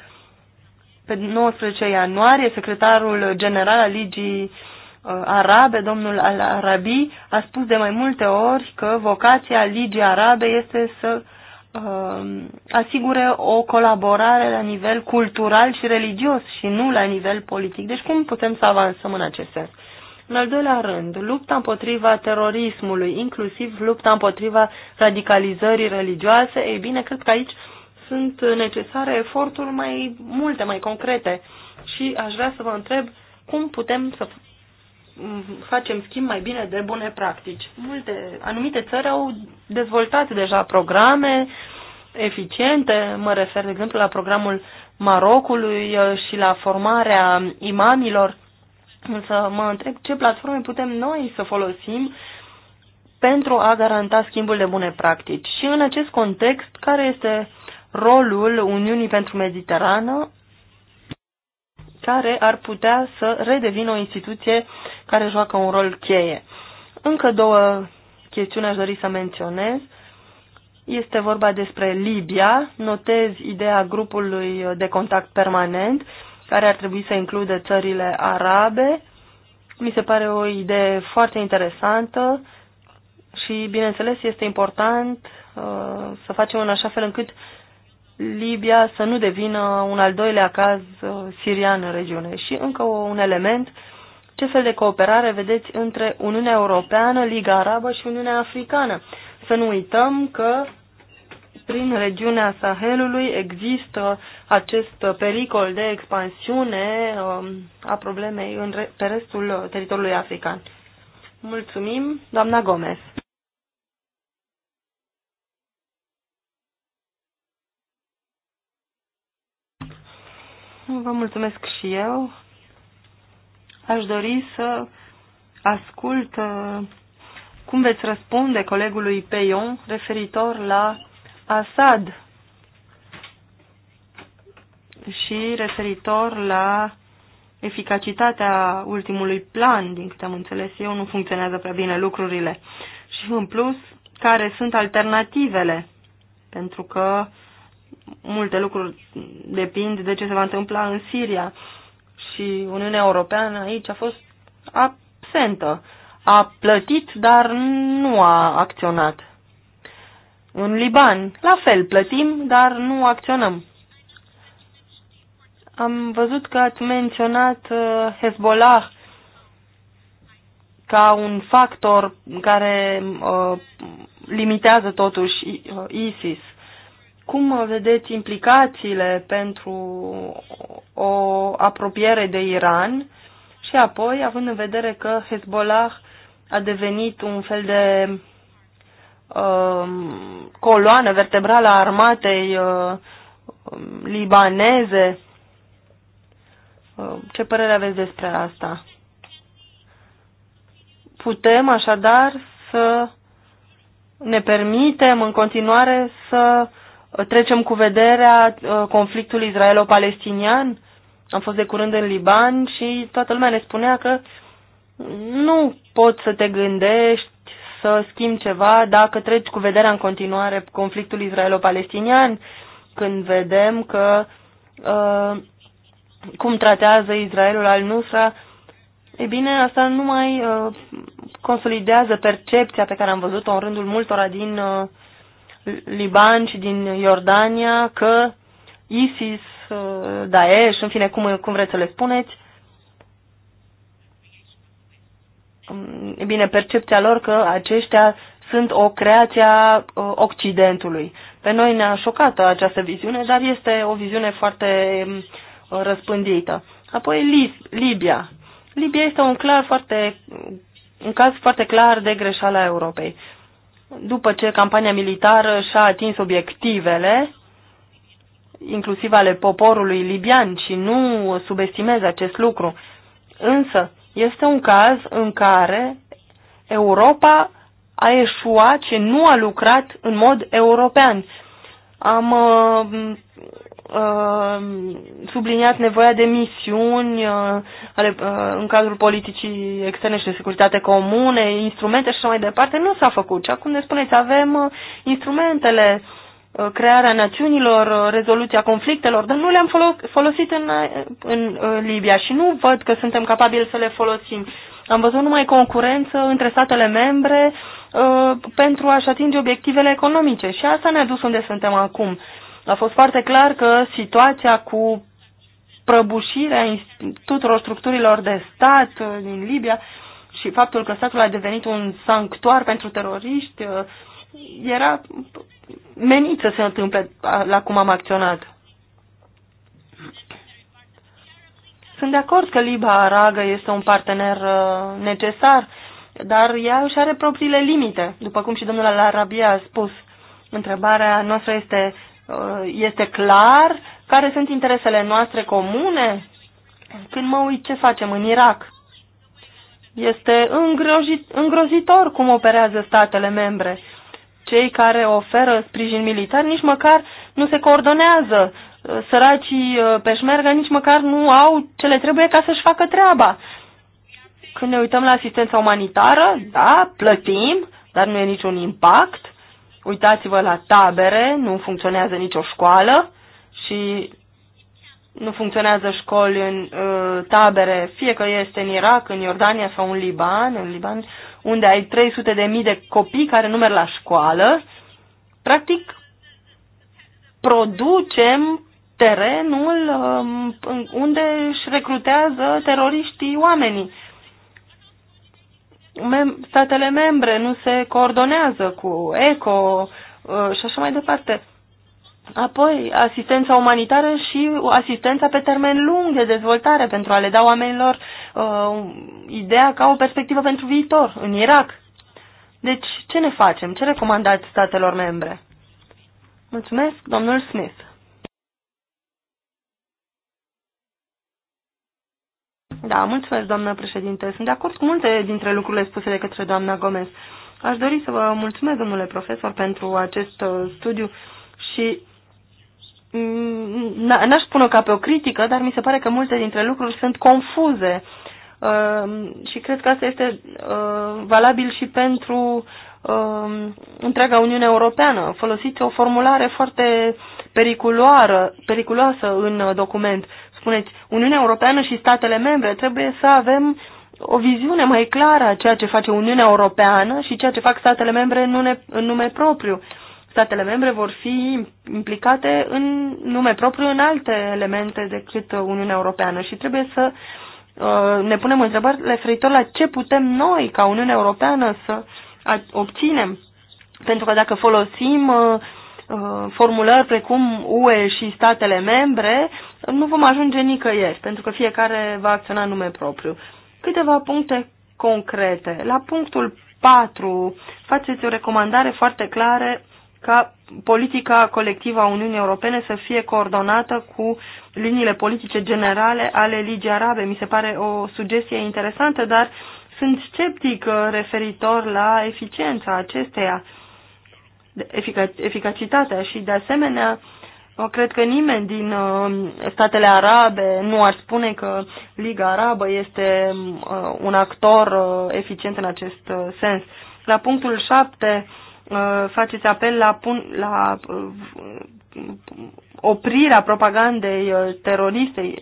S2: Pe 19 ianuarie, secretarul general al Ligii uh, Arabe, domnul Al-Arabi, a spus de mai multe ori că vocația Ligii Arabe este să uh, asigure o colaborare la nivel cultural și religios și nu la nivel politic. Deci cum putem să avansăm în acest sens? În al doilea rând, lupta împotriva terorismului, inclusiv lupta împotriva radicalizării religioase, ei bine, cred că aici sunt necesare eforturi mai multe, mai concrete. Și aș vrea să vă întreb cum putem să facem schimb mai bine de bune practici. Multe, anumite țări au dezvoltat deja programe eficiente, mă refer, de exemplu, la programul Marocului uh, și la formarea imamilor, însă mă întreb ce platforme putem noi să folosim pentru a garanta schimbul de bune practici. Și în acest context, care este rolul Uniunii pentru Mediterană, care ar putea să redevină o instituție care joacă un rol cheie. Încă două chestiuni aș dori să menționez. Este vorba despre Libia. Notez ideea grupului de contact permanent, care ar trebui să includă țările arabe. Mi se pare o idee foarte interesantă și, bineînțeles, este important uh, să facem în așa fel încât Libia să nu devină un al doilea caz uh, sirian în regiune. Și încă un element, ce fel de cooperare vedeți între Uniunea Europeană, Liga Arabă și Uniunea Africană? Să nu uităm că prin regiunea Sahelului există acest pericol de expansiune um, a problemei pe restul teritoriului african. Mulțumim, doamna Gomez. Vă mulțumesc și eu. Aș dori să ascult uh, cum veți răspunde colegului Peion referitor la Assad și referitor la eficacitatea ultimului plan, din câte am înțeles eu, nu funcționează prea bine lucrurile. Și în plus, care sunt alternativele? Pentru că multe lucruri depind de ce se va întâmpla în Siria și Uniunea Europeană aici a fost absentă. A plătit, dar nu a acționat. În Liban, la fel, plătim, dar nu acționăm. Am văzut că ați menționat uh, Hezbollah ca un factor care uh, limitează totuși uh, ISIS. Cum vedeți implicațiile pentru o apropiere de Iran? Și apoi, având în vedere că Hezbollah a devenit un fel de uh, coloană vertebrală a armatei uh, um, libaneze, uh, ce părere aveți despre asta? Putem așadar să ne permitem în continuare să Trecem cu vederea uh, conflictul israelo-palestinian. Am fost de curând în Liban și toată lumea ne spunea că nu poți să te gândești să schimbi ceva dacă treci cu vederea în continuare conflictul israelo-palestinian, când vedem că uh, cum tratează Israelul al Nusra, e bine, asta nu mai uh, consolidează percepția pe care am văzut-o în rândul multora din uh, Liban și din Iordania că ISIS, uh, Daesh, în fine, cum, cum vreți să le spuneți, um, e bine, percepția lor că aceștia sunt o creație a uh, Occidentului. Pe noi ne-a șocat această viziune, dar este o viziune foarte um, răspândită. Apoi Libia. Libia este un, clar foarte, un caz foarte clar de greșeala Europei după ce campania militară și-a atins obiectivele, inclusiv ale poporului libian, și nu subestimez acest lucru. Însă, este un caz în care Europa a eșuat și nu a lucrat în mod european. Am uh, Uh, subliniat nevoia de misiuni uh, ale, uh, în cadrul politicii externe și de securitate comune, instrumente și așa mai departe, nu s-a făcut. Și acum ne spuneți, avem instrumentele, crearea națiunilor, rezoluția conflictelor, dar nu le-am folosit în, în Libia și nu văd că suntem capabili să le folosim. Am văzut numai concurență între statele membre pentru a-și atinge obiectivele economice și asta ne-a dus unde suntem acum. Uh, a fost foarte clar că situația cu prăbușirea tuturor structurilor de stat uh, din Libia și faptul că statul a devenit un sanctuar pentru teroriști uh, era menit să se întâmple la cum am acționat. Sunt de acord că Liba Aragă este un partener uh, necesar, dar ea își are propriile limite, după cum și domnul Arabia a spus. Întrebarea noastră este Uh, este clar care sunt interesele noastre comune? Când mă uit ce facem în Irak, este îngrozitor cum operează statele membre. Cei care oferă sprijin militar nici măcar nu se coordonează. Uh, săracii uh, peșmerga nici măcar nu au ce le trebuie ca să-și facă treaba. Când ne uităm la asistența umanitară, da, plătim, dar nu e niciun impact. Uitați-vă la tabere, nu funcționează nicio școală și nu funcționează școli în uh, tabere, fie că este în Irak, în Iordania sau în Liban, în Liban, unde ai 300 de mii de copii care nu merg la școală, practic producem terenul uh, unde își recrutează teroriștii oamenii mem statele membre nu se coordonează cu ECO uh, și așa mai departe. Apoi, asistența umanitară și asistența pe termen lung de dezvoltare pentru a le da oamenilor uh, ideea ca o perspectivă pentru viitor în Irak. Deci, ce ne facem? Ce recomandați statelor membre? Mulțumesc, domnul Smith. Da, mulțumesc, doamnă președinte. Sunt de acord cu multe dintre lucrurile spuse de către doamna Gomez. Aș dori să vă mulțumesc, domnule profesor, pentru acest uh, studiu și mm, n-aș spune ca pe o critică, dar mi se pare că multe dintre lucruri sunt confuze uh, și cred că asta este uh, valabil și pentru întreaga Uniune Europeană. Folosiți o formulare foarte periculoară, periculoasă în document spuneți, Uniunea Europeană și statele membre, trebuie să avem o viziune mai clară a ceea ce face Uniunea Europeană și ceea ce fac statele membre în nume, în nume propriu. Statele membre vor fi implicate în nume propriu în alte elemente decât Uniunea Europeană și trebuie să uh, ne punem întrebări referitor la ce putem noi ca Uniunea Europeană să obținem. Pentru că dacă folosim uh, Uh, formulări precum UE și statele membre, nu vom ajunge nicăieri, pentru că fiecare va acționa în nume propriu. Câteva puncte concrete. La punctul 4 faceți o recomandare foarte clară ca politica colectivă a Uniunii Europene să fie coordonată cu liniile politice generale ale Ligii Arabe. Mi se pare o sugestie interesantă, dar sunt sceptic uh, referitor la eficiența acesteia eficacitatea și de asemenea cred că nimeni din uh, statele arabe nu ar spune că Liga Arabă este uh, un actor uh, eficient în acest sens. La punctul 7 faceți apel la, pun, la oprirea propagandei teroriste.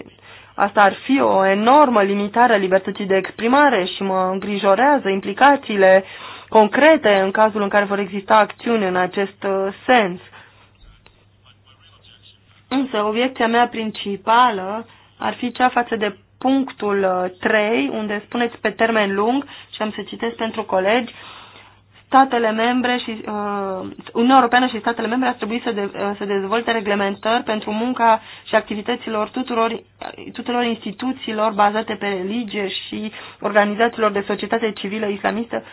S2: Asta ar fi o enormă limitare a libertății de exprimare și mă îngrijorează implicațiile uh, concrete în cazul în care vor exista acțiuni în acest uh, sens. Însă, obiecția mea principală ar fi cea față de punctul 3, uh, unde spuneți pe termen lung, și am să citesc pentru colegi, statele membre și uh, Uniunea Europeană și statele membre ar trebui să, de, uh, să dezvolte reglementări pentru munca și activităților tuturor, tuturor instituțiilor bazate pe religie și organizațiilor de societate civilă islamistă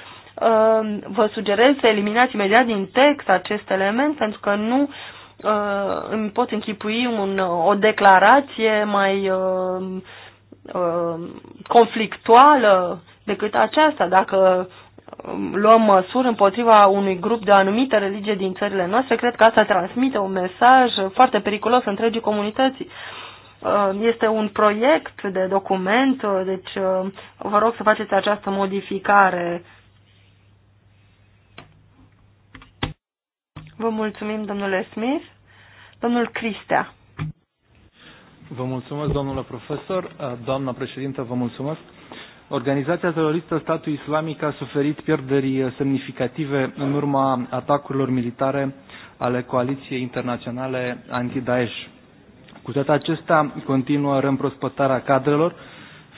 S2: Ehm, vă sugerez să eliminați imediat din text acest element, pentru că nu ehm, îmi pot închipui un, o declarație mai ehm, conflictuală decât aceasta. Dacă luăm măsuri împotriva unui grup de o anumită religie din țările noastre, cred că asta transmite un mesaj foarte periculos întregii comunității. Este un proiect de document, deci vă rog să faceți această modificare Vă mulțumim, domnule Smith. Domnul Cristea.
S4: Vă mulțumesc, domnule profesor. Uh, doamna președintă, vă mulțumesc. Organizația teroristă Statul Islamic a suferit pierderi uh, semnificative în urma atacurilor militare ale coaliției internaționale anti-Daesh. Cu toate acestea, continuă reîmprospătarea cadrelor,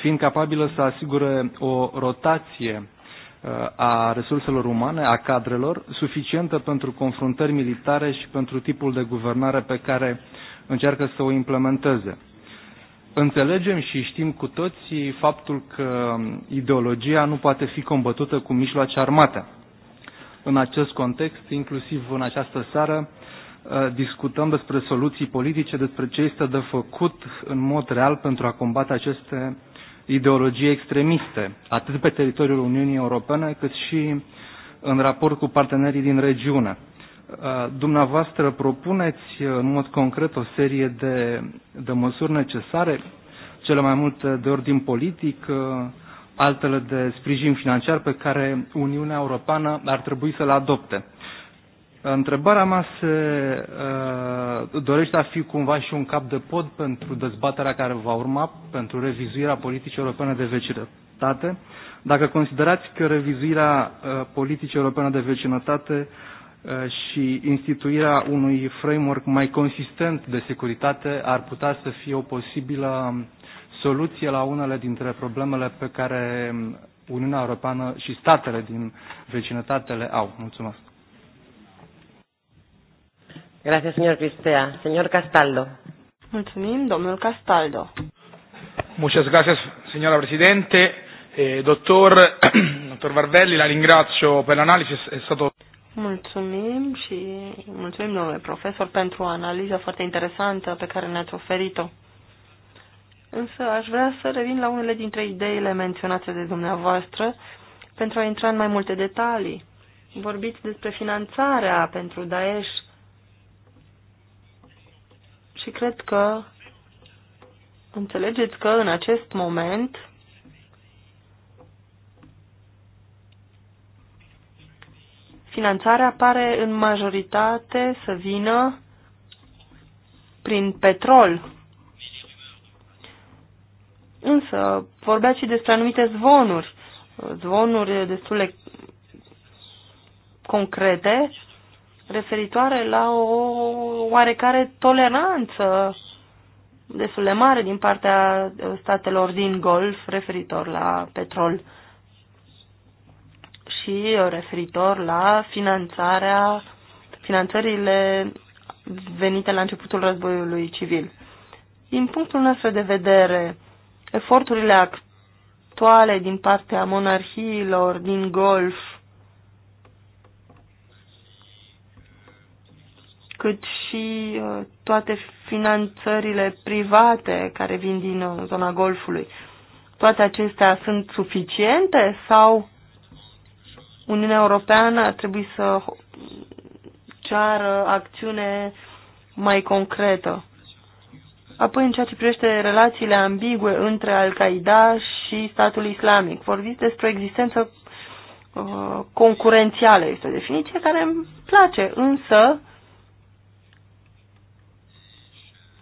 S4: fiind capabilă să asigure o rotație a resurselor umane, a cadrelor, suficientă pentru confruntări militare și pentru tipul de guvernare pe care încearcă să o implementeze. Înțelegem și știm cu toții faptul că ideologia nu poate fi combătută cu mijloace armate. În acest context, inclusiv în această seară, uh, discutăm despre soluții politice, despre ce este de făcut în mod real pentru a combate aceste ideologie extremiste, atât pe teritoriul Uniunii Europene, cât și în raport cu partenerii din regiune. Uh, dumneavoastră propuneți uh, în mod concret o serie de, de măsuri necesare, cele mai multe de ordin politic, uh, altele de sprijin financiar pe care Uniunea Europeană ar trebui să le adopte. Întrebarea mea se uh, dorește a fi cumva și un cap de pod pentru dezbaterea care va urma pentru revizuirea politicii europene de vecinătate. Dacă considerați că revizuirea uh, politicii europene de vecinătate uh, și instituirea unui framework mai consistent de securitate ar putea să fie o posibilă um, soluție la unele dintre problemele pe care Uniunea Europeană și statele din vecinătate le au. Mulțumesc.
S2: Gracias, señor Cristea. Señor Castaldo. Mulțumim, domnul Castaldo.
S4: Muchas gracias, señora Presidente. Eh, doctor, doctor Varvelli, la ringrazio per l'analisi, è stato...
S2: Mulțumim și mulțumim, domnule profesor, pentru o analiză foarte interesantă pe care ne-ați oferit-o. Însă aș vrea să revin la unele dintre ideile menționate de dumneavoastră pentru a intra în mai multe detalii. Vorbiți despre finanțarea pentru Daesh și cred că înțelegeți că în acest moment finanțarea pare în majoritate să vină prin petrol. Însă, vorbeați și despre anumite zvonuri, zvonuri destule concrete referitoare la o oarecare toleranță destul de mare din partea uh, statelor din Golf referitor la petrol și uh, referitor la finanțarea, finanțările venite la începutul războiului civil. Din punctul nostru de vedere, eforturile actuale din partea monarhiilor din Golf cât și uh, toate finanțările private care vin din uh, zona Golfului. Toate acestea sunt suficiente sau Uniunea Europeană ar trebui să ceară acțiune mai concretă? Apoi, în ceea ce privește relațiile ambigue între Al-Qaeda și statul islamic, vorbiți despre o existență uh, concurențială, este o definiție care îmi place, însă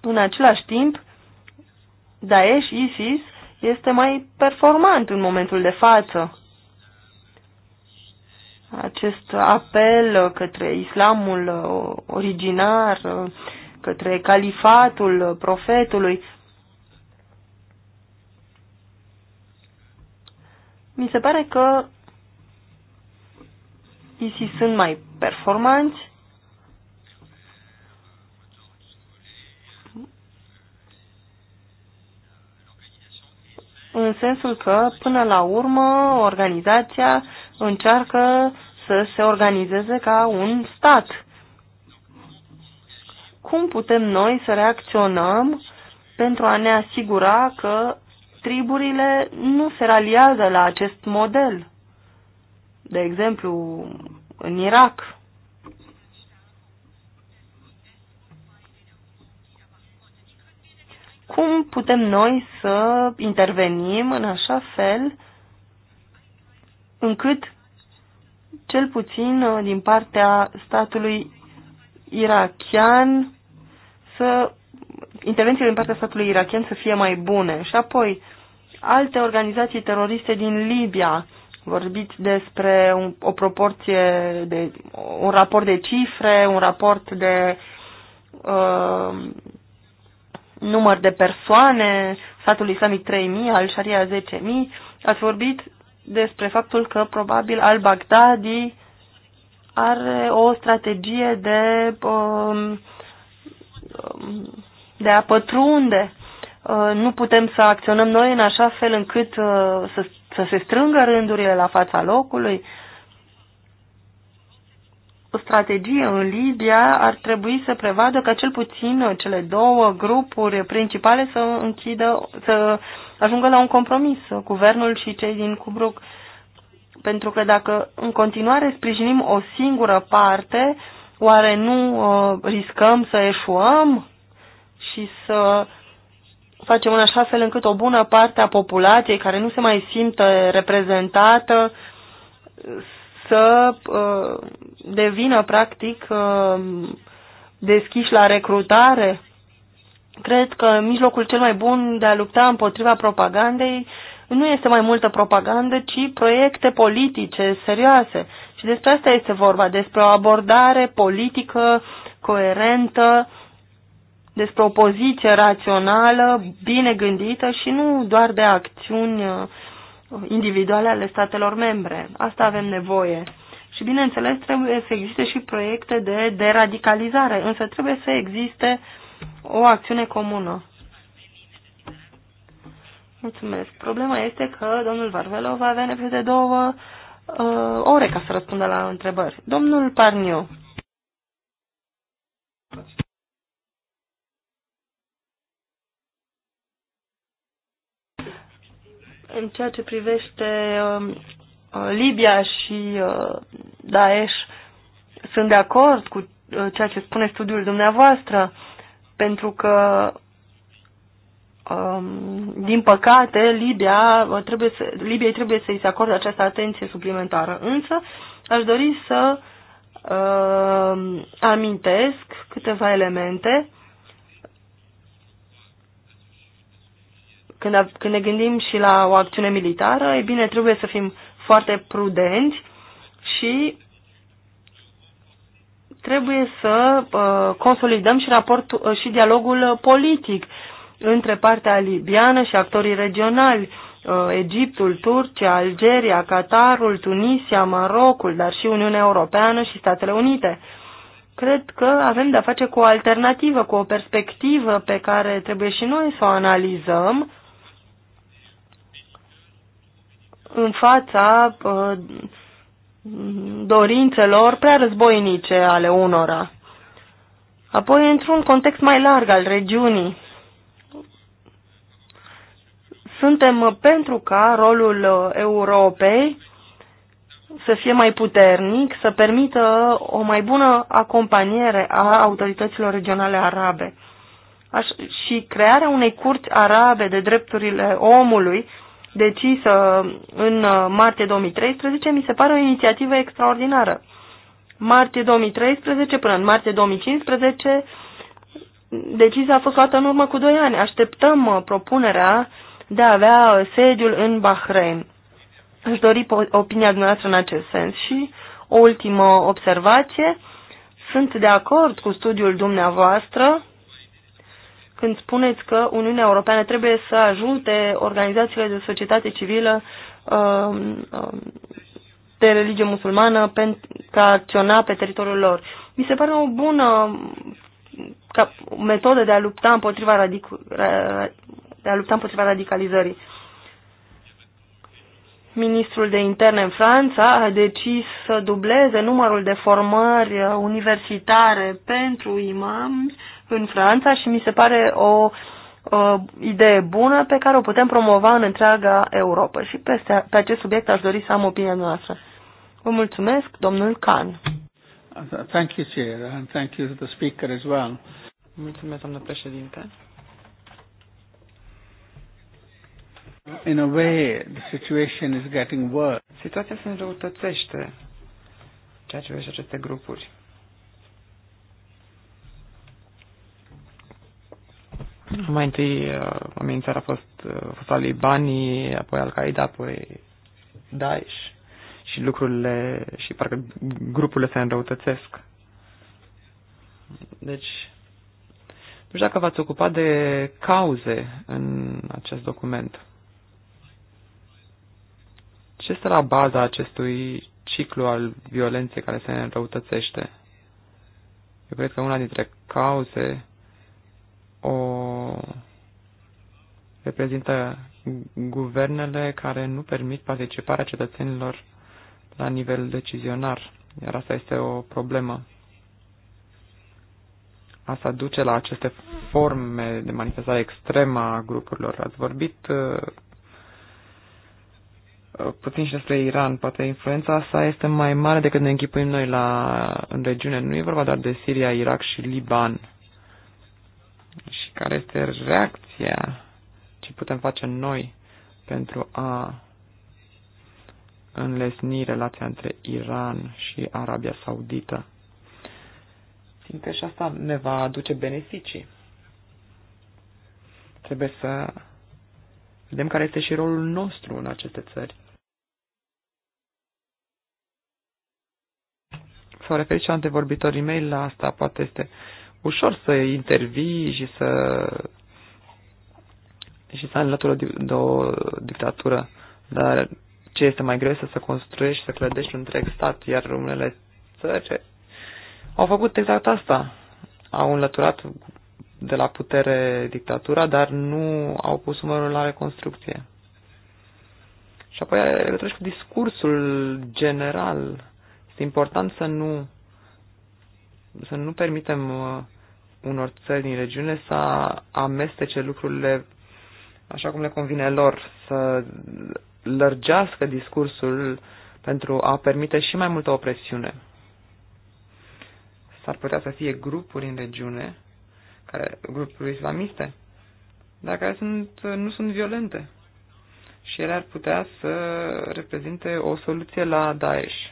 S2: În același timp, Daesh, ISIS, este mai performant în momentul de față. Acest apel către islamul uh, originar, uh, către califatul uh, profetului, mi se pare că ISIS sunt mai performanți în sensul că, până la urmă, organizația încearcă să se organizeze ca un stat. Cum putem noi să reacționăm pentru a ne asigura că triburile nu se raliază la acest model? De exemplu, în Irak, cum putem noi să intervenim în așa fel încât cel puțin uh, din partea statului irachian să intervențiile din partea statului irachian să fie mai bune. Și apoi alte organizații teroriste din Libia, vorbiți despre un, o proporție de un raport de cifre, un raport de uh, număr de persoane, statul islamic 3.000, al Sharia 10.000, ați vorbit despre faptul că probabil al-Baghdadi are o strategie de, um, de a pătrunde. Uh, nu putem să acționăm noi în așa fel încât uh, să, să se strângă rândurile la fața locului strategie în Libia ar trebui să prevadă ca cel puțin cele două grupuri principale să închidă, să ajungă la un compromis, guvernul și cei din Cubruc. Pentru că dacă în continuare sprijinim o singură parte, oare nu uh, riscăm să eșuăm și să facem în așa fel încât o bună parte a populației care nu se mai simte reprezentată să uh, devină practic uh, deschiși la recrutare. Cred că mijlocul cel mai bun de a lupta împotriva propagandei nu este mai multă propagandă, ci proiecte politice serioase. Și despre asta este vorba, despre o abordare politică coerentă, despre o poziție rațională, bine gândită și nu doar de acțiuni uh, individuale ale statelor membre. Asta avem nevoie. Și bineînțeles trebuie să existe și proiecte de deradicalizare, însă trebuie să existe o acțiune comună. Mulțumesc. Problema este că domnul Varvelo va avea nevoie de două uh, ore ca să răspundă la întrebări. Domnul Parniu. În ceea ce privește um, uh, Libia și uh, Daesh, sunt de acord cu uh, ceea ce spune studiul dumneavoastră, pentru că um, din păcate, Libia trebuie să, Libiei trebuie să-i se acorde această atenție suplimentară. Însă, aș dori să um, amintesc câteva elemente Când, când ne gândim și la o acțiune militară, e bine, trebuie să fim foarte prudenți și trebuie să uh, consolidăm și raportul uh, și dialogul politic între partea libiană și actorii regionali, uh, Egiptul, Turcia, Algeria, Qatarul, Tunisia, Marocul, dar și Uniunea Europeană și Statele Unite. Cred că avem de-a face cu o alternativă, cu o perspectivă pe care trebuie și noi să o analizăm în fața uh, dorințelor prea războinice ale unora. Apoi, într-un context mai larg al regiunii, suntem pentru ca rolul uh, Europei să fie mai puternic, să permită o mai bună acompaniere a autorităților regionale arabe. Aș, și crearea unei curți arabe de drepturile omului decisă în uh, martie 2013 mi se pare o inițiativă extraordinară. Martie 2013 până în martie 2015 decizia a fost luată în urmă cu 2 ani. Așteptăm uh, propunerea de a avea uh, sediul în Bahrain. Aș dori opinia dumneavoastră în acest sens. Și o ultimă observație. Sunt de acord cu studiul dumneavoastră când spuneți că Uniunea Europeană trebuie să ajute organizațiile de societate civilă um, um, de religie musulmană pentru a acționa pe teritoriul lor. Mi se pare o bună ca metodă de a lupta împotriva, radic- de a lupta împotriva radicalizării. Ministrul de interne în Franța a decis să dubleze numărul de formări universitare pentru imami în Franța și mi se pare o o idee bună pe care o putem promova în întreaga Europa. Și peste, pe acest subiect aș dori să am opinia noastră. Vă mulțumesc, domnul Can.
S4: Thank you, Chair, and thank you to the speaker as well.
S3: Mulțumesc, doamnă președinte.
S4: In a way, the situation is getting worse. Situația se înrăutățește
S3: ceea ce privește aceste grupuri. Mai întâi uh, amenințarea a fost, a uh, fost talibanii, apoi Al-Qaeda, apoi Daesh și lucrurile și parcă grupurile se înrăutățesc. Deci, nu știu dacă v-ați ocupat de cauze în acest document. Ce este la baza acestui ciclu al violenței care se înrăutățește? Eu cred că una dintre cauze o reprezintă guvernele care nu permit participarea cetățenilor la nivel decizionar, iar asta este o problemă. Asta duce la aceste forme de manifestare extremă a grupurilor. Ați vorbit uh, uh, puțin și despre Iran, poate influența sa este mai mare decât ne închipuim noi la, în regiune. Nu e vorba doar de Siria, Irak și Liban care este reacția, ce putem face noi pentru a înlesni relația între Iran și Arabia Saudită, fiindcă și asta ne va aduce beneficii. Trebuie să vedem care este și rolul nostru în aceste țări. S-au referit și antevorbitorii mei la asta, poate este uh, ușor să intervii și să și să înlătură de o dictatură, dar ce este mai greu este să construiești, să clădești un întreg stat, iar unele țări au făcut exact asta. Au înlăturat de la putere dictatura, dar nu au pus umărul la reconstrucție. Și apoi, legătură cu discursul general, este important să nu să nu permitem uh, unor țări din regiune să amestece lucrurile așa cum le convine lor, să lărgească discursul pentru a permite și mai multă opresiune. S-ar putea să fie grupuri în regiune, care, grupuri islamiste, dar care sunt, nu sunt violente. Și ele ar putea să reprezinte o soluție la Daesh.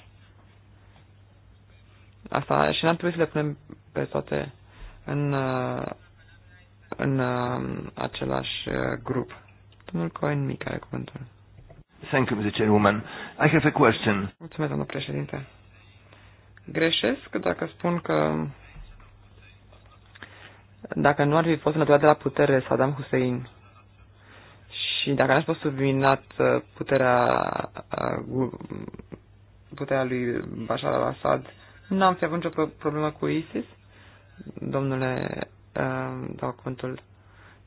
S3: Asta și n-ar trebui să le punem pe toate în, uh, în uh, același uh, grup. Domnul
S4: Cohen Mic are cuvântul. Thank you, Mr. Chairwoman. I have a question.
S3: Mulțumesc, domnul președinte. Greșesc dacă spun că dacă nu ar fi fost înlăturat de la putere Saddam Hussein și dacă n-aș fost subminat puterea, puterea lui Bashar al-Assad, nu am fi avut nicio problemă cu ISIS, domnule, uh, dau cuvântul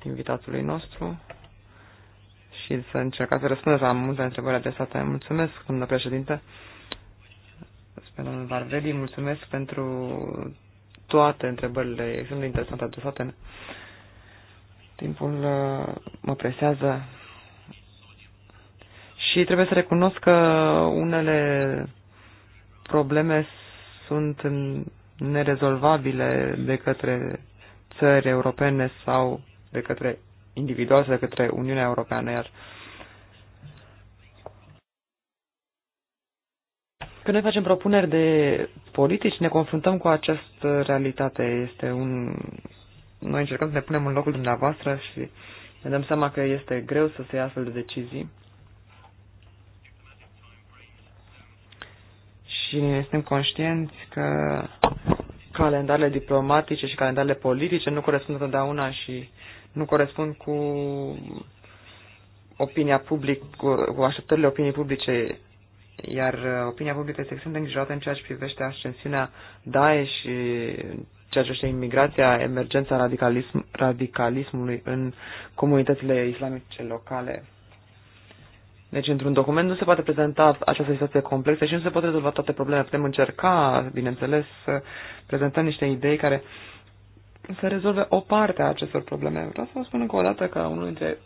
S3: invitatului nostru și să încercați să răspundeți la multe întrebări adresate. Mulțumesc, domnule președinte. Spre domnul Varveli, mulțumesc pentru toate întrebările extrem de interesante adresate. Timpul uh, mă presează și trebuie să recunosc că unele probleme sunt nerezolvabile de către țări europene sau de către individuale, sau de către Uniunea Europeană, iar Când noi facem propuneri de politici, ne confruntăm cu această realitate. Este un... Noi încercăm să ne punem în locul dumneavoastră și ne dăm seama că este greu să se ia astfel de decizii. și suntem conștienți că calendarele diplomatice și calendarele politice nu corespund întotdeauna și nu corespund cu opinia publică, cu, cu așteptările opiniei publice, iar uh, opinia publică este extrem de îngrijorată în ceea ce privește ascensiunea Daesh și ceea ce este imigrația, emergența radicalism, radicalismului în comunitățile islamice locale. Deci, într-un document nu se poate prezenta această situație complexă și nu se pot rezolva toate problemele. Putem încerca, bineînțeles, să prezentăm niște idei care să rezolve o parte a acestor probleme. Vreau să vă spun încă o dată că unul dintre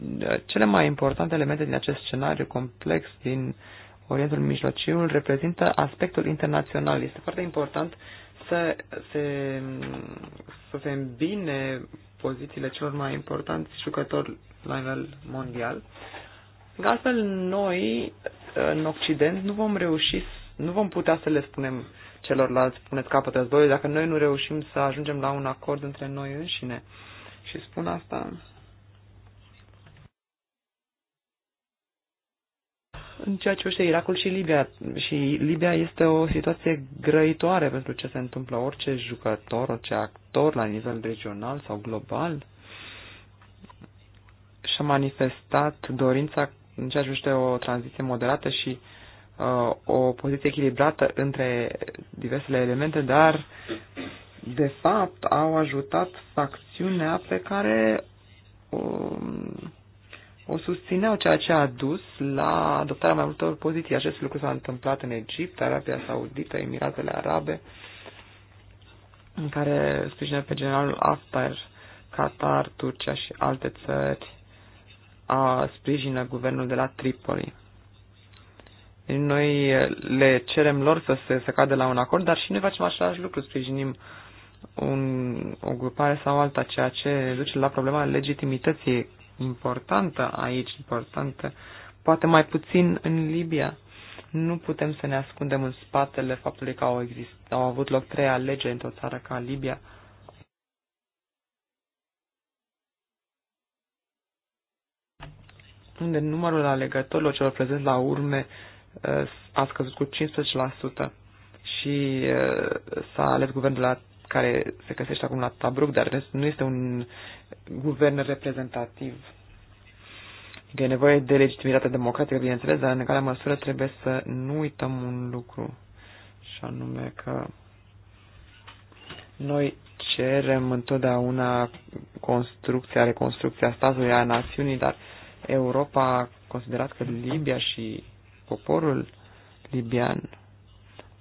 S3: uh, cele mai importante elemente din acest scenariu complex din Orientul Mijlociu reprezintă aspectul internațional. Este foarte important să se, să se îmbine pozițiile celor mai importanți jucători la nivel mondial. De altfel, noi, în Occident, nu vom reuși, nu vom putea să le spunem celorlalți, puneți capăt războiului, dacă noi nu reușim să ajungem la un acord între noi înșine. Și spun asta în ceea ce știe Irakul și Libia. Și Libia este o situație grăitoare pentru ce se întâmplă orice jucător, orice actor la nivel regional sau global și-a manifestat dorința în ceea ce privește o tranziție moderată și uh, o poziție echilibrată între diversele elemente, dar de fapt au ajutat facțiunea pe care um, o susțineau, ceea ce a dus la adoptarea mai multor poziții. Acest lucru s-a întâmplat în Egipt, Arabia Saudită, Emiratele Arabe, în care sprijină pe generalul Aftar, Qatar, Turcia și alte țări a sprijină guvernul de la Tripoli. Deci noi le cerem lor să se să cadă la un acord, dar și noi facem același lucru, sprijinim un, o grupare sau alta, ceea ce duce la problema legitimității importantă aici, importantă, poate mai puțin în Libia. Nu putem să ne ascundem în spatele faptului că au, exist, au avut loc trei alegeri într-o țară ca Libia. unde numărul alegătorilor celor prezenți la urme uh, a scăzut cu 15% și uh, s-a ales guvernul la care se găsește acum la Tabruk, dar nu este un guvern reprezentativ. Că e nevoie de legitimitate democratică, bineînțeles, dar în egală măsură trebuie să nu uităm un lucru, și anume că noi cerem întotdeauna construcția, reconstrucția statului a națiunii, dar Europa a considerat că Libia și poporul libian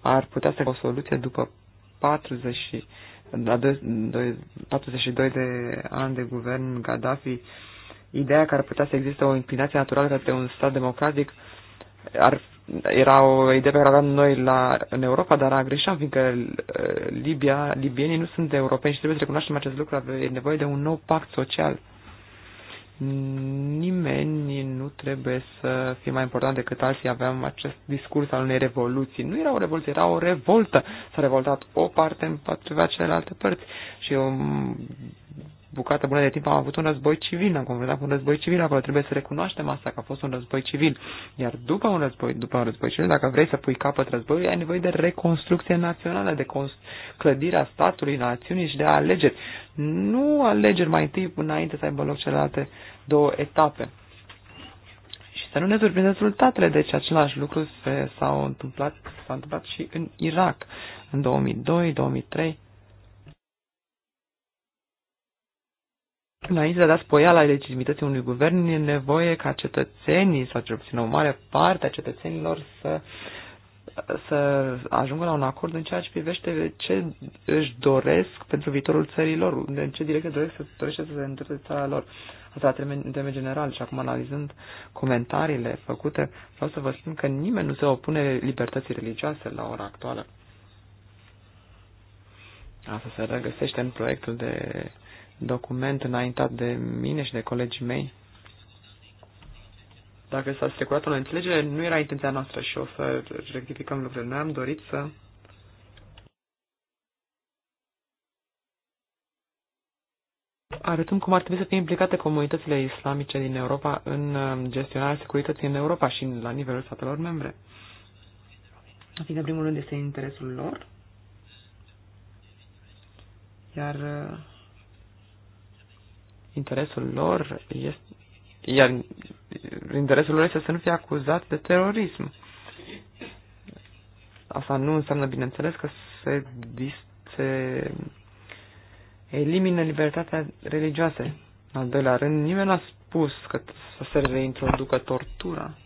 S3: ar putea să o soluție după 40, la 42 de ani de guvern Gaddafi, ideea că ar putea să existe o inclinație naturală către un stat democratic ar, era o idee pe care aveam noi la, în Europa, dar a greșeam, fiindcă uh, Libia, libienii nu sunt europeni și trebuie să recunoaștem acest lucru, e nevoie de un nou pact social nimeni nu trebuie să fie mai important decât alții. Aveam acest discurs al unei revoluții. Nu era o revoluție, era o revoltă. S-a revoltat o parte împotriva celelalte părți. Și eu bucată bună de timp am avut un război civil, am confruntat cu un război civil, acolo trebuie să recunoaștem asta, că a fost un război civil. Iar după un război, după un război civil, dacă vrei să pui capăt războiului, ai nevoie de reconstrucție națională, de clădirea statului, națiunii și de alegeri. Nu alegeri mai întâi înainte să aibă loc celelalte două etape. Și să nu ne surprindă rezultatele, deci același lucru s-a întâmplat, s-a întâmplat și în Irak în 2002-2003 Înainte de a da spoiala legitimității unui guvern, e nevoie ca cetățenii, sau cel puțin o mare parte a cetățenilor, să, să ajungă la un acord în ceea ce privește ce își doresc pentru viitorul țărilor, în ce direcție doresc să dorește să se îndrepte țara lor. Asta la termen, termen general și acum analizând comentariile făcute, vreau să vă spun că nimeni nu se opune libertății religioase la ora actuală. Asta se regăsește în proiectul de document înaintat de mine și de colegii mei. Dacă s-a strecurat o înțelegere, nu era intenția noastră și o să rectificăm lucrurile. Noi am dorit să arătăm cum ar trebui să fie implicate comunitățile islamice din Europa în um, gestionarea securității în Europa și la nivelul statelor membre. Fiindcă, în primul rând, este interesul lor, iar uh, interesul lor este, iar interesul lor este să nu fie acuzat de terorism. Asta nu înseamnă, bineînțeles, că se, dis, se elimină libertatea religioasă. În al doilea rând, nimeni n-a spus că să se reintroducă tortura.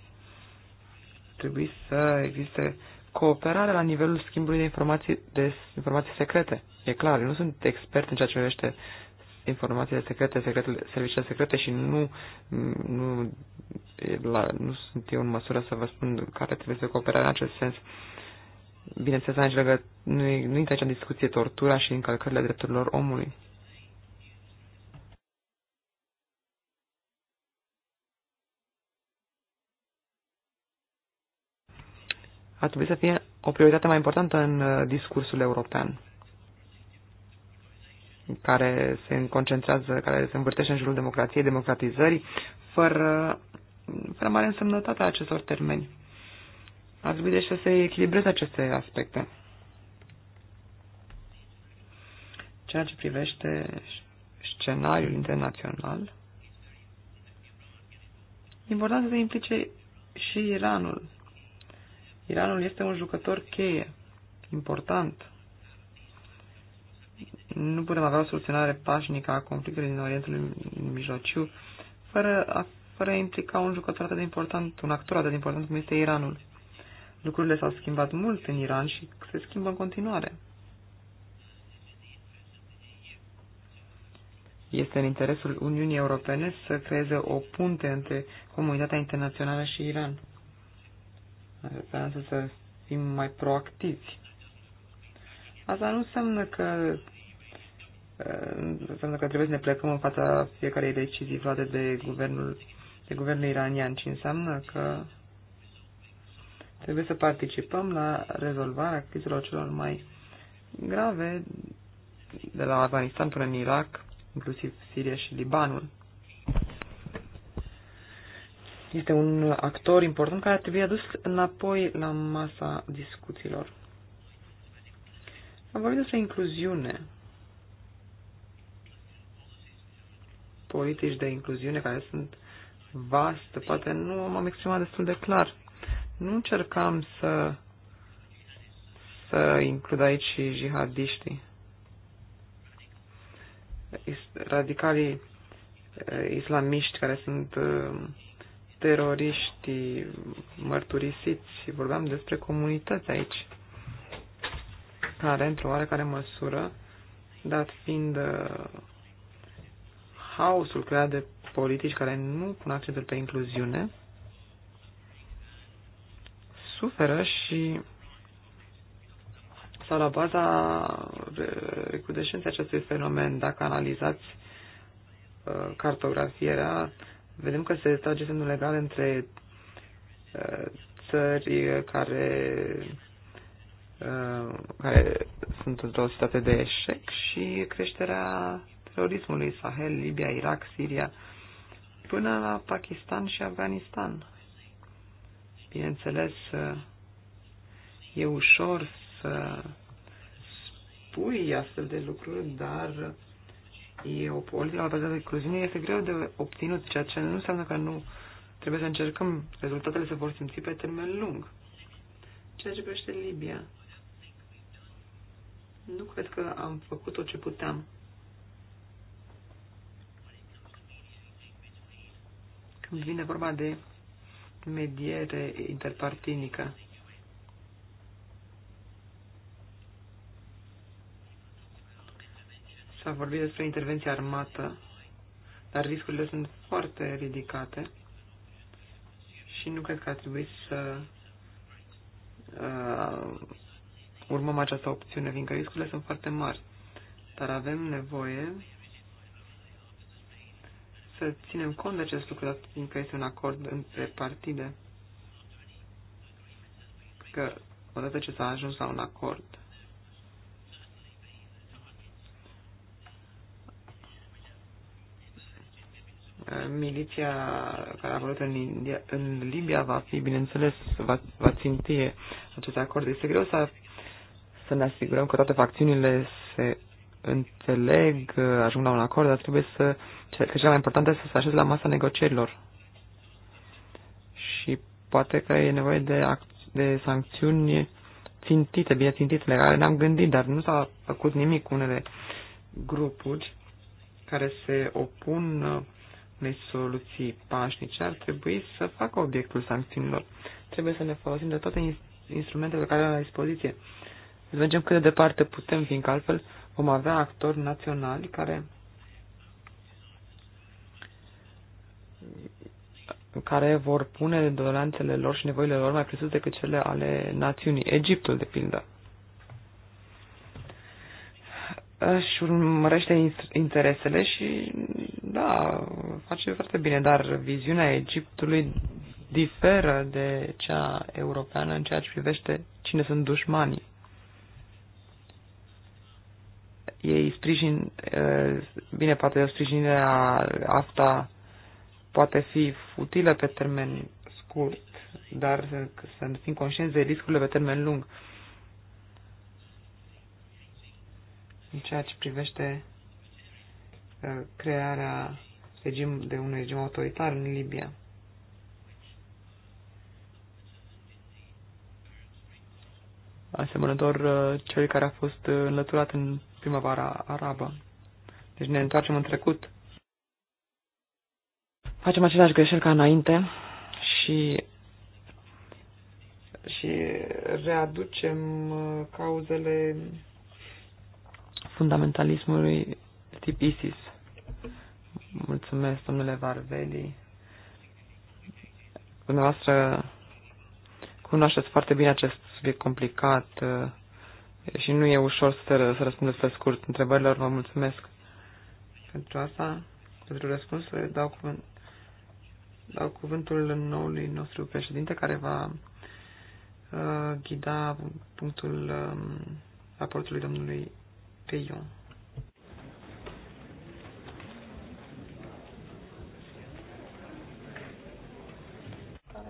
S3: Trebuie să existe cooperare la nivelul schimbului de informații, de informații secrete. E clar, eu nu sunt expert în ceea ce privește informațiile secrete, secretele, serviciile secrete și nu, nu, la, nu sunt eu în măsură să vă spun care trebuie să cooperare în acest sens. Bineînțeles, aici legă, nu, nu intră aici în discuție tortura și încălcările
S4: drepturilor omului.
S3: Ar trebui să fie o prioritate mai importantă în uh, discursul european care se concentrează, care se învârtește în jurul democrației, democratizării, fără, fără mare însemnătate a acestor termeni. Ar trebui deci să se echilibreze aceste aspecte. Ceea ce privește scenariul internațional, important să se implice și Iranul. Iranul este un jucător cheie, important, nu putem avea o soluționare pașnică a conflictului din Orientul Mijlociu fără a, fără a implica un jucător atât de important, un actor atât de important cum este Iranul. Lucrurile s-au schimbat mult în Iran și se schimbă în continuare. Este în interesul Uniunii Europene să creeze o punte între comunitatea internațională și Iran. Asta să fim mai proactivi. Asta nu înseamnă că înseamnă că trebuie să ne plecăm în fața fiecarei decizii luate de guvernul, de guvernul iranian, ci înseamnă că trebuie să participăm la rezolvarea crizelor celor mai grave de la Afganistan până în Irak, inclusiv Siria și Libanul. Este un actor important care trebuie adus înapoi la masa discuțiilor. Am vorbit despre incluziune politici de incluziune care sunt vaste, poate nu m-am exprimat destul de clar. Nu încercam să, să includ aici și jihadiștii. Radicalii eh, islamiști care sunt eh, teroriști mărturisiți. Vorbeam despre comunități aici, care, într-o oarecare măsură, dat fiind eh, haosul creat de politici care nu pun accentul pe incluziune, suferă și sau la baza recrudescenței acestui fenomen, dacă analizați uh, cartografierea, vedem că se trage semnul legal între uh, țări care, uh, care sunt într-o situație de eșec și creșterea terorismului, Sahel, Libia, Irak, Siria, până la Pakistan și Afganistan. Bineînțeles, e ușor să spui astfel de lucruri, dar e o politică la bază de cruzime, este greu de obținut, ceea ce nu înseamnă că nu trebuie să încercăm. Rezultatele se vor simți pe termen lung. Ceea ce privește Libia, nu cred că am făcut tot ce puteam. când vine vorba de mediere interpartinică. S-a vorbit despre intervenție armată, dar riscurile sunt foarte ridicate și nu cred că ar trebui să uh, urmăm această opțiune, fiindcă riscurile sunt foarte mari. Dar avem nevoie să ținem cont de acest lucru, dat fiindcă este un acord între partide. Că odată ce s-a ajuns la un acord, miliția care a apărut în, India, în Libia va fi, bineînțeles, va, va ținti acest acord. Este greu să, să ne asigurăm că toate facțiunile se înțeleg, uh, ajung la un acord, dar trebuie să, că cel mai important este să se așeze la masa negocierilor. Și poate că e nevoie de, de sancțiuni țintite, bine țintite, legale. care ne-am gândit, dar nu s-a făcut nimic cu unele grupuri care se opun uh, unei soluții pașnice, ar trebui să facă obiectul sancțiunilor. Trebuie să ne folosim de toate instrumentele care le la dispoziție să mergem cât de departe putem, fiindcă altfel vom avea actori naționali care care vor pune doleanțele lor și nevoile lor mai presus decât cele ale națiunii. Egiptul, de pildă. Își urmărește interesele și, da, face foarte bine, dar viziunea Egiptului diferă de cea europeană în ceea ce privește cine sunt dușmanii ei sprijin, bine, poate sprijinirea asta poate fi utilă pe termen scurt, dar să, fim conștienți de riscurile pe termen lung. În ceea ce privește crearea regim, de un regim autoritar în Libia. asemănător celui care a fost înlăturat în primăvara arabă. Deci ne întoarcem în trecut. Facem același greșel ca înainte și, și readucem uh, cauzele fundamentalismului tip ISIS. Mulțumesc, domnule Varveli. Dumneavoastră cunoașteți foarte bine acest subiect complicat uh, și nu e ușor să, să răspundeți pe scurt întrebărilor. Vă mulțumesc pentru asta, pentru răspunsurile. Dau, cuvânt, dau cuvântul noului nostru președinte care va uh, ghida punctul uh, raportului domnului Peion.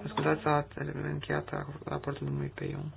S3: Ascultați, a încheiat raportul domnului Peion.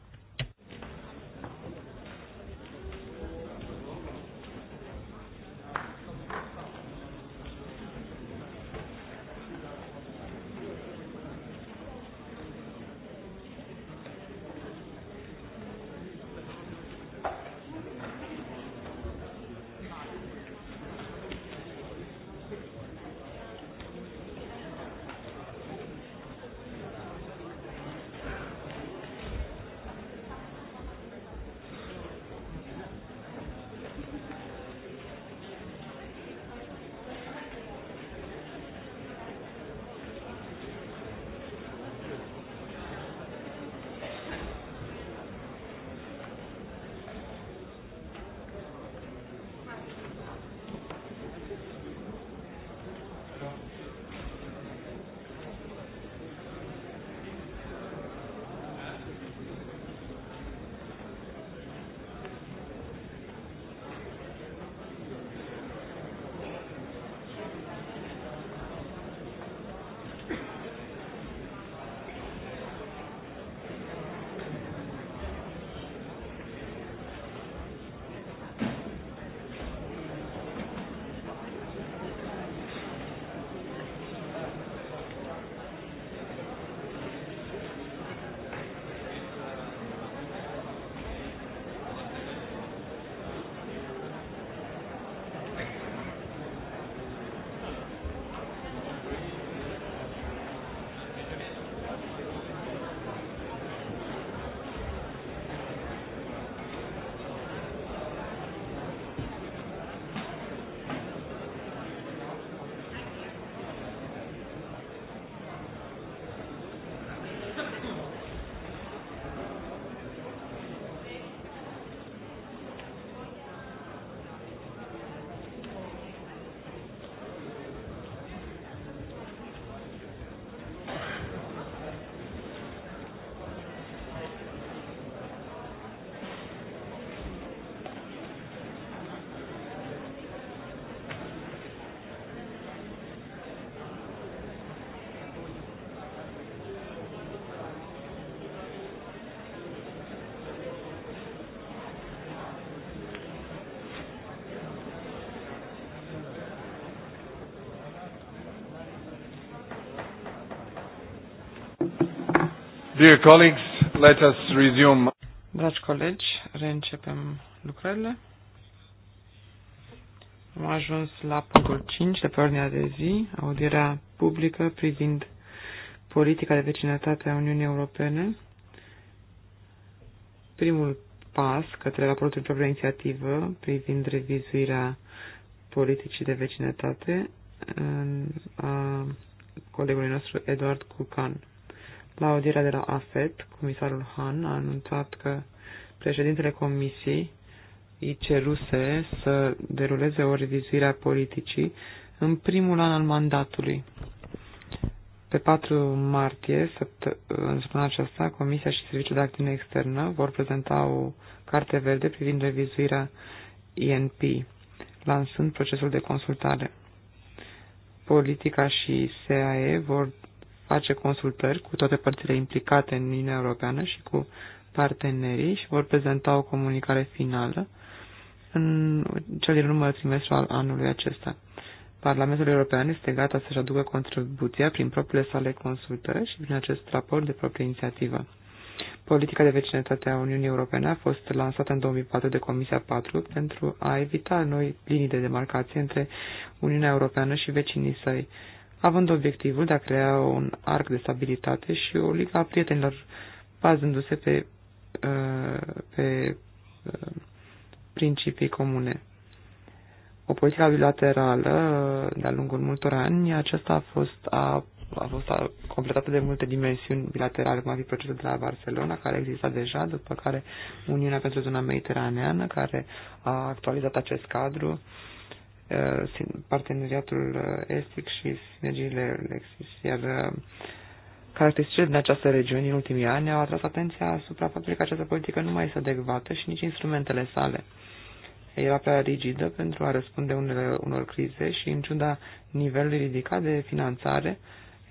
S1: Dear colleagues, let us resume.
S3: Dragi colegi, reîncepem lucrările. Am ajuns la punctul 5 de pe ordinea de zi, audierea publică privind politica de vecinătate a Uniunii Europene. Primul pas către raportul propria inițiativă privind revizuirea politicii de vecinătate a colegului nostru Eduard Cucan. La audierea de la AFET, comisarul Han a anunțat că președintele comisiei îi ceruse să deruleze o revizuire a politicii în primul an al mandatului. Pe 4 martie, în săptămâna aceasta, Comisia și Serviciul de Acțiune Externă vor prezenta o carte verde privind revizuirea INP, lansând procesul de consultare. Politica și SAE vor face consultări cu toate părțile implicate în Uniunea Europeană și cu partenerii și vor prezenta o comunicare finală în cel din urmă trimestru al anului acesta. Parlamentul European este gata să-și aducă contribuția prin propriile sale consultări și prin acest raport de proprie inițiativă. Politica de vecinătate a Uniunii Europene a fost lansată în 2004 de Comisia 4 pentru a evita noi linii de demarcație între Uniunea Europeană și vecinii săi având obiectivul de a crea un arc de stabilitate și o ligă a prietenilor, bazându-se pe, uh, pe uh, principii comune. O politică bilaterală, uh, de-a lungul multor ani, aceasta a fost, a, a fost completată de multe dimensiuni bilaterale, cum a fi procesul de la Barcelona, care exista deja, după care Uniunea pentru zona mediteraneană, care a actualizat acest cadru, uh, parteneriatul uh, estic și sinergiile Lexis, iar uh, caracteristicile din această regiune în ultimii ani au atras atenția asupra faptului că această politică nu mai este adecvată și nici instrumentele sale. Era prea rigidă pentru a răspunde unele, unor crize și, în ciuda nivelului ridicat de finanțare,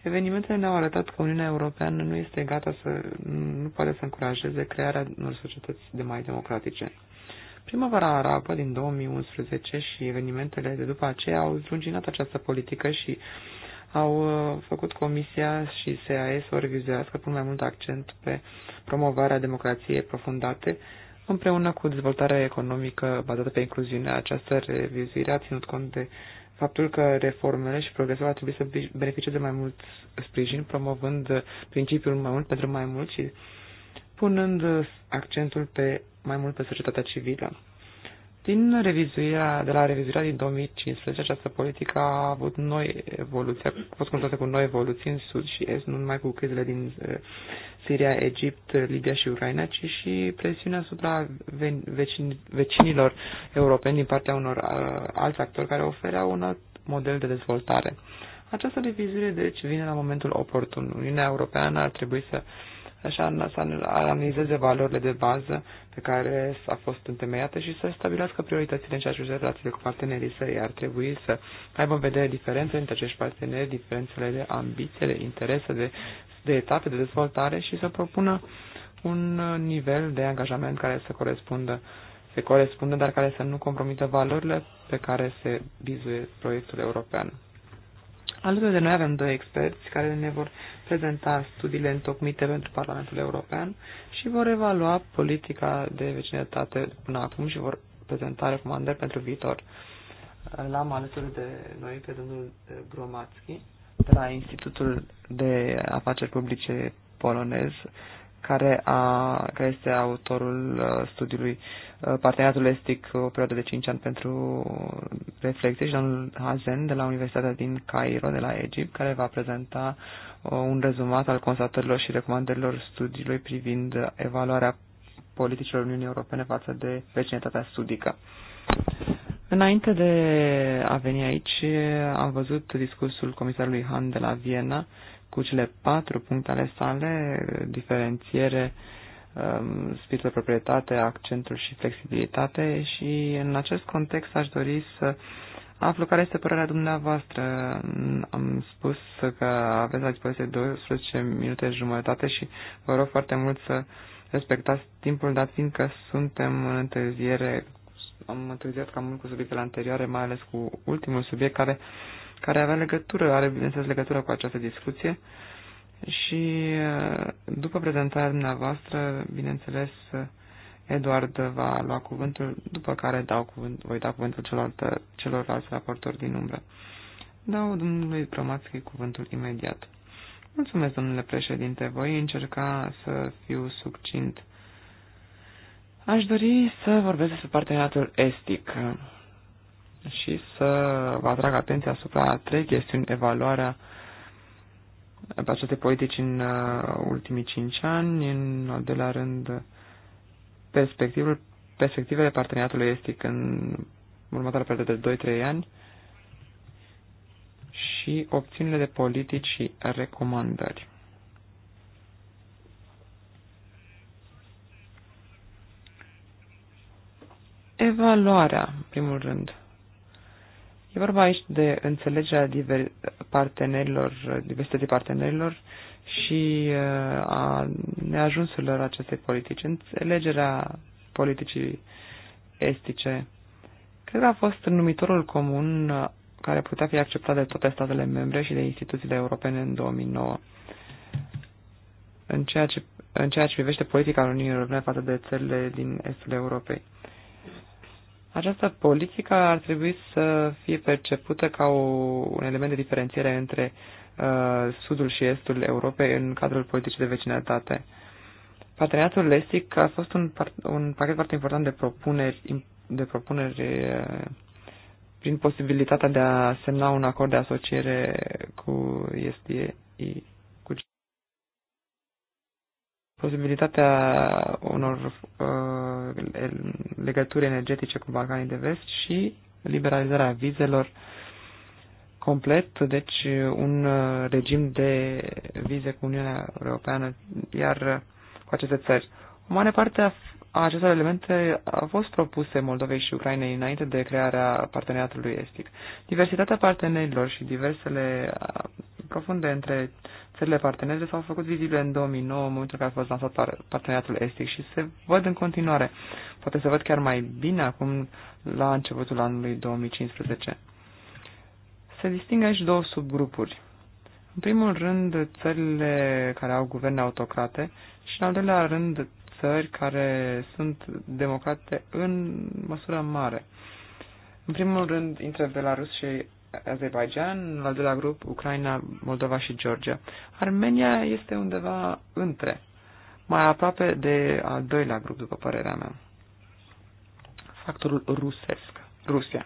S3: evenimentele ne-au arătat că Uniunea Europeană nu este gata să, nu poate să încurajeze crearea unor societăți de mai democratice. Primăvara arabă din 2011 și evenimentele de după aceea au zlunginat această politică și au uh, făcut Comisia și SAE să o revizuiască pun mai mult accent pe promovarea democrației profundate împreună cu dezvoltarea economică bazată pe incluziune. Această revizuire a ținut cont de faptul că reformele și progresul ar trebui să beneficieze mai mult sprijin, promovând principiul mai mult pentru mai mult și punând accentul pe mai mult pe societatea civilă. Din revizuirea, de la revizuirea din 2015, această politică a avut noi evoluții, a fost confruntată cu noi evoluții în sud și est, nu numai cu crizele din eh, Siria, Egipt, Libia și Ucraina, ci și presiunea asupra vecin, vecinilor europeni din partea unor eh, alți actori care ofereau un alt model de dezvoltare. Această revizuire, deci, vine la momentul oportun. Uniunea Europeană ar trebui să uh, așa să analizeze valorile de bază pe care a fost întemeiată și să stabilească prioritățile în ceea ce relațiile cu partenerii săi. Ar trebui să aibă în vedere diferențe între acești parteneri, diferențele de ambiție, de interese, de, de etape de dezvoltare și să propună un nivel de angajament care să corespundă se corespundă, dar care să nu compromită valorile pe care se bizuie proiectul european. Alături de noi avem doi experți care ne vor prezenta studiile întocmite pentru Parlamentul European și vor evalua politica de vecinătate până acum și vor prezenta recomandări pentru viitor. L-am alături de noi pe domnul Gromatski de la Institutul de Afaceri Publice Polonez care, a, care este autorul uh, studiului uh, Parteneriatul Estic, o perioadă de 5 ani pentru reflexie, și domnul Hazen de la Universitatea din Cairo, de la Egipt, care va prezenta uh, un rezumat al constatărilor și recomandărilor studiului privind evaluarea politicilor Uniunii Europene față de vecinătatea sudică. Înainte de a veni aici, am văzut discursul comisarului Han de la Viena, cu cele patru puncte ale sale, diferențiere, um, spiritul proprietate, accentul și flexibilitate și în acest context aș dori să aflu care este părerea dumneavoastră. Am spus că aveți la dispoziție 12 minute și jumătate și vă rog foarte mult să respectați timpul, dat fiind că suntem în întârziere, am întârziat cam mult cu subiectele anterioare, mai ales cu ultimul subiect care care avea legătură, are bineînțeles legătură cu această discuție și uh, după prezentarea dumneavoastră, bineînțeles, Eduard va lua cuvântul, după care dau cuvânt, voi da cuvântul celorlalte, celorlalți raportori din umbră. Dau domnului Promațchi cuvântul imediat. Mulțumesc, domnule președinte, voi încerca să fiu succint. Aș dori să vorbesc despre parteneriatul estic și să vă atrag atenția asupra trei chestiuni, evaluarea pe aceste politici în uh, ultimii cinci ani, în al doilea rând perspectivul, perspectivele parteneriatului estic în următoarea perioadă de 2-3 ani și opțiunile de politici și recomandări. Evaluarea, în primul rând. E vorba aici de înțelegerea diver, partenerilor, diversității partenerilor și uh, a neajunsurilor acestei politici, înțelegerea politicii estice. Cred că a fost numitorul comun uh, care putea fi acceptat de toate statele membre și de instituțiile europene în 2009. În ceea ce, în ceea ce privește politica Uniunii Europene față de țările din estul Europei. Această politică ar trebui să fie percepută ca o, un element de diferențiere între uh, sudul și estul Europei în cadrul politicii de vecinătate. Parteneriatul estic a fost un, un pachet foarte important de propuneri, de propuneri uh, prin posibilitatea de a semna un acord de asociere cu SDI posibilitatea unor uh, legături energetice cu Balcanii de Vest și liberalizarea vizelor complet, deci un uh, regim de vize cu Uniunea Europeană, iar uh, cu aceste țări. O mare parte a acestor elemente au fost propuse Moldovei și Ucrainei înainte de crearea parteneriatului estic. Diversitatea partenerilor și diversele uh, profunde între țările partenere s-au făcut vizibile în 2009, în momentul în care a fost lansat parteneriatul estic și se văd în continuare. Poate se văd chiar mai bine acum la începutul anului 2015. Se disting aici două subgrupuri. În primul rând, țările care au guverne autocrate și, în al doilea rând, țări care sunt democrate în măsură mare. În primul rând, între Belarus și Azerbaijan, în al doilea grup, Ucraina, Moldova și Georgia. Armenia este undeva între, mai aproape de al doilea grup, după părerea mea. Factorul rusesc, Rusia.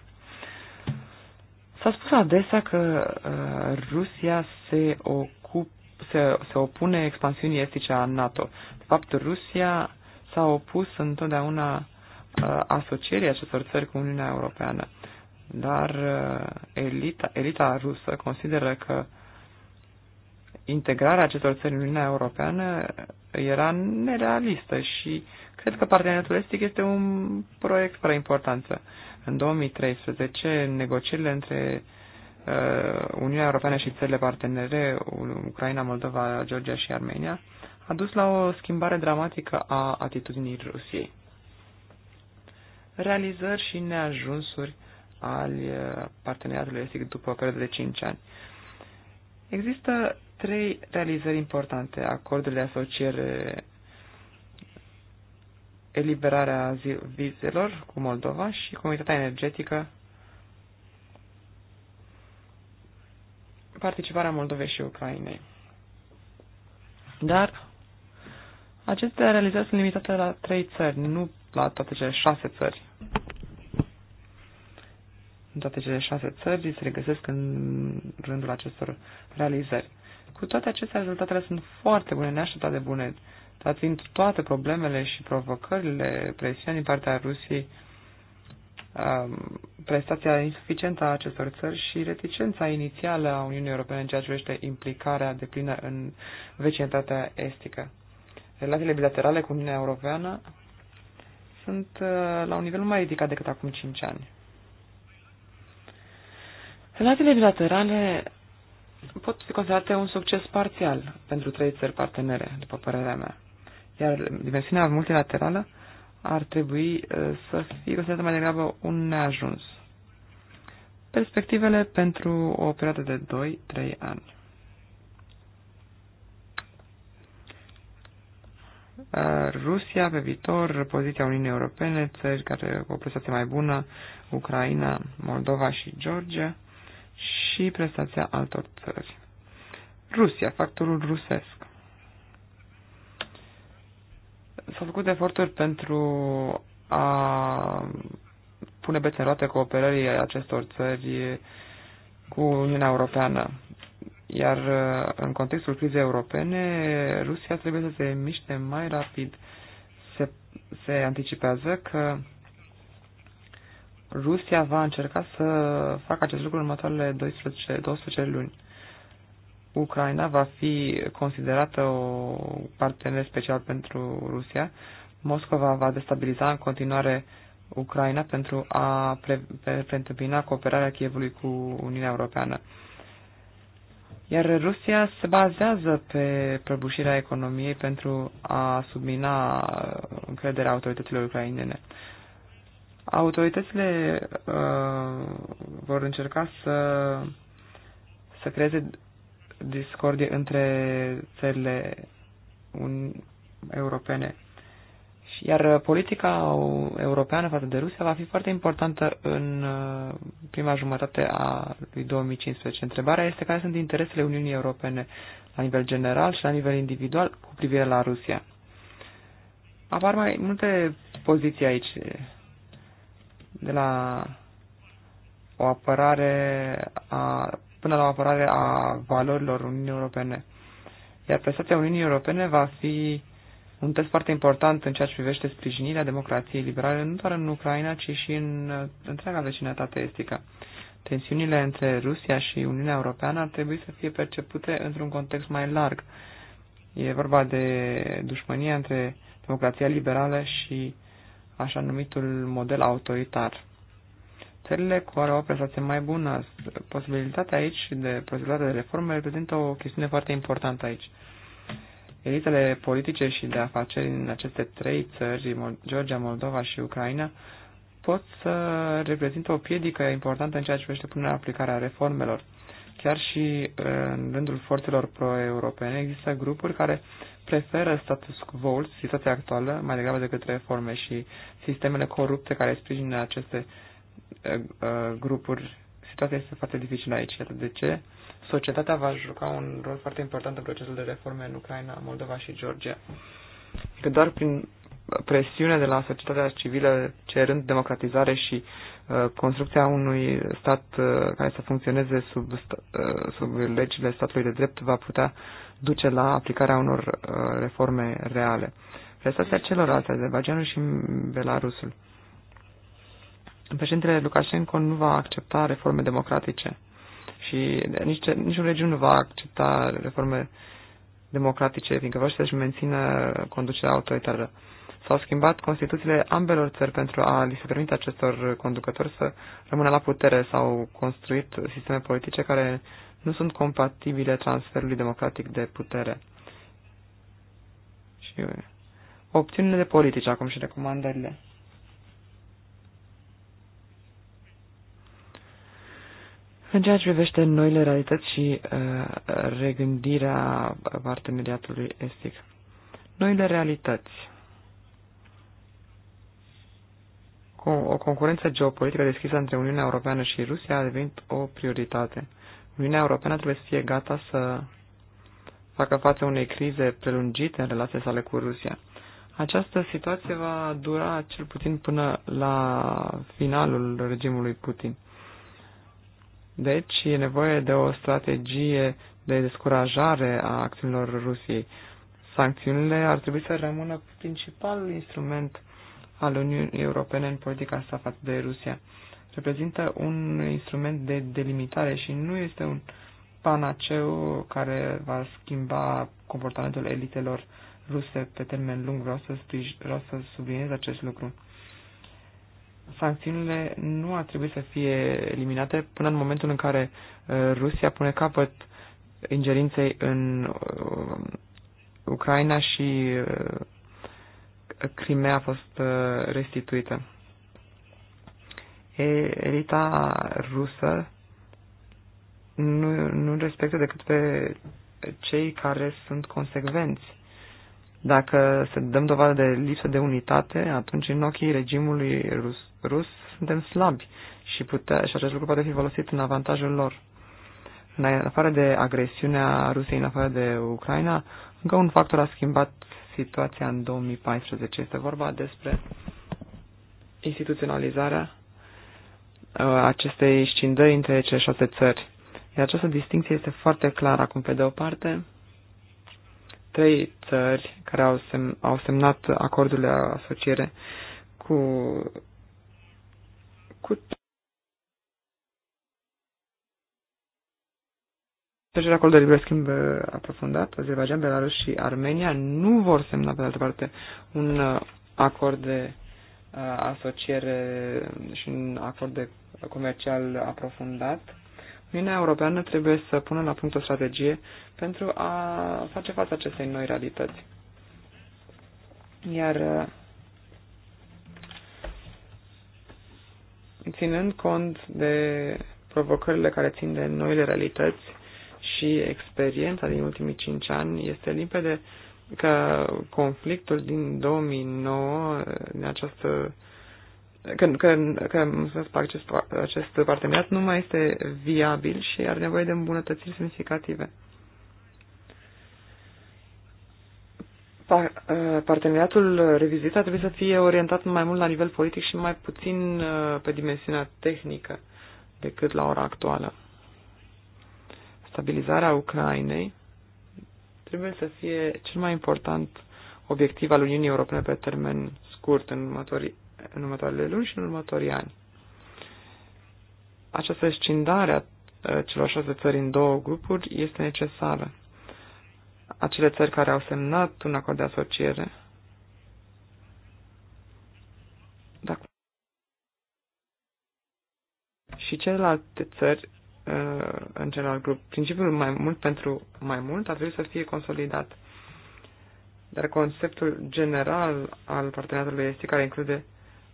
S3: S-a spus adesea că uh, Rusia se ocupă se, se opune expansiunii estice a NATO. De fapt, Rusia s-a opus întotdeauna uh, asocierii acestor țări cu Uniunea Europeană. Dar uh, elita, elita rusă consideră că integrarea acestor țări în Uniunea Europeană era nerealistă și cred că parteneriatul estic este un proiect fără importanță. În 2013, negocierile între Uh, Uniunea Europeană și țările partenere, Ucraina, Moldova, Georgia și Armenia, a dus la o schimbare dramatică a atitudinii Rusiei. Realizări și neajunsuri al uh, parteneriatului estic după o perioadă de 5 ani. Există trei realizări importante. Acordul de asociere, eliberarea vizelor cu Moldova și comunitatea energetică participarea Moldovei și Ucrainei. Dar aceste realizări sunt limitate la trei țări, nu la toate cele șase țări. În toate cele șase țări se regăsesc în rândul acestor realizări. Cu toate acestea, rezultatele sunt foarte bune, neașteptat de bune, dat toate problemele și provocările presiunea din partea Rusiei Um, prestația insuficientă a acestor țări și reticența inițială a Uniunii Europene în ceea ce privește implicarea de plină în vecinătatea estică. Relațiile bilaterale cu Uniunea Europeană sunt uh, la un nivel mai ridicat decât acum 5 ani. Relațiile bilaterale pot fi considerate un succes parțial pentru trei țări partenere, după părerea mea. Iar dimensiunea multilaterală ar trebui uh, să fie considerată mai degrabă un neajuns. Perspectivele pentru o perioadă de 2-3 ani. Uh, Rusia pe viitor, poziția Uniunii Europene, țări care cu o prestație mai bună, Ucraina, Moldova și Georgia și prestația altor țări. Rusia, factorul rusesc. S-au făcut eforturi pentru a pune bețe în roate cooperării acestor țări cu Uniunea Europeană. Iar uh, în contextul crizei europene, Rusia trebuie să se miște mai rapid. Se, se anticipează că Rusia va încerca să facă acest lucru în următoarele 12, 12 luni. Ucraina va fi considerată o partener special pentru Rusia. Moscova va destabiliza în continuare Ucraina pentru a preîntâmpina pre cooperarea Chievului cu Uniunea Europeană. Iar Rusia se bazează pe prăbușirea economiei pentru a submina încrederea autorităților ucrainene. Autoritățile uh, vor încerca să, să creeze discordie între țările europene. Iar politica europeană față de Rusia va fi foarte importantă în uh, prima jumătate a lui 2015. Întrebarea este care sunt interesele Uniunii Europene la nivel general și la nivel individual cu privire la Rusia. Apar mai multe poziții aici, de la o apărare a până la o apărare a valorilor Uniunii Europene. Iar prestația Uniunii Europene va fi un test foarte important în ceea ce privește sprijinirea democrației liberale nu doar în Ucraina, ci și în uh, întreaga vecinătate estică. Tensiunile între Rusia și Uniunea Europeană ar trebui să fie percepute într-un context mai larg. E vorba de dușmănia între democrația liberală și așa numitul model autoritar. Țările cu care o prestație mai bună, posibilitatea aici de posibilitatea de reforme reprezintă o chestiune foarte importantă aici. Elitele politice și de afaceri în aceste trei țări, Georgia, Moldova și Ucraina, pot să reprezintă o piedică importantă în ceea ce privește punerea aplicarea reformelor. Chiar și uh, în rândul forțelor pro-europene există grupuri care preferă status quo situația actuală, mai degrabă decât reforme și sistemele corupte care sprijină aceste uh, Uh, grupuri. Situația este foarte dificilă aici. Iată de ce societatea va juca un rol foarte important în procesul de reforme în Ucraina, Moldova și Georgia. Că doar prin presiune de la societatea civilă cerând democratizare și uh, construcția unui stat uh, care să funcționeze sub, uh, sub legile statului de drept va putea duce la aplicarea unor uh, reforme reale. Prestația celorlalte, Azerbaijanul și Belarusul președintele Lukashenko nu va accepta reforme democratice și nici, niciun regim nu va accepta reforme democratice, fiindcă vor să-și mențină conducerea autoritară. S-au schimbat constituțiile ambelor țări pentru a li se permite acestor conducători să rămână la putere. S-au construit sisteme politice care nu sunt compatibile transferului democratic de putere. Și opțiunile de politici acum și recomandările. În ceea ce privește noile realități și uh, regândirea parteneriatului estic, noile realități, o concurență geopolitică deschisă între Uniunea Europeană și Rusia a devenit o prioritate. Uniunea Europeană trebuie să fie gata să facă față unei crize prelungite în relația sale cu Rusia. Această situație va dura cel puțin până la finalul regimului Putin. Deci e nevoie de o strategie de descurajare a acțiunilor Rusiei. Sancțiunile ar trebui să rămână principalul instrument al Uniunii Europene în politica sa față de Rusia. Reprezintă un instrument de delimitare și nu este un panaceu care va schimba comportamentul elitelor ruse pe termen lung. Vreau să, sprij- vreau să subliniez acest lucru sancțiunile nu ar trebui să fie eliminate până în momentul în care uh, Rusia pune capăt ingerinței în uh, Ucraina și uh, Crimea a fost restituită. Elita rusă nu, nu respectă decât pe cei care sunt consecvenți dacă se dăm dovadă de lipsă de unitate, atunci în ochii regimului rus, rus suntem slabi și, putea, și acest lucru poate fi folosit în avantajul lor. În afară de agresiunea Rusiei în afară de Ucraina, încă un factor a schimbat situația în 2014. Este vorba despre instituționalizarea uh, acestei scindări între cele șase țări. Iar această distinție este foarte clară acum, pe de o parte, trei țări care au, sem- au semnat acordul de asociere cu, cu Trecerea acolo de liber schimb aprofundat, Azerbaijan, Belarus și Armenia nu vor semna, pe de altă parte, un uh, acord de uh, asociere și un acord de comercial aprofundat Uniunea Europeană trebuie să pună la punct o strategie pentru a face față acestei noi realități. Iar uh, ținând cont de provocările care țin de noile realități și experiența din ultimii cinci ani, este limpede că conflictul din 2009, din această când, când, când să spun acest, acest parteneriat nu mai este viabil și are nevoie de îmbunătățiri semnificative. Uh, parteneriatul revizitat ar trebui să fie orientat mai mult la nivel politic și mai puțin uh, pe dimensiunea tehnică decât la ora actuală. Stabilizarea Ucrainei trebuie să fie cel mai important obiectiv al Uniunii Europene pe termen scurt în următorii în următoarele luni și în următorii ani. Această scindare a celor șase țări în două grupuri este necesară. Acele țări care au semnat un acord de asociere, dacă și celelalte țări în celălalt grup. Principiul mai mult pentru mai mult ar trebui să fie consolidat. Dar conceptul general al parteneriatului este care include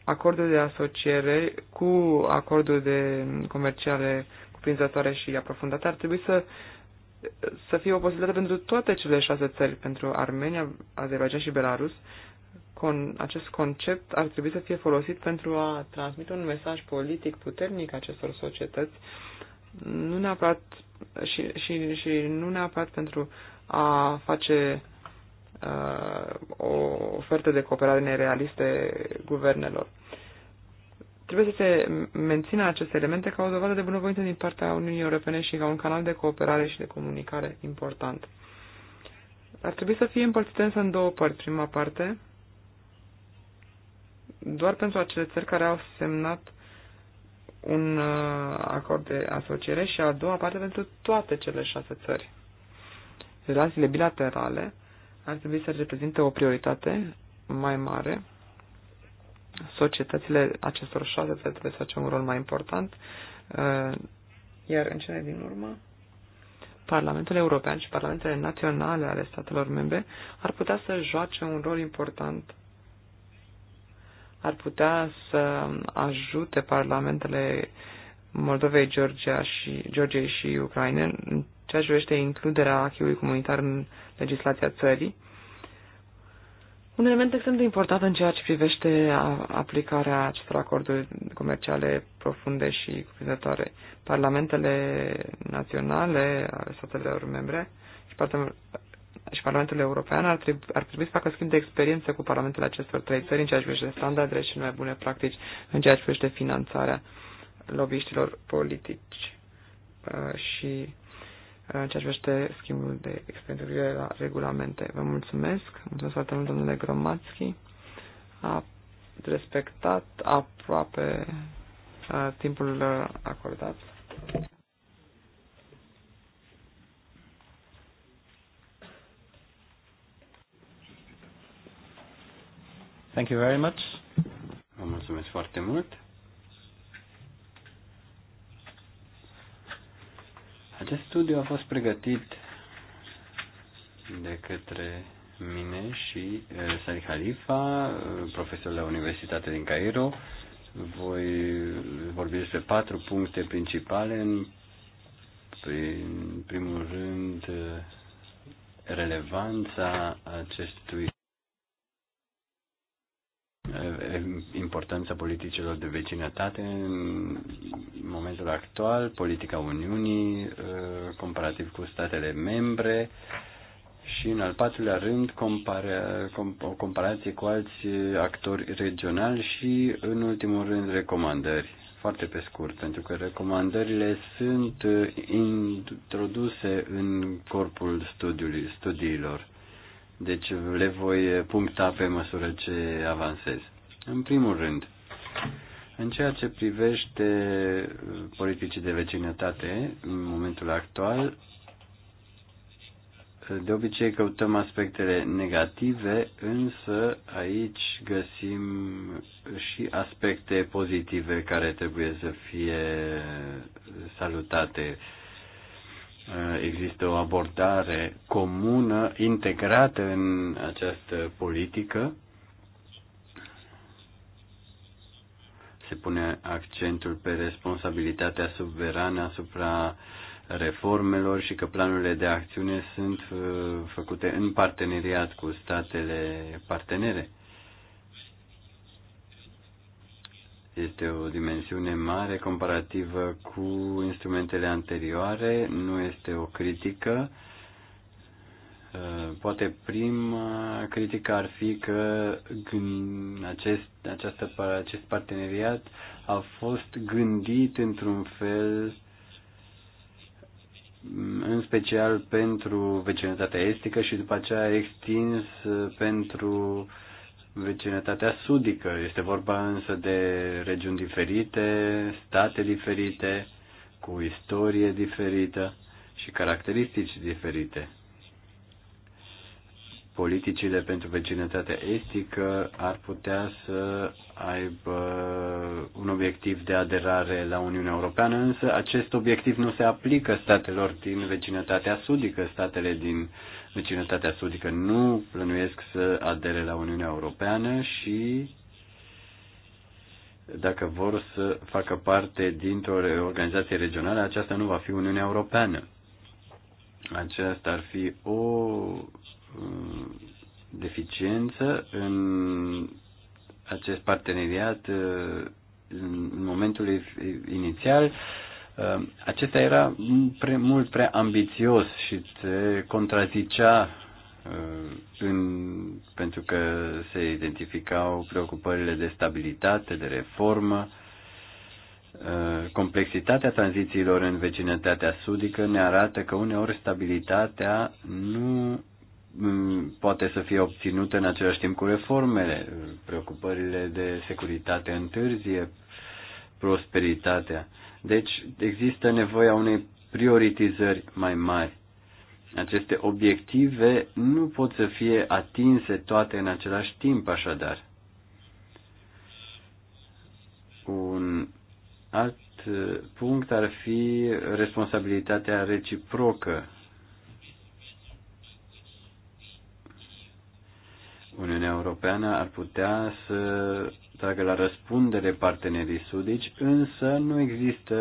S3: acordul de asociere cu acordul de comerciale cuprinzătoare și aprofundate ar trebui să să fie o posibilitate pentru toate cele șase țări, pentru Armenia, Azerbaijan și Belarus, con, acest concept ar trebui să fie folosit pentru a transmite un mesaj politic puternic acestor societăți, nu neapărat și, și, și nu neapărat pentru a face uh, o ofertă de cooperare nerealiste guvernelor. Trebuie să se mențină aceste elemente ca o dovadă de bunăvoință din partea Uniunii Europene și ca un canal de cooperare și de comunicare important. Ar trebui să fie împărțite însă în două părți. Prima parte, doar pentru acele țări care au semnat un uh, acord de asociere și a doua parte pentru toate cele șase țări. Relațiile bilaterale ar trebui să reprezinte o prioritate mai mare societățile acestor șase țări trebuie să facem un rol mai important, eh, iar în cele din urmă, Parlamentul European și Parlamentele Naționale ale statelor membre ar putea să joace un rol important ar putea să ajute parlamentele Moldovei, Georgia și, Georgiei și Ucraine în ceea ce privește includerea acquis comunitar în legislația țării un element extrem de important în ceea ce privește aplicarea acestor acorduri comerciale profunde și cuprinzătoare. Parlamentele naționale ale statelor membre și, și Parlamentul European ar, trebui, ar trebui să facă schimb de experiență cu parlamentele acestor trei țări în ceea ce privește standardele și mai bune practici în ceea ce privește finanțarea lobbyiștilor politici uh, și ceea ce vește schimbul de experiențe la regulamente. Vă mulțumesc, mulțumesc foarte mult, domnule Gromatski. A respectat aproape a, timpul acordat.
S1: Thank you very much. Vă mulțumesc foarte mult. Acest studiu a fost pregătit de către mine și uh, Sari Khalifa, profesor la Universitatea din Cairo. Voi vorbi despre patru puncte principale. În, primul rând, relevanța acestui importanța politicilor de vecinătate în momentul actual, politica Uniunii uh, comparativ cu statele membre și în al patrulea rând compara, o comparație cu alți actori regionali și în ultimul rând recomandări. Foarte pe scurt, pentru că recomandările sunt uh, introduse în corpul studiului, studiilor. Deci le voi puncta pe măsură ce avansez. În primul rând, în ceea ce privește uh, politicii de vecinătate, în momentul actual, uh, de obicei căutăm aspectele negative, însă aici găsim și aspecte pozitive care trebuie să fie salutate. Uh, există o abordare comună, integrată în această politică se pune accentul pe responsabilitatea suverană asupra reformelor și că planurile de acțiune sunt uh, făcute în parteneriat cu statele partenere. Este o dimensiune mare comparativă cu instrumentele anterioare, nu este o critică, Eh, poate prima critică ar fi că acest, această, acest parteneriat a fost gândit într-un fel mm, în special pentru vecinătatea estică și după aceea extins eh, pentru vecinătatea sudică. Este vorba însă de regiuni diferite, state diferite, cu istorie diferită și caracteristici diferite politicile pentru vecinătatea estică ar putea să aibă un obiectiv de aderare la Uniunea Europeană, însă acest obiectiv nu se aplică statelor din vecinătatea sudică. Statele din vecinătatea sudică nu plănuiesc să adere la Uniunea Europeană și dacă vor să facă parte dintr-o organizație regională, aceasta nu va fi Uniunea Europeană. Aceasta ar fi o deficiență în acest parteneriat uh, în momentul inițial, uh, acesta era pre, mult prea ambițios și se contrazicea uh, în, pentru că se identificau preocupările de stabilitate, de reformă, complexitatea tranzițiilor în vecinătatea sudică ne arată că uneori stabilitatea nu Mm, poate să fie obținută în același timp cu reformele, preocupările de securitate întârzie, prosperitatea. Deci există nevoia unei prioritizări mai mari. Aceste obiective nu pot să fie atinse toate în același timp, așadar. Un alt uh, punct ar fi responsabilitatea reciprocă Uniunea Europeană ar putea să tragă la răspundere partenerii sudici, însă nu există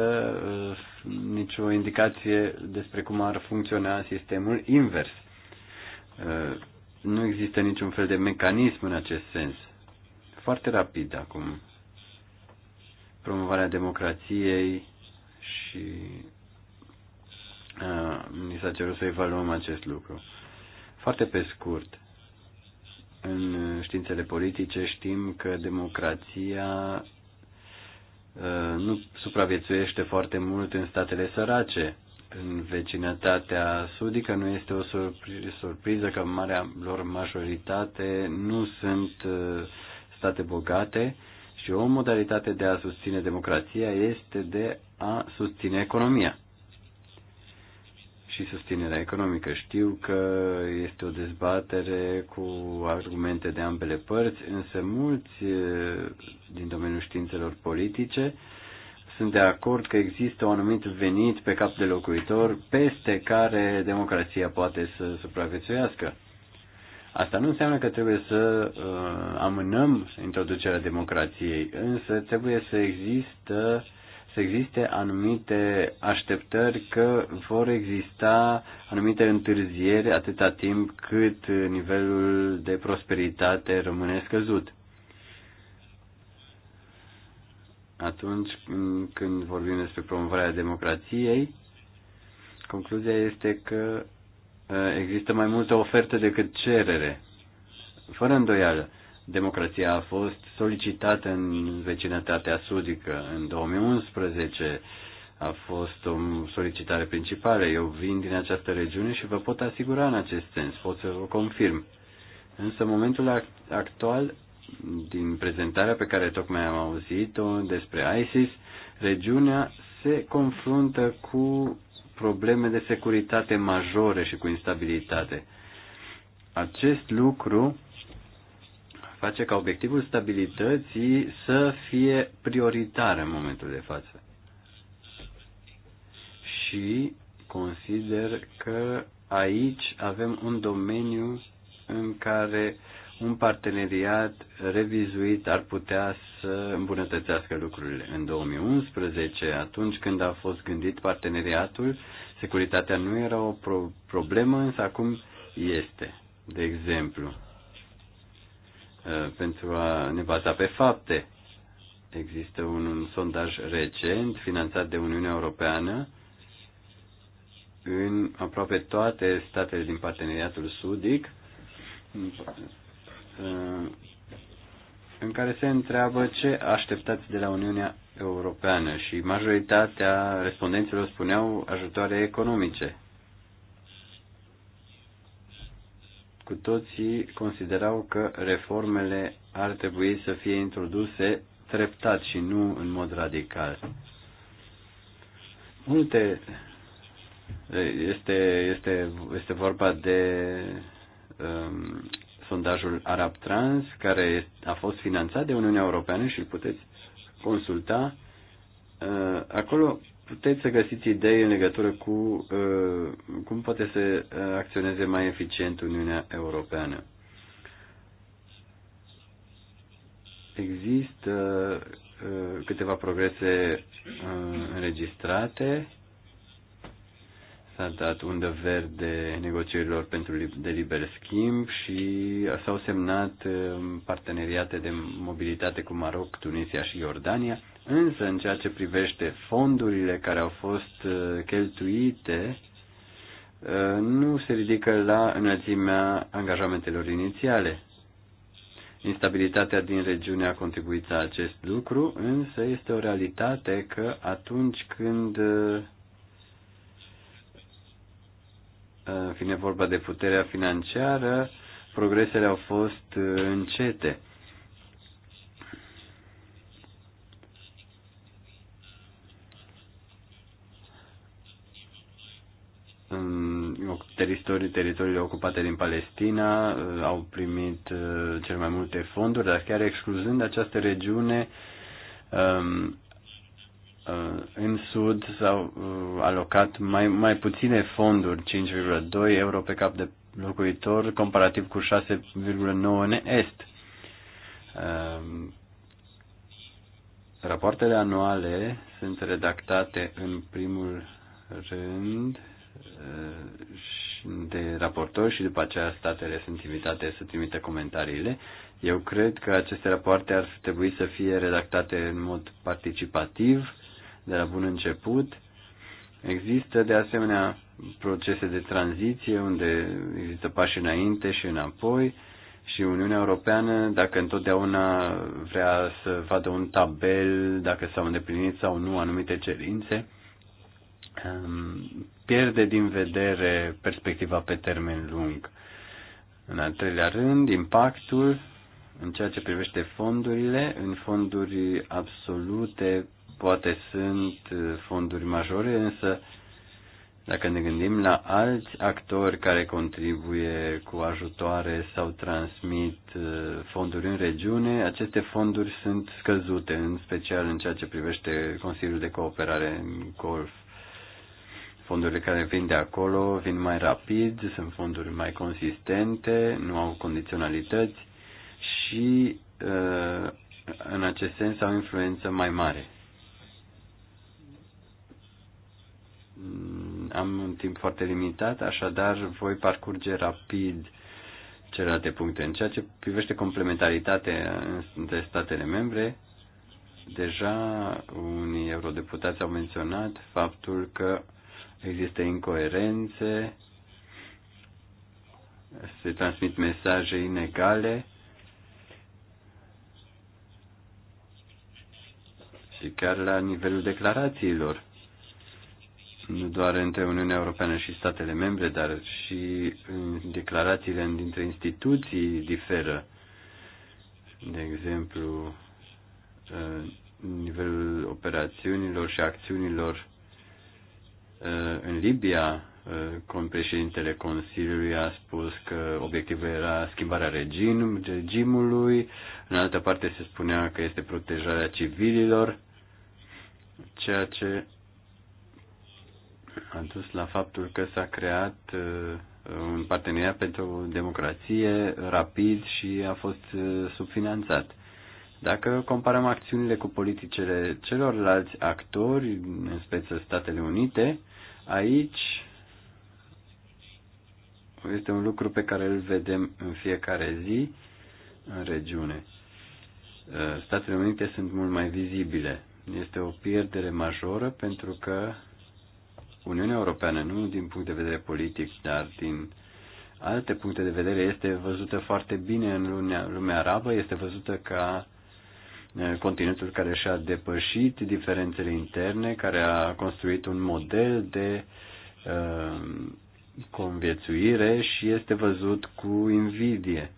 S1: uh, nicio indicație despre cum ar funcționa sistemul invers. Uh, nu există niciun fel de mecanism în acest sens. Foarte rapid acum. Promovarea democrației și mi uh, s-a cerut să evaluăm acest lucru. Foarte pe scurt în științele politice știm că democrația uh, nu supraviețuiește foarte mult în statele sărace. În vecinătatea sudică nu este o surpriză că marea lor majoritate nu sunt uh, state bogate și o modalitate de a susține democrația este de a susține economia și susținerea economică. Știu că este o dezbatere cu argumente de ambele părți, însă mulți eh, din domeniul științelor politice sunt de acord că există un anumit venit pe cap de locuitor peste care democrația poate să supraviețuiască. Asta nu înseamnă că trebuie să uh, amânăm introducerea democrației, însă trebuie să există uh, să existe anumite așteptări că vor exista anumite întârzieri atâta timp cât nivelul de prosperitate rămâne scăzut. Atunci când vorbim despre promovarea democrației, concluzia este că eh, există mai multă ofertă decât cerere. Fără îndoială democrația a fost solicitată în vecinătatea sudică. În 2011 a fost o solicitare principală. Eu vin din această regiune și vă pot asigura în acest sens, pot să vă confirm. Însă în momentul actual, din prezentarea pe care tocmai am auzit-o despre ISIS, regiunea se confruntă cu probleme de securitate majore și cu instabilitate. Acest lucru face ca obiectivul stabilității să fie prioritar în momentul de față. Și consider că aici avem un domeniu în care un parteneriat revizuit ar putea să îmbunătățească lucrurile. În 2011, atunci când a fost gândit parteneriatul, securitatea nu era o pro- problemă, însă acum este. De exemplu, Uh, pentru a ne baza pe fapte. Există un, un sondaj recent finanțat de Uniunea Europeană în aproape toate statele din parteneriatul sudic, uh, în care se întreabă ce așteptați de la Uniunea Europeană și majoritatea respondenților spuneau ajutoare economice. cu toții considerau că reformele ar trebui să fie introduse treptat și nu în mod radical. Multe este, este, este vorba de um, sondajul Arab Trans, care a fost finanțat de Uniunea Europeană și îl puteți consulta. Uh, acolo puteți să găsiți idei în legătură cu uh, cum poate să acționeze mai eficient Uniunea Europeană. Există uh, câteva progrese uh, înregistrate. S-a dat undă verde negocierilor pentru de liber schimb și s-au semnat uh, parteneriate de mobilitate cu Maroc, Tunisia și Iordania. Însă, în ceea ce privește fondurile care au fost uh, cheltuite, uh, nu se ridică la înălțimea angajamentelor inițiale. Instabilitatea din regiune a contribuit la acest lucru, însă este o realitate că atunci când uh, vine vorba de puterea financiară, progresele au fost încete. teritorii, teritoriile ocupate din Palestina uh, au primit uh, cel mai multe fonduri, dar chiar excluzând această regiune, um, uh, în sud s-au alocat mai, mai puține fonduri, 5,2 euro pe cap de locuitor, comparativ cu 6,9 în est. Um, rapoartele anuale sunt redactate în primul rând de raportori și după aceea statele sunt invitate să trimită comentariile. Eu cred că aceste rapoarte ar trebui să fie redactate în mod participativ, de la bun început. Există de asemenea procese de tranziție unde există pași înainte și înapoi și Uniunea Europeană, dacă întotdeauna vrea să vadă un tabel, dacă s-au îndeplinit sau nu anumite cerințe, pierde din vedere perspectiva pe termen lung. În al treilea rând, impactul în ceea ce privește fondurile, în fonduri absolute poate sunt fonduri majore, însă dacă ne gândim la alți actori care contribuie cu ajutoare sau transmit uh, fonduri în regiune, aceste fonduri sunt scăzute, în special în ceea ce privește Consiliul de Cooperare în Golf Fondurile care vin de acolo vin mai rapid, sunt fonduri mai consistente, nu au condiționalități și uh, în acest sens au influență mai mare. Mm, am un timp foarte limitat, așadar voi parcurge rapid celelalte puncte. În ceea ce privește complementaritatea între statele membre, deja unii eurodeputați au menționat faptul că există incoerențe, se transmit mesaje inegale și chiar la nivelul declarațiilor, nu doar între Uniunea Europeană și statele membre, dar și declarațiile dintre instituții diferă. De exemplu, nivelul operațiunilor și acțiunilor Eh, în Libia, eh, președintele Consiliului a spus că obiectivul era schimbarea regimului, în altă parte se spunea că este protejarea civililor, ceea ce a dus la faptul că s-a creat eh, un parteneriat pentru democrație rapid și a fost subfinanțat. Dacă comparăm acțiunile cu politicele celorlalți actori, în speță Statele Unite, aici este un lucru pe care îl vedem în fiecare zi în regiune. Statele Unite sunt mult mai vizibile. Este o pierdere majoră pentru că Uniunea Europeană, nu din punct de vedere politic, dar din alte puncte de vedere, este văzută foarte bine în lumea, lumea arabă, este văzută ca continentul care și-a depășit diferențele interne, care a construit un model de uh, conviețuire și este văzut cu invidie.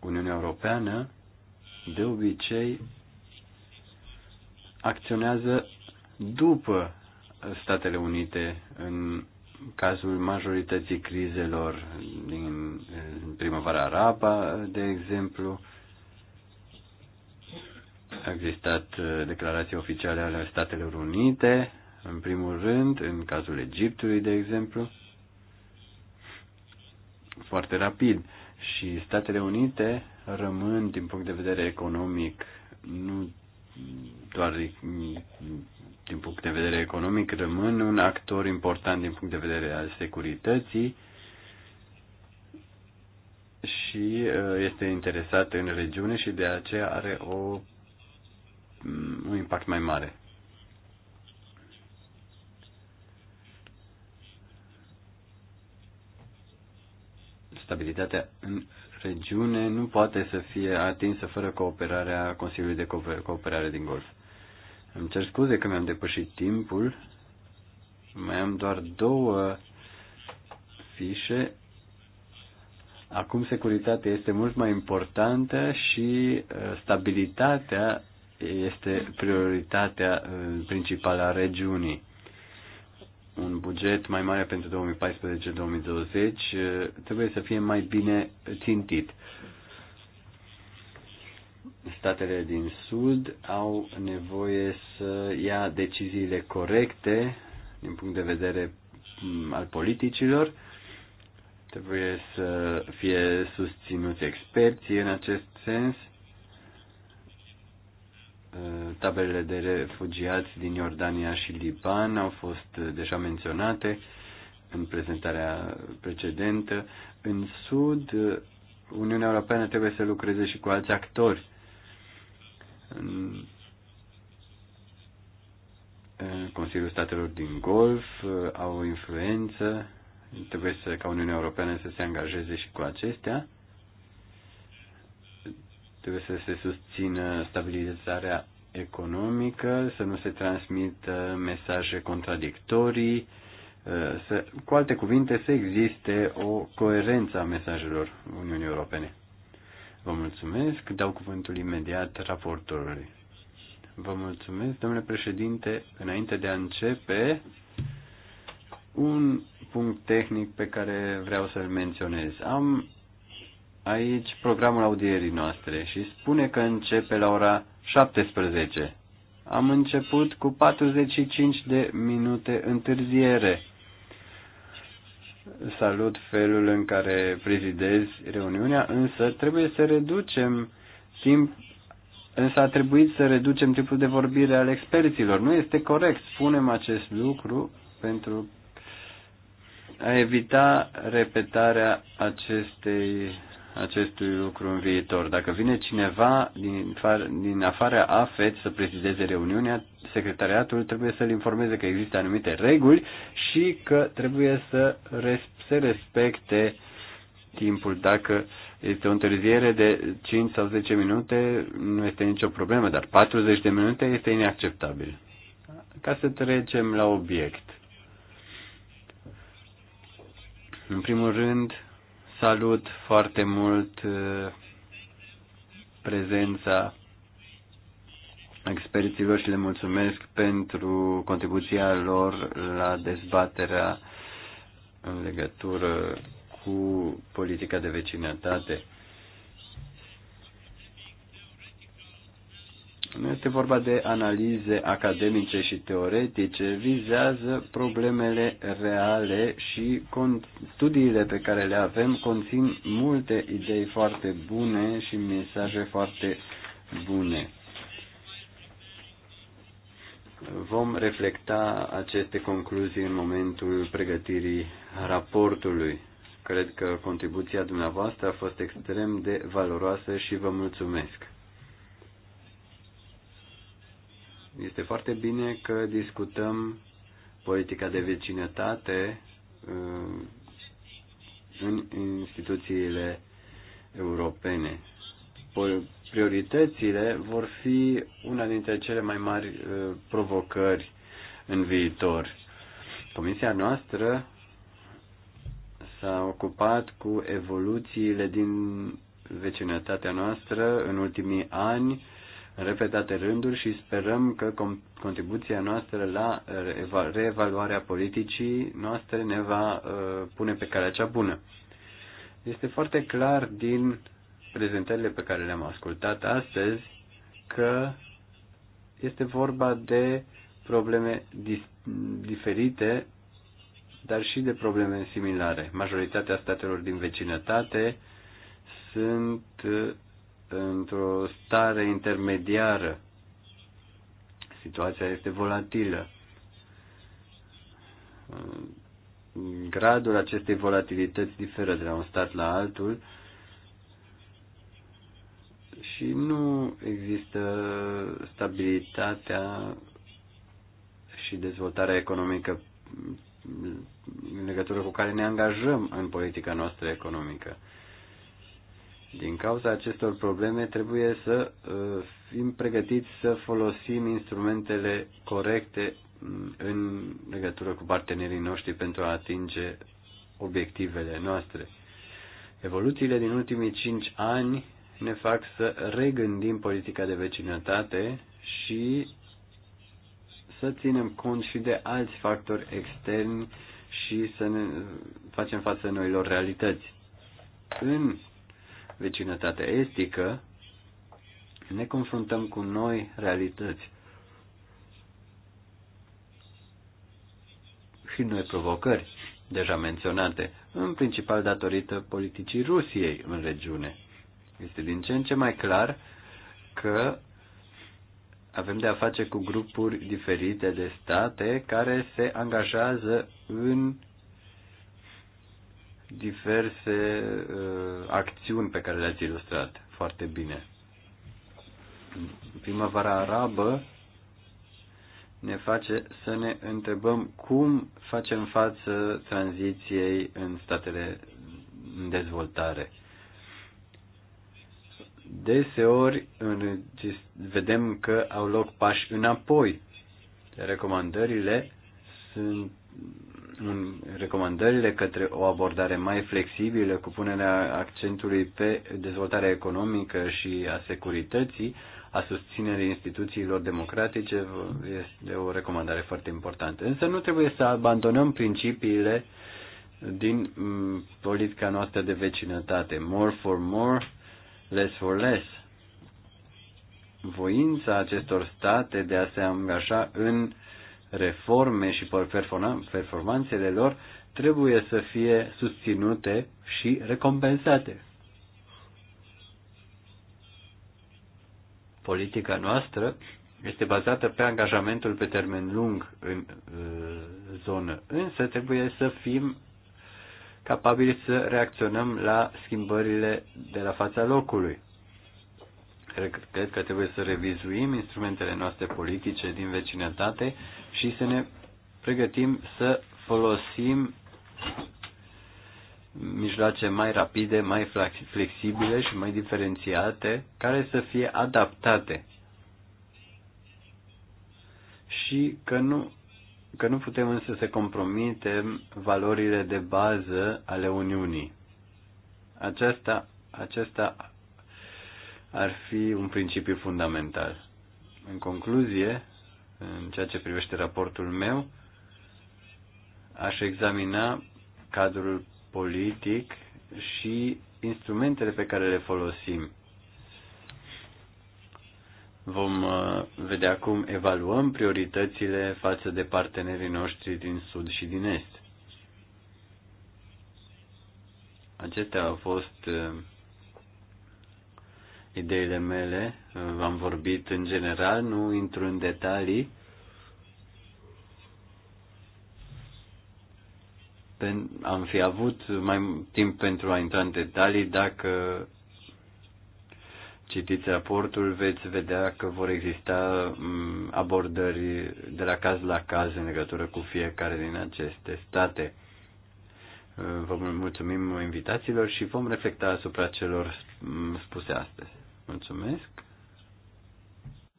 S1: Uniunea Europeană de obicei acționează după Statele Unite în cazul majorității crizelor din primăvara arabă, de exemplu, a existat uh, declarații oficiale ale Statelor Unite, în primul rând, în cazul Egiptului, de exemplu, foarte rapid. Și Statele Unite rămân, din punct de vedere economic, nu doar din punct de vedere economic, rămân un actor important din punct de vedere al securității și uh, este interesat în regiune și de aceea are o, mm, un impact mai mare. Stabilitatea în regiune nu poate să fie atinsă fără cooperarea Consiliului de Cooperare din Golf. Îmi cer scuze că mi-am depășit timpul. Mai am doar două fișe. Acum securitatea este mult mai importantă și uh, stabilitatea este prioritatea uh, principală a regiunii. Un buget mai mare pentru 2014-2020 uh, trebuie să fie mai bine țintit statele din Sud au nevoie să ia deciziile corecte din punct de vedere mm, al politicilor. Trebuie să fie susținuți experții în acest sens. Uh, tabelele de refugiați din Iordania și Liban au fost uh, deja menționate în prezentarea precedentă. În Sud, uh, Uniunea Europeană trebuie să lucreze și cu alți actori Consiliul Statelor din Golf uh, au o influență, trebuie să, ca Uniunea Europeană să se angajeze și cu acestea, trebuie să se susțină stabilizarea economică, să nu se transmită mesaje contradictorii, uh, să, cu alte cuvinte, să existe o coerență a mesajelor Uniunii Europene. Vă mulțumesc. Dau cuvântul imediat raportorului. Vă mulțumesc, domnule președinte. Înainte de a începe, un punct tehnic pe care vreau să-l menționez. Am aici programul audierii noastre și spune că începe la ora 17. Am început cu 45 de minute întârziere salut felul în care prezidezi reuniunea, însă trebuie să reducem timp Însă a trebuit să reducem timpul de vorbire al experților. Nu este corect. Spunem acest lucru pentru a evita repetarea acestei acestui lucru în viitor. Dacă vine cineva din, din afara AFET să prezideze reuniunea, secretariatul trebuie să-l informeze că există anumite reguli și că trebuie să res- se respecte timpul. Dacă este o întârziere de 5 sau 10 minute, nu este nicio problemă, dar 40 de minute este inacceptabil. Ca să trecem la obiect. În primul rând, Salut foarte mult uh, prezența experților și le mulțumesc pentru contribuția lor la dezbaterea în legătură cu politica de vecinătate. Nu este vorba de analize academice și teoretice, vizează problemele reale și studiile pe care le avem conțin multe idei foarte bune și mesaje foarte bune. Vom reflecta aceste concluzii în momentul pregătirii raportului. Cred că contribuția dumneavoastră a fost extrem de valoroasă și vă mulțumesc. Este foarte bine că discutăm politica de vecinătate uh, în instituțiile europene. Prioritățile vor fi una dintre cele mai mari uh, provocări în viitor. Comisia noastră s-a ocupat cu evoluțiile din vecinătatea noastră în ultimii ani în repetate rânduri și sperăm că contribuția noastră la reevaluarea politicii noastre ne va uh, pune pe calea cea bună. Este foarte clar din prezentările pe care le-am ascultat astăzi că este vorba de probleme diferite, dar și de probleme similare. Majoritatea statelor din vecinătate sunt uh, într-o stare intermediară. Situația este volatilă. Gradul acestei volatilități diferă de la un stat la altul și nu există stabilitatea și dezvoltarea economică în legătură cu care ne angajăm în politica noastră economică. Din cauza acestor probleme trebuie să uh, fim pregătiți să folosim instrumentele corecte mm, în legătură cu partenerii noștri pentru a atinge obiectivele noastre. Evoluțiile din ultimii cinci ani ne fac să regândim politica de vecinătate și să ținem cont și de alți factori externi și să ne facem față noilor realități. În vecinătate estică, ne confruntăm cu noi realități și noi provocări deja menționate, în principal datorită politicii Rusiei în regiune. Este din ce în ce mai clar că avem de a face cu grupuri diferite de state care se angajează în diverse uh, acțiuni pe care le-ați ilustrat foarte bine. Primăvara arabă ne face să ne întrebăm cum facem față tranziției în statele în dezvoltare. Deseori în, vedem că au loc pași înapoi. Recomandările sunt recomandările către o abordare mai flexibilă cu punerea accentului pe dezvoltarea economică și a securității, a susținerii instituțiilor democratice, este o recomandare foarte importantă. Însă nu trebuie să abandonăm principiile din mm, politica noastră de vecinătate. More for more, less for less. Voința acestor state de a se angaja în reforme și performanțele lor trebuie să fie susținute și recompensate. Politica noastră este bazată pe angajamentul pe termen lung în uh, zonă, însă trebuie să fim capabili să reacționăm la schimbările de la fața locului. Cred că trebuie să revizuim instrumentele noastre politice din vecinătate și să ne pregătim să folosim mijloace mai rapide, mai flexibile și mai diferențiate, care să fie adaptate. Și că nu, că nu putem însă să compromitem valorile de bază ale Uniunii. Aceasta, aceasta ar fi un principiu fundamental. În concluzie, în ceea ce privește raportul meu, aș examina cadrul politic și instrumentele pe care le folosim. Vom uh, vedea cum evaluăm prioritățile față de partenerii noștri din Sud și din Est. Acestea au fost uh, ideile mele. Am vorbit în general, nu intru în detalii. Am fi avut mai timp pentru a intra în detalii dacă citiți raportul, veți vedea că vor exista mm, abordări de la caz la caz în legătură cu fiecare din aceste state. Vă mulțumim invitațiilor și vom reflecta asupra celor mm, spuse astăzi. Mulțumesc.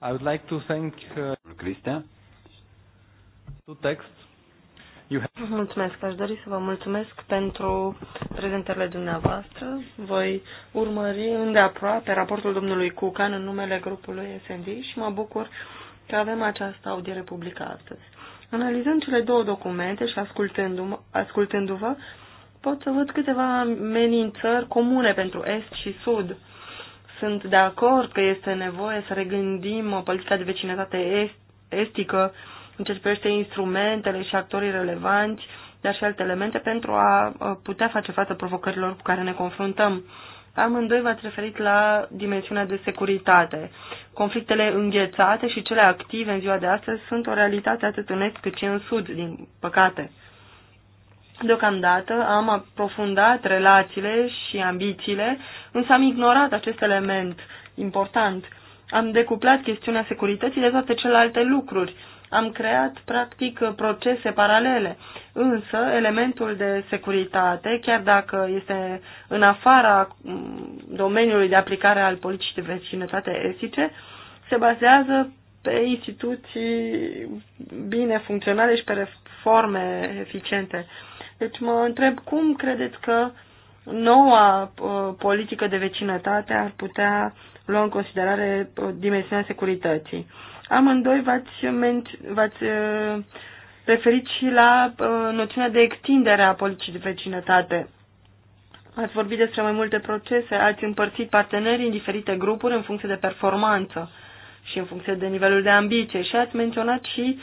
S1: I would like to thank uh, Cristian. To text. You have...
S2: Mulțumesc. Aș dori să vă mulțumesc pentru prezentările dumneavoastră. Voi urmări îndeaproape raportul domnului Cucan în numele grupului SND și mă bucur că avem această audiere publică astăzi. Analizând cele două documente și ascultându-vă, ascultându pot să văd câteva amenințări comune pentru Est și Sud sunt de acord că este nevoie să regândim politica de vecinătate est, estică în ce privește instrumentele și actorii relevanți, dar și alte elemente pentru a putea face față provocărilor cu care ne confruntăm. Amândoi v-ați referit la dimensiunea de securitate. Conflictele înghețate și cele active în ziua de astăzi sunt o realitate atât în est cât și în sud, din păcate. Deocamdată am aprofundat relațiile și ambițiile, însă am ignorat acest element important. Am decuplat chestiunea securității de toate celelalte lucruri. Am creat, practic, procese paralele. Însă, elementul de securitate, chiar dacă este în afara mm, domeniului de aplicare al politicii de vecinătate estice, se bazează pe instituții bine funcționale și pe reforme eficiente. Deci mă întreb cum credeți că noua uh, politică de vecinătate ar putea lua în considerare uh, dimensiunea securității. Amândoi v-ați, men- v-ați uh, referit și la noțiunea de extindere a politicii de vecinătate. Ați vorbit despre mai multe procese, ați împărțit partenerii în diferite grupuri în funcție de performanță și în funcție de nivelul de ambiție și ați menționat și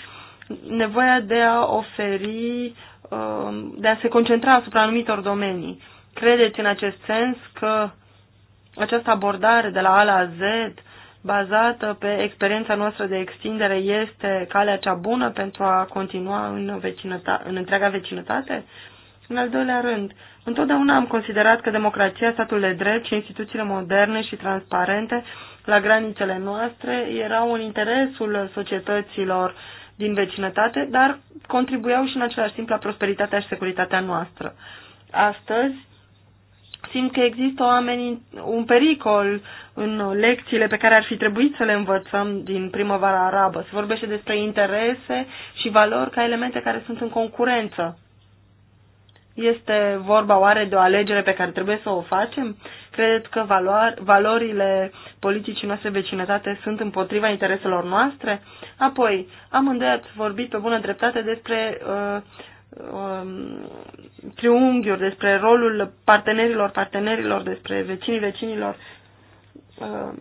S2: nevoia de a oferi Uh, de a se concentra asupra anumitor domenii. Credeți în acest sens că această abordare de la A la Z bazată pe experiența noastră de extindere este calea cea bună pentru a continua în, vecinătate, în întreaga vecinătate? În al doilea rând, întotdeauna am considerat că democrația, statul de drept și instituțiile moderne și transparente la granițele noastre erau în interesul societăților din vecinătate, dar contribuiau și în același timp la prosperitatea și securitatea noastră. Astăzi simt că există o amenin- un pericol în lecțiile pe care ar fi trebuit să le învățăm din primăvara arabă. Se vorbește despre interese și valori ca elemente care sunt în concurență. Este vorba oare de o alegere pe care trebuie să o facem? Cred că valoar, valorile politicii noastre vecinătate sunt împotriva intereselor noastre. Apoi, amândoi ați vorbit pe bună dreptate despre uh, um, triunghiuri, despre rolul partenerilor, partenerilor, despre vecinii, vecinilor, uh,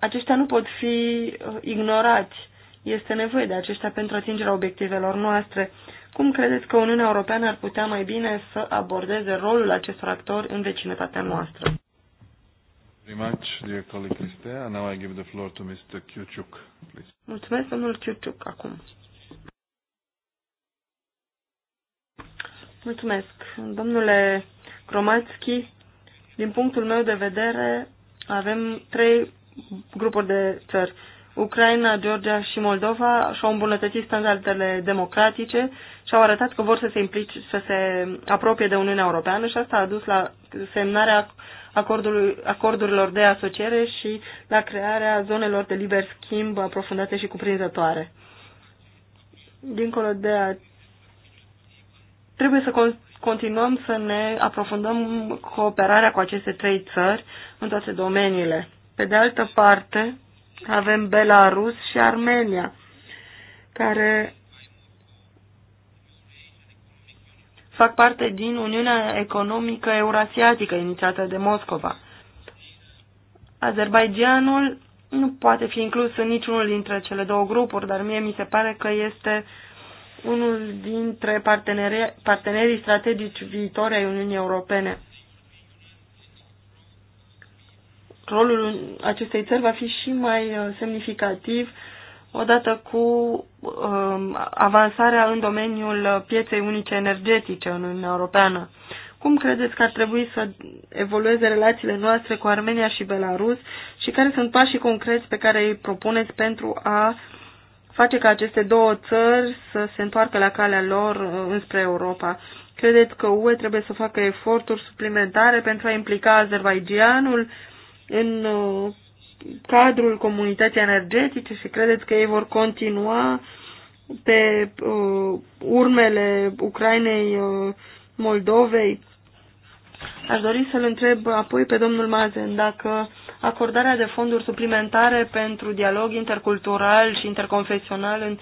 S2: aceștia nu pot fi uh, ignorați. Este nevoie de aceștia pentru atingerea obiectivelor noastre. Cum credeți că Uniunea Europeană ar putea mai bine să abordeze rolul acestor actori în vecinătatea noastră? Mulțumesc, domnul Chiuciuc, acum. Mulțumesc. Domnule Gromatski, din punctul meu de vedere, avem trei grupuri de țări. Ucraina, Georgia și Moldova și-au îmbunătățit standardele democratice și-au arătat că vor să se implice, să se apropie de Uniunea Europeană și asta a dus la semnarea acordurilor de asociere și la crearea zonelor de liber schimb aprofundate și cuprinzătoare. Dincolo de a... Trebuie să con continuăm să ne aprofundăm cooperarea cu aceste trei țări în toate domeniile. Pe de altă parte, avem Belarus și Armenia, care fac parte din Uniunea Economică Eurasiatică inițiată de Moscova. Azerbaijanul nu poate fi inclus în niciunul dintre cele două grupuri, dar mie mi se pare că este unul dintre partenerii, partenerii strategici viitori ai Uniunii Europene. Rolul acestei țări va fi și mai uh, semnificativ odată cu uh, avansarea în domeniul pieței unice energetice în Uniunea Europeană. Cum credeți că ar trebui să evolueze relațiile noastre cu Armenia și Belarus și care sunt pașii concreți pe care îi propuneți pentru a face ca aceste două țări să se întoarcă la calea lor uh, înspre Europa? Credeți că UE trebuie să facă eforturi suplimentare pentru a implica Azerbaijanul în uh, cadrul comunității energetice și credeți că ei vor continua pe uh, urmele Ucrainei, uh, Moldovei? Aș dori să-l întreb apoi pe domnul Mazen dacă acordarea de fonduri suplimentare pentru dialog intercultural și interconfesional în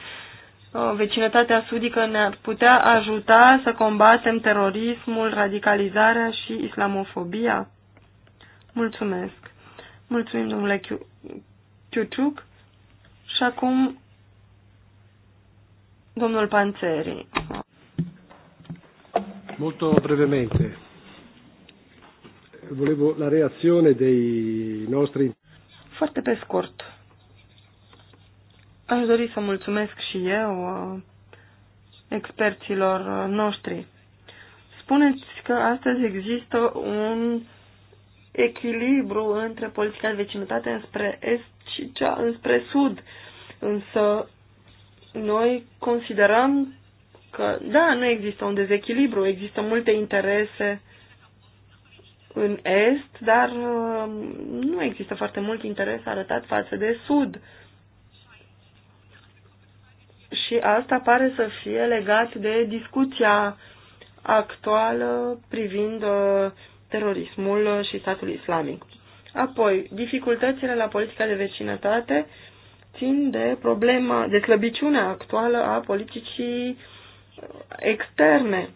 S2: uh, vecinătatea sudică ne-ar putea ajuta să combatem terorismul, radicalizarea și islamofobia? Mulțumesc. Mulțumim, domnule Chiuciuc. Și acum, domnul Panțeri.
S4: Molto brevemente. Volevo la reazione dei nostri... Foarte pe scurt.
S2: Aș dori să mulțumesc și eu experților noștri. Spuneți că astăzi există un echilibru între politica de vecinătate înspre est și cea înspre sud. Însă noi considerăm că, da, nu există un dezechilibru, există multe interese în est, dar uh, nu există foarte mult interes arătat față de sud. Și asta pare să fie legat de discuția actuală privind uh, terorismul și statul islamic. Apoi, dificultățile la politica de vecinătate țin de problema, de slăbiciunea actuală a politicii externe,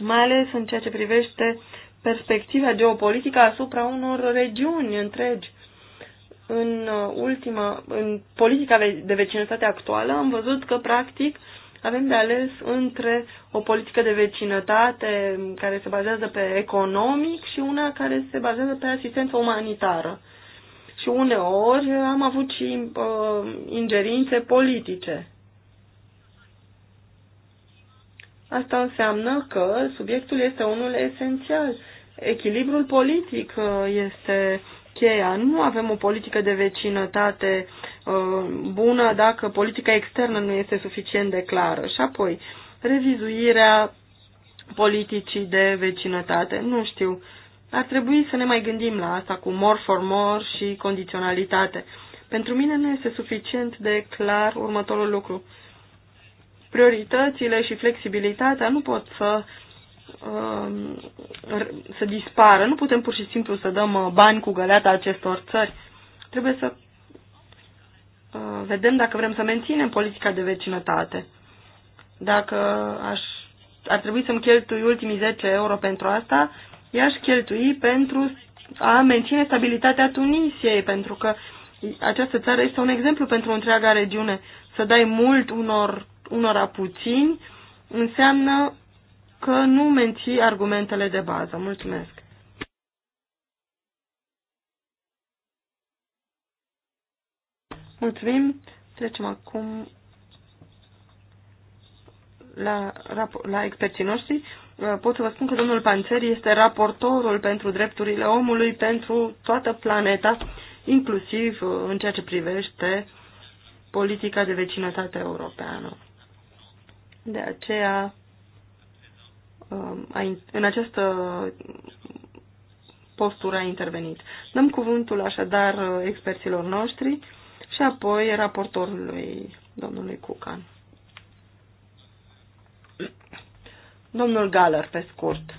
S2: mai ales în ceea ce privește perspectiva geopolitică asupra unor regiuni întregi. În ultima, în politica de vecinătate actuală am văzut că practic avem de ales între o politică de vecinătate care se bazează pe economic și una care se bazează pe asistență umanitară. Și uneori am avut și uh, ingerințe politice. Asta înseamnă că subiectul este unul esențial. Echilibrul politic uh, este cheia. Nu avem o politică de vecinătate Uh, bună dacă politica externă nu este suficient de clară. Și apoi, revizuirea politicii de vecinătate. Nu știu, ar trebui să ne mai gândim la asta cu more for more și condiționalitate. Pentru mine nu este suficient de clar următorul lucru. Prioritățile și flexibilitatea nu pot să uh, să dispară. Nu putem pur și simplu să dăm uh, bani cu găleata acestor țări. Trebuie să Uh, vedem dacă vrem să menținem politica de vecinătate. Dacă aș, ar trebui să-mi cheltui ultimii 10 euro pentru asta, i-aș cheltui pentru a menține stabilitatea Tunisiei, pentru că această țară este un exemplu pentru întreaga regiune. Să dai mult unor, unora puțini înseamnă că nu menții argumentele de bază. Mulțumesc! Mulțumim. Trecem acum la, la experții noștri. Uh, pot să vă spun că domnul Panțeri este raportorul pentru drepturile omului pentru toată planeta, inclusiv uh, în ceea ce privește politica de vecinătate europeană. De aceea, um, în această postură a intervenit. Dăm cuvântul așadar uh, experților noștri și apoi raportorului domnului Cucan. Domnul Galler pe scurt.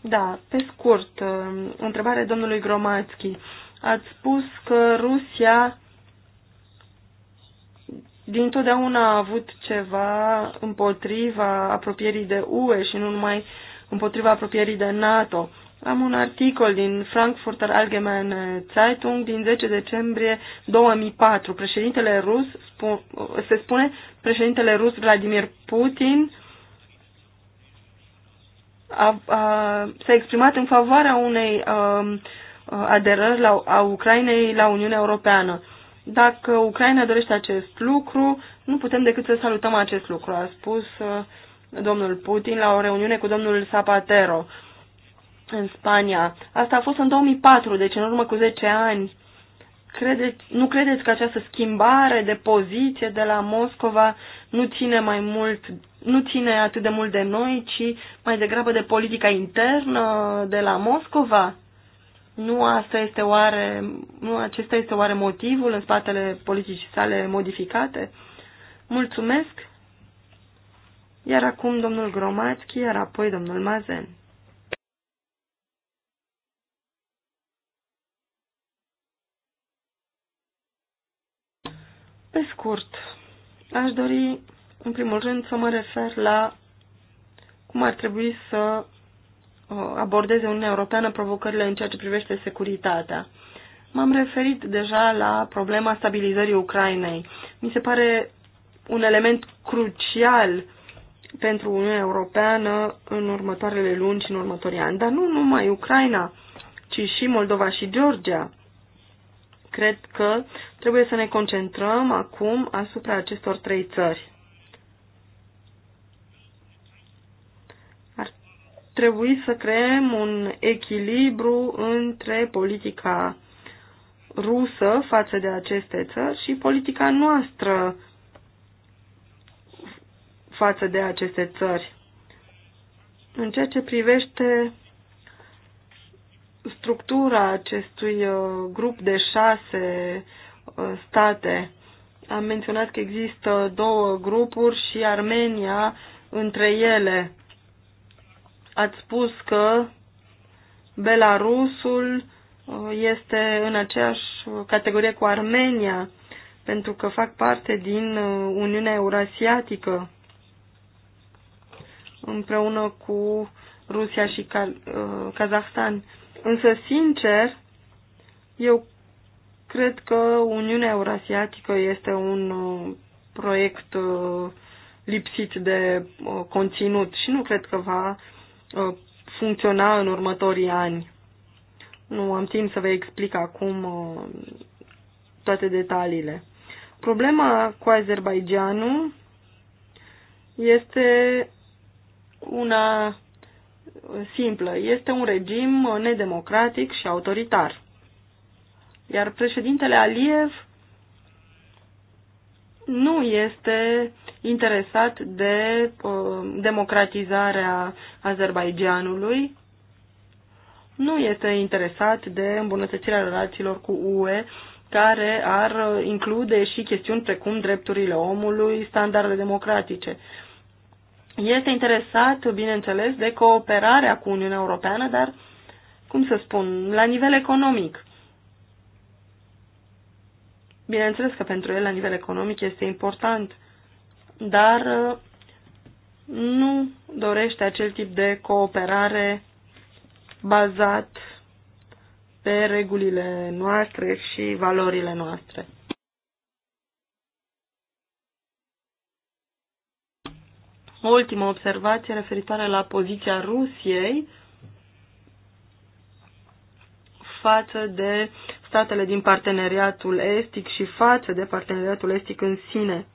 S2: Da, pe scurt, o uh, întrebare domnului Gromațchi. Ați spus că Rusia dintotdeauna a avut ceva împotriva apropierii de UE și nu numai împotriva apropierii de NATO. Am un articol din Frankfurter Allgemeine Zeitung din 10 decembrie 2004. Președintele rus, spu, se spune, președintele rus Vladimir Putin a, a, s-a exprimat în favoarea unei a, um, aderări la, a Ucrainei la Uniunea Europeană. Dacă Ucraina dorește acest lucru, nu putem decât să salutăm acest lucru, a spus a, uh, domnul Putin la o reuniune cu domnul Zapatero în Spania. Asta a fost în 2004, deci în urmă cu 10 ani. Credeți, nu credeți că această schimbare de poziție de la Moscova nu ține mai mult, nu ține atât de mult de noi, ci mai degrabă de politica internă de la Moscova? Nu asta este oare, nu acesta este oare motivul în spatele politicii sale modificate? Mulțumesc! Iar acum domnul Gromațchi, iar apoi domnul Mazen. Pe scurt, aș dori, în primul rând, să mă refer la cum ar trebui să uh, abordeze Uniunea Europeană provocările în ceea ce privește securitatea. M-am referit deja la problema stabilizării Ucrainei. Mi se pare un element crucial pentru Uniunea Europeană în următoarele luni și în următorii ani. Dar nu numai Ucraina, ci și Moldova și Georgia cred că trebuie să ne concentrăm acum asupra acestor trei țări. Ar trebui să creăm un echilibru între politica rusă față de aceste țări și politica noastră față de aceste țări. În ceea ce privește structura acestui uh, grup de șase uh, state. Am menționat că există două grupuri și Armenia între ele. Ați spus că Belarusul uh, este în aceeași categorie cu Armenia, pentru că fac parte din Uniunea Eurasiatică împreună cu Rusia și Kazahstan. Însă, sincer, eu cred că Uniunea Eurasiatică este un uh, proiect uh, lipsit de uh, conținut și nu cred că va funcționa în următorii ani. Nu am timp să vă explic acum toate detaliile. Problema cu Azerbaijanul este una simplă. Este un regim nedemocratic și autoritar. Iar președintele Aliev nu este interesat de uh, democratizarea Azerbaijanului, nu este interesat de îmbunătățirea relațiilor cu UE, care ar include și chestiuni precum drepturile omului, standarde democratice este interesat, bineînțeles, de cooperarea cu Uniunea Europeană, dar, cum să spun, la nivel economic. Bineînțeles că pentru el, la nivel economic, este important, dar nu dorește acel tip de cooperare bazat pe regulile noastre și valorile noastre. O ultimă observație referitoare la poziția Rusiei față de statele din parteneriatul estic și față de parteneriatul estic în sine.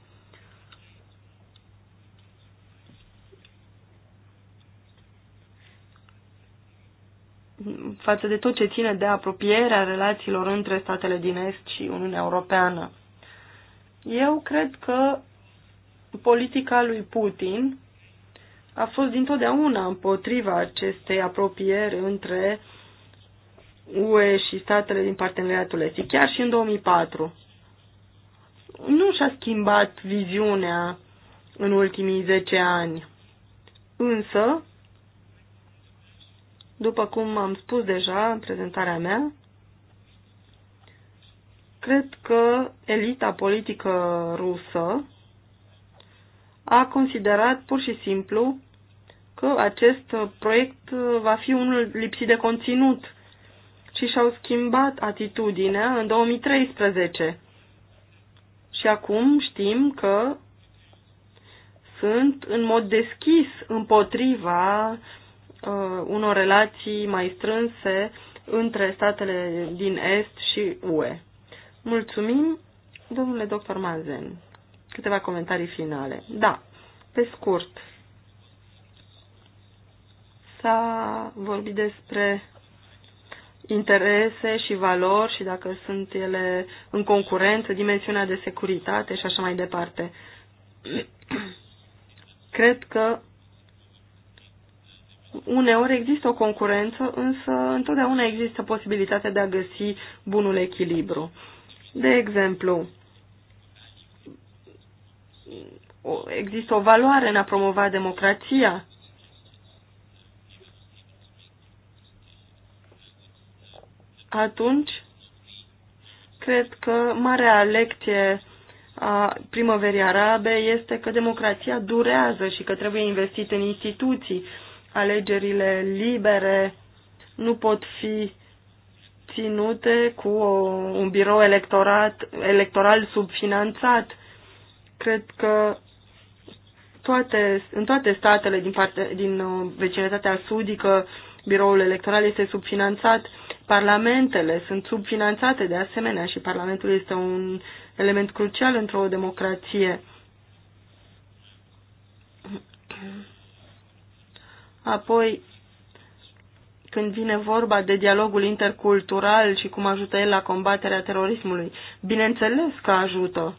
S2: față de tot ce ține de apropierea relațiilor între statele din Est și Uniunea Europeană. Eu cred că politica lui Putin a fost dintotdeauna împotriva acestei apropieri între UE și statele din parteneriatul estic, chiar și în 2004. Nu și-a schimbat viziunea în ultimii 10 ani, însă, după cum am spus deja în prezentarea mea, cred că elita politică rusă a considerat pur și simplu că acest proiect va fi unul lipsit de conținut și și-au schimbat atitudinea în 2013. Și acum știm că sunt în mod deschis împotriva uh, unor relații mai strânse între statele din Est și UE. Mulțumim, domnule doctor Mazen. Câteva comentarii finale. Da, pe scurt, s-a vorbit despre interese și valori și dacă sunt ele în concurență, dimensiunea de securitate și așa mai departe. Cred că uneori există o concurență, însă întotdeauna există posibilitatea de a găsi bunul echilibru. De exemplu, există o valoare în a promova democrația. Atunci, cred că marea lecție a primăverii arabe este că democrația durează și că trebuie investit în instituții. Alegerile libere nu pot fi ținute cu o, un birou electorat, electoral subfinanțat. Cred că toate, în toate statele din, parte, din uh, vecinătatea sudică, biroul electoral este subfinanțat, parlamentele sunt subfinanțate de asemenea și parlamentul este un element crucial într-o democrație. Apoi, când vine vorba de dialogul intercultural și cum ajută el la combaterea terorismului, bineînțeles că ajută.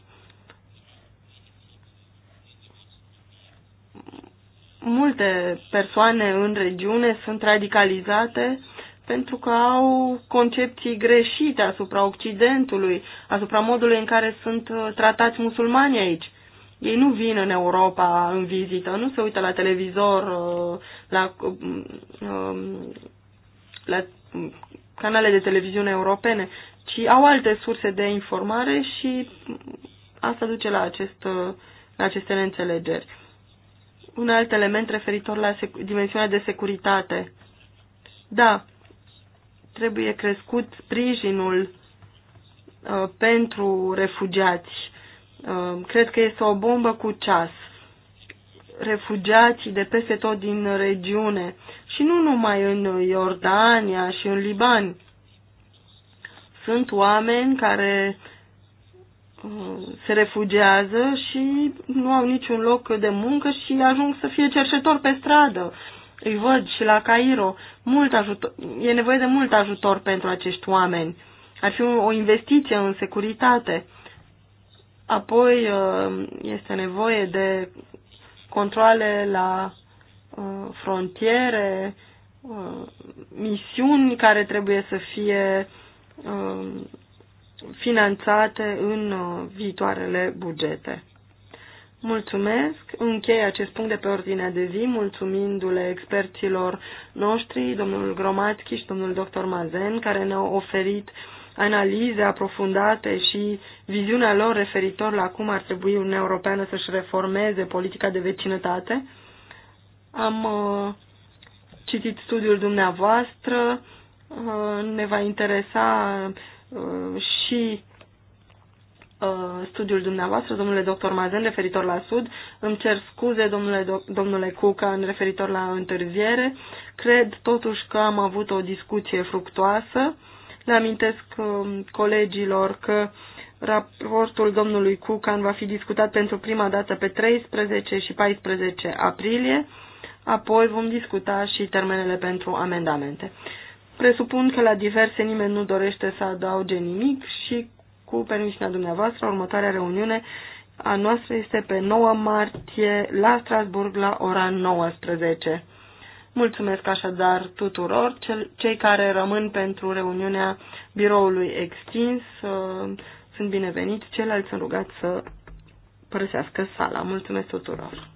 S2: multe persoane în regiune sunt radicalizate pentru că au concepții greșite asupra Occidentului, asupra modului în care sunt uh, tratați musulmani aici. Ei nu vin în Europa în vizită, nu se uită la televizor, uh, la, um, um, la canale de televiziune europene, ci au alte surse de informare și asta duce la, acest, uh, la aceste neînțelegeri un alt element referitor la dimensiunea de securitate. Da, trebuie crescut sprijinul uh, pentru refugiați. Uh, cred că este o bombă cu ceas. Refugiații de peste tot din regiune și nu numai în Iordania și în Liban. Sunt oameni care se refugiază și nu au niciun loc de muncă și ajung să fie cerșetori pe stradă. Îi văd și la Cairo. Mult ajutor, e nevoie de mult ajutor pentru acești oameni. Ar fi o investiție în securitate. Apoi uh, este nevoie de controle la uh, frontiere, uh, misiuni care trebuie să fie finanțate în uh, viitoarele bugete. Mulțumesc. Închei acest punct de pe ordinea de zi, mulțumindu-le experților noștri, domnul Gromatski și domnul dr. Mazen, care ne-au oferit analize aprofundate și viziunea lor referitor la cum ar trebui Uniunea Europeană să-și reformeze politica de vecinătate. Am uh, citit studiul dumneavoastră, uh, ne va interesa Uh, și uh, studiul dumneavoastră, domnule doctor Mazen, referitor la Sud. Îmi cer scuze, domnule, domnule Cuca, Cucan, referitor la întârziere. Cred totuși că am avut o discuție fructoasă. Le amintesc um, colegilor că raportul domnului Cucan va fi discutat pentru prima dată pe 13 și 14 aprilie, apoi vom discuta și termenele pentru amendamente. Presupun că la diverse nimeni nu dorește să adauge nimic și cu permisiunea dumneavoastră, următoarea reuniune a noastră este pe 9 martie la Strasburg la ora 19. Mulțumesc așadar tuturor, cei care rămân pentru reuniunea biroului extins uh, sunt bineveniți, ceilalți sunt rugați să părăsească sala. Mulțumesc tuturor!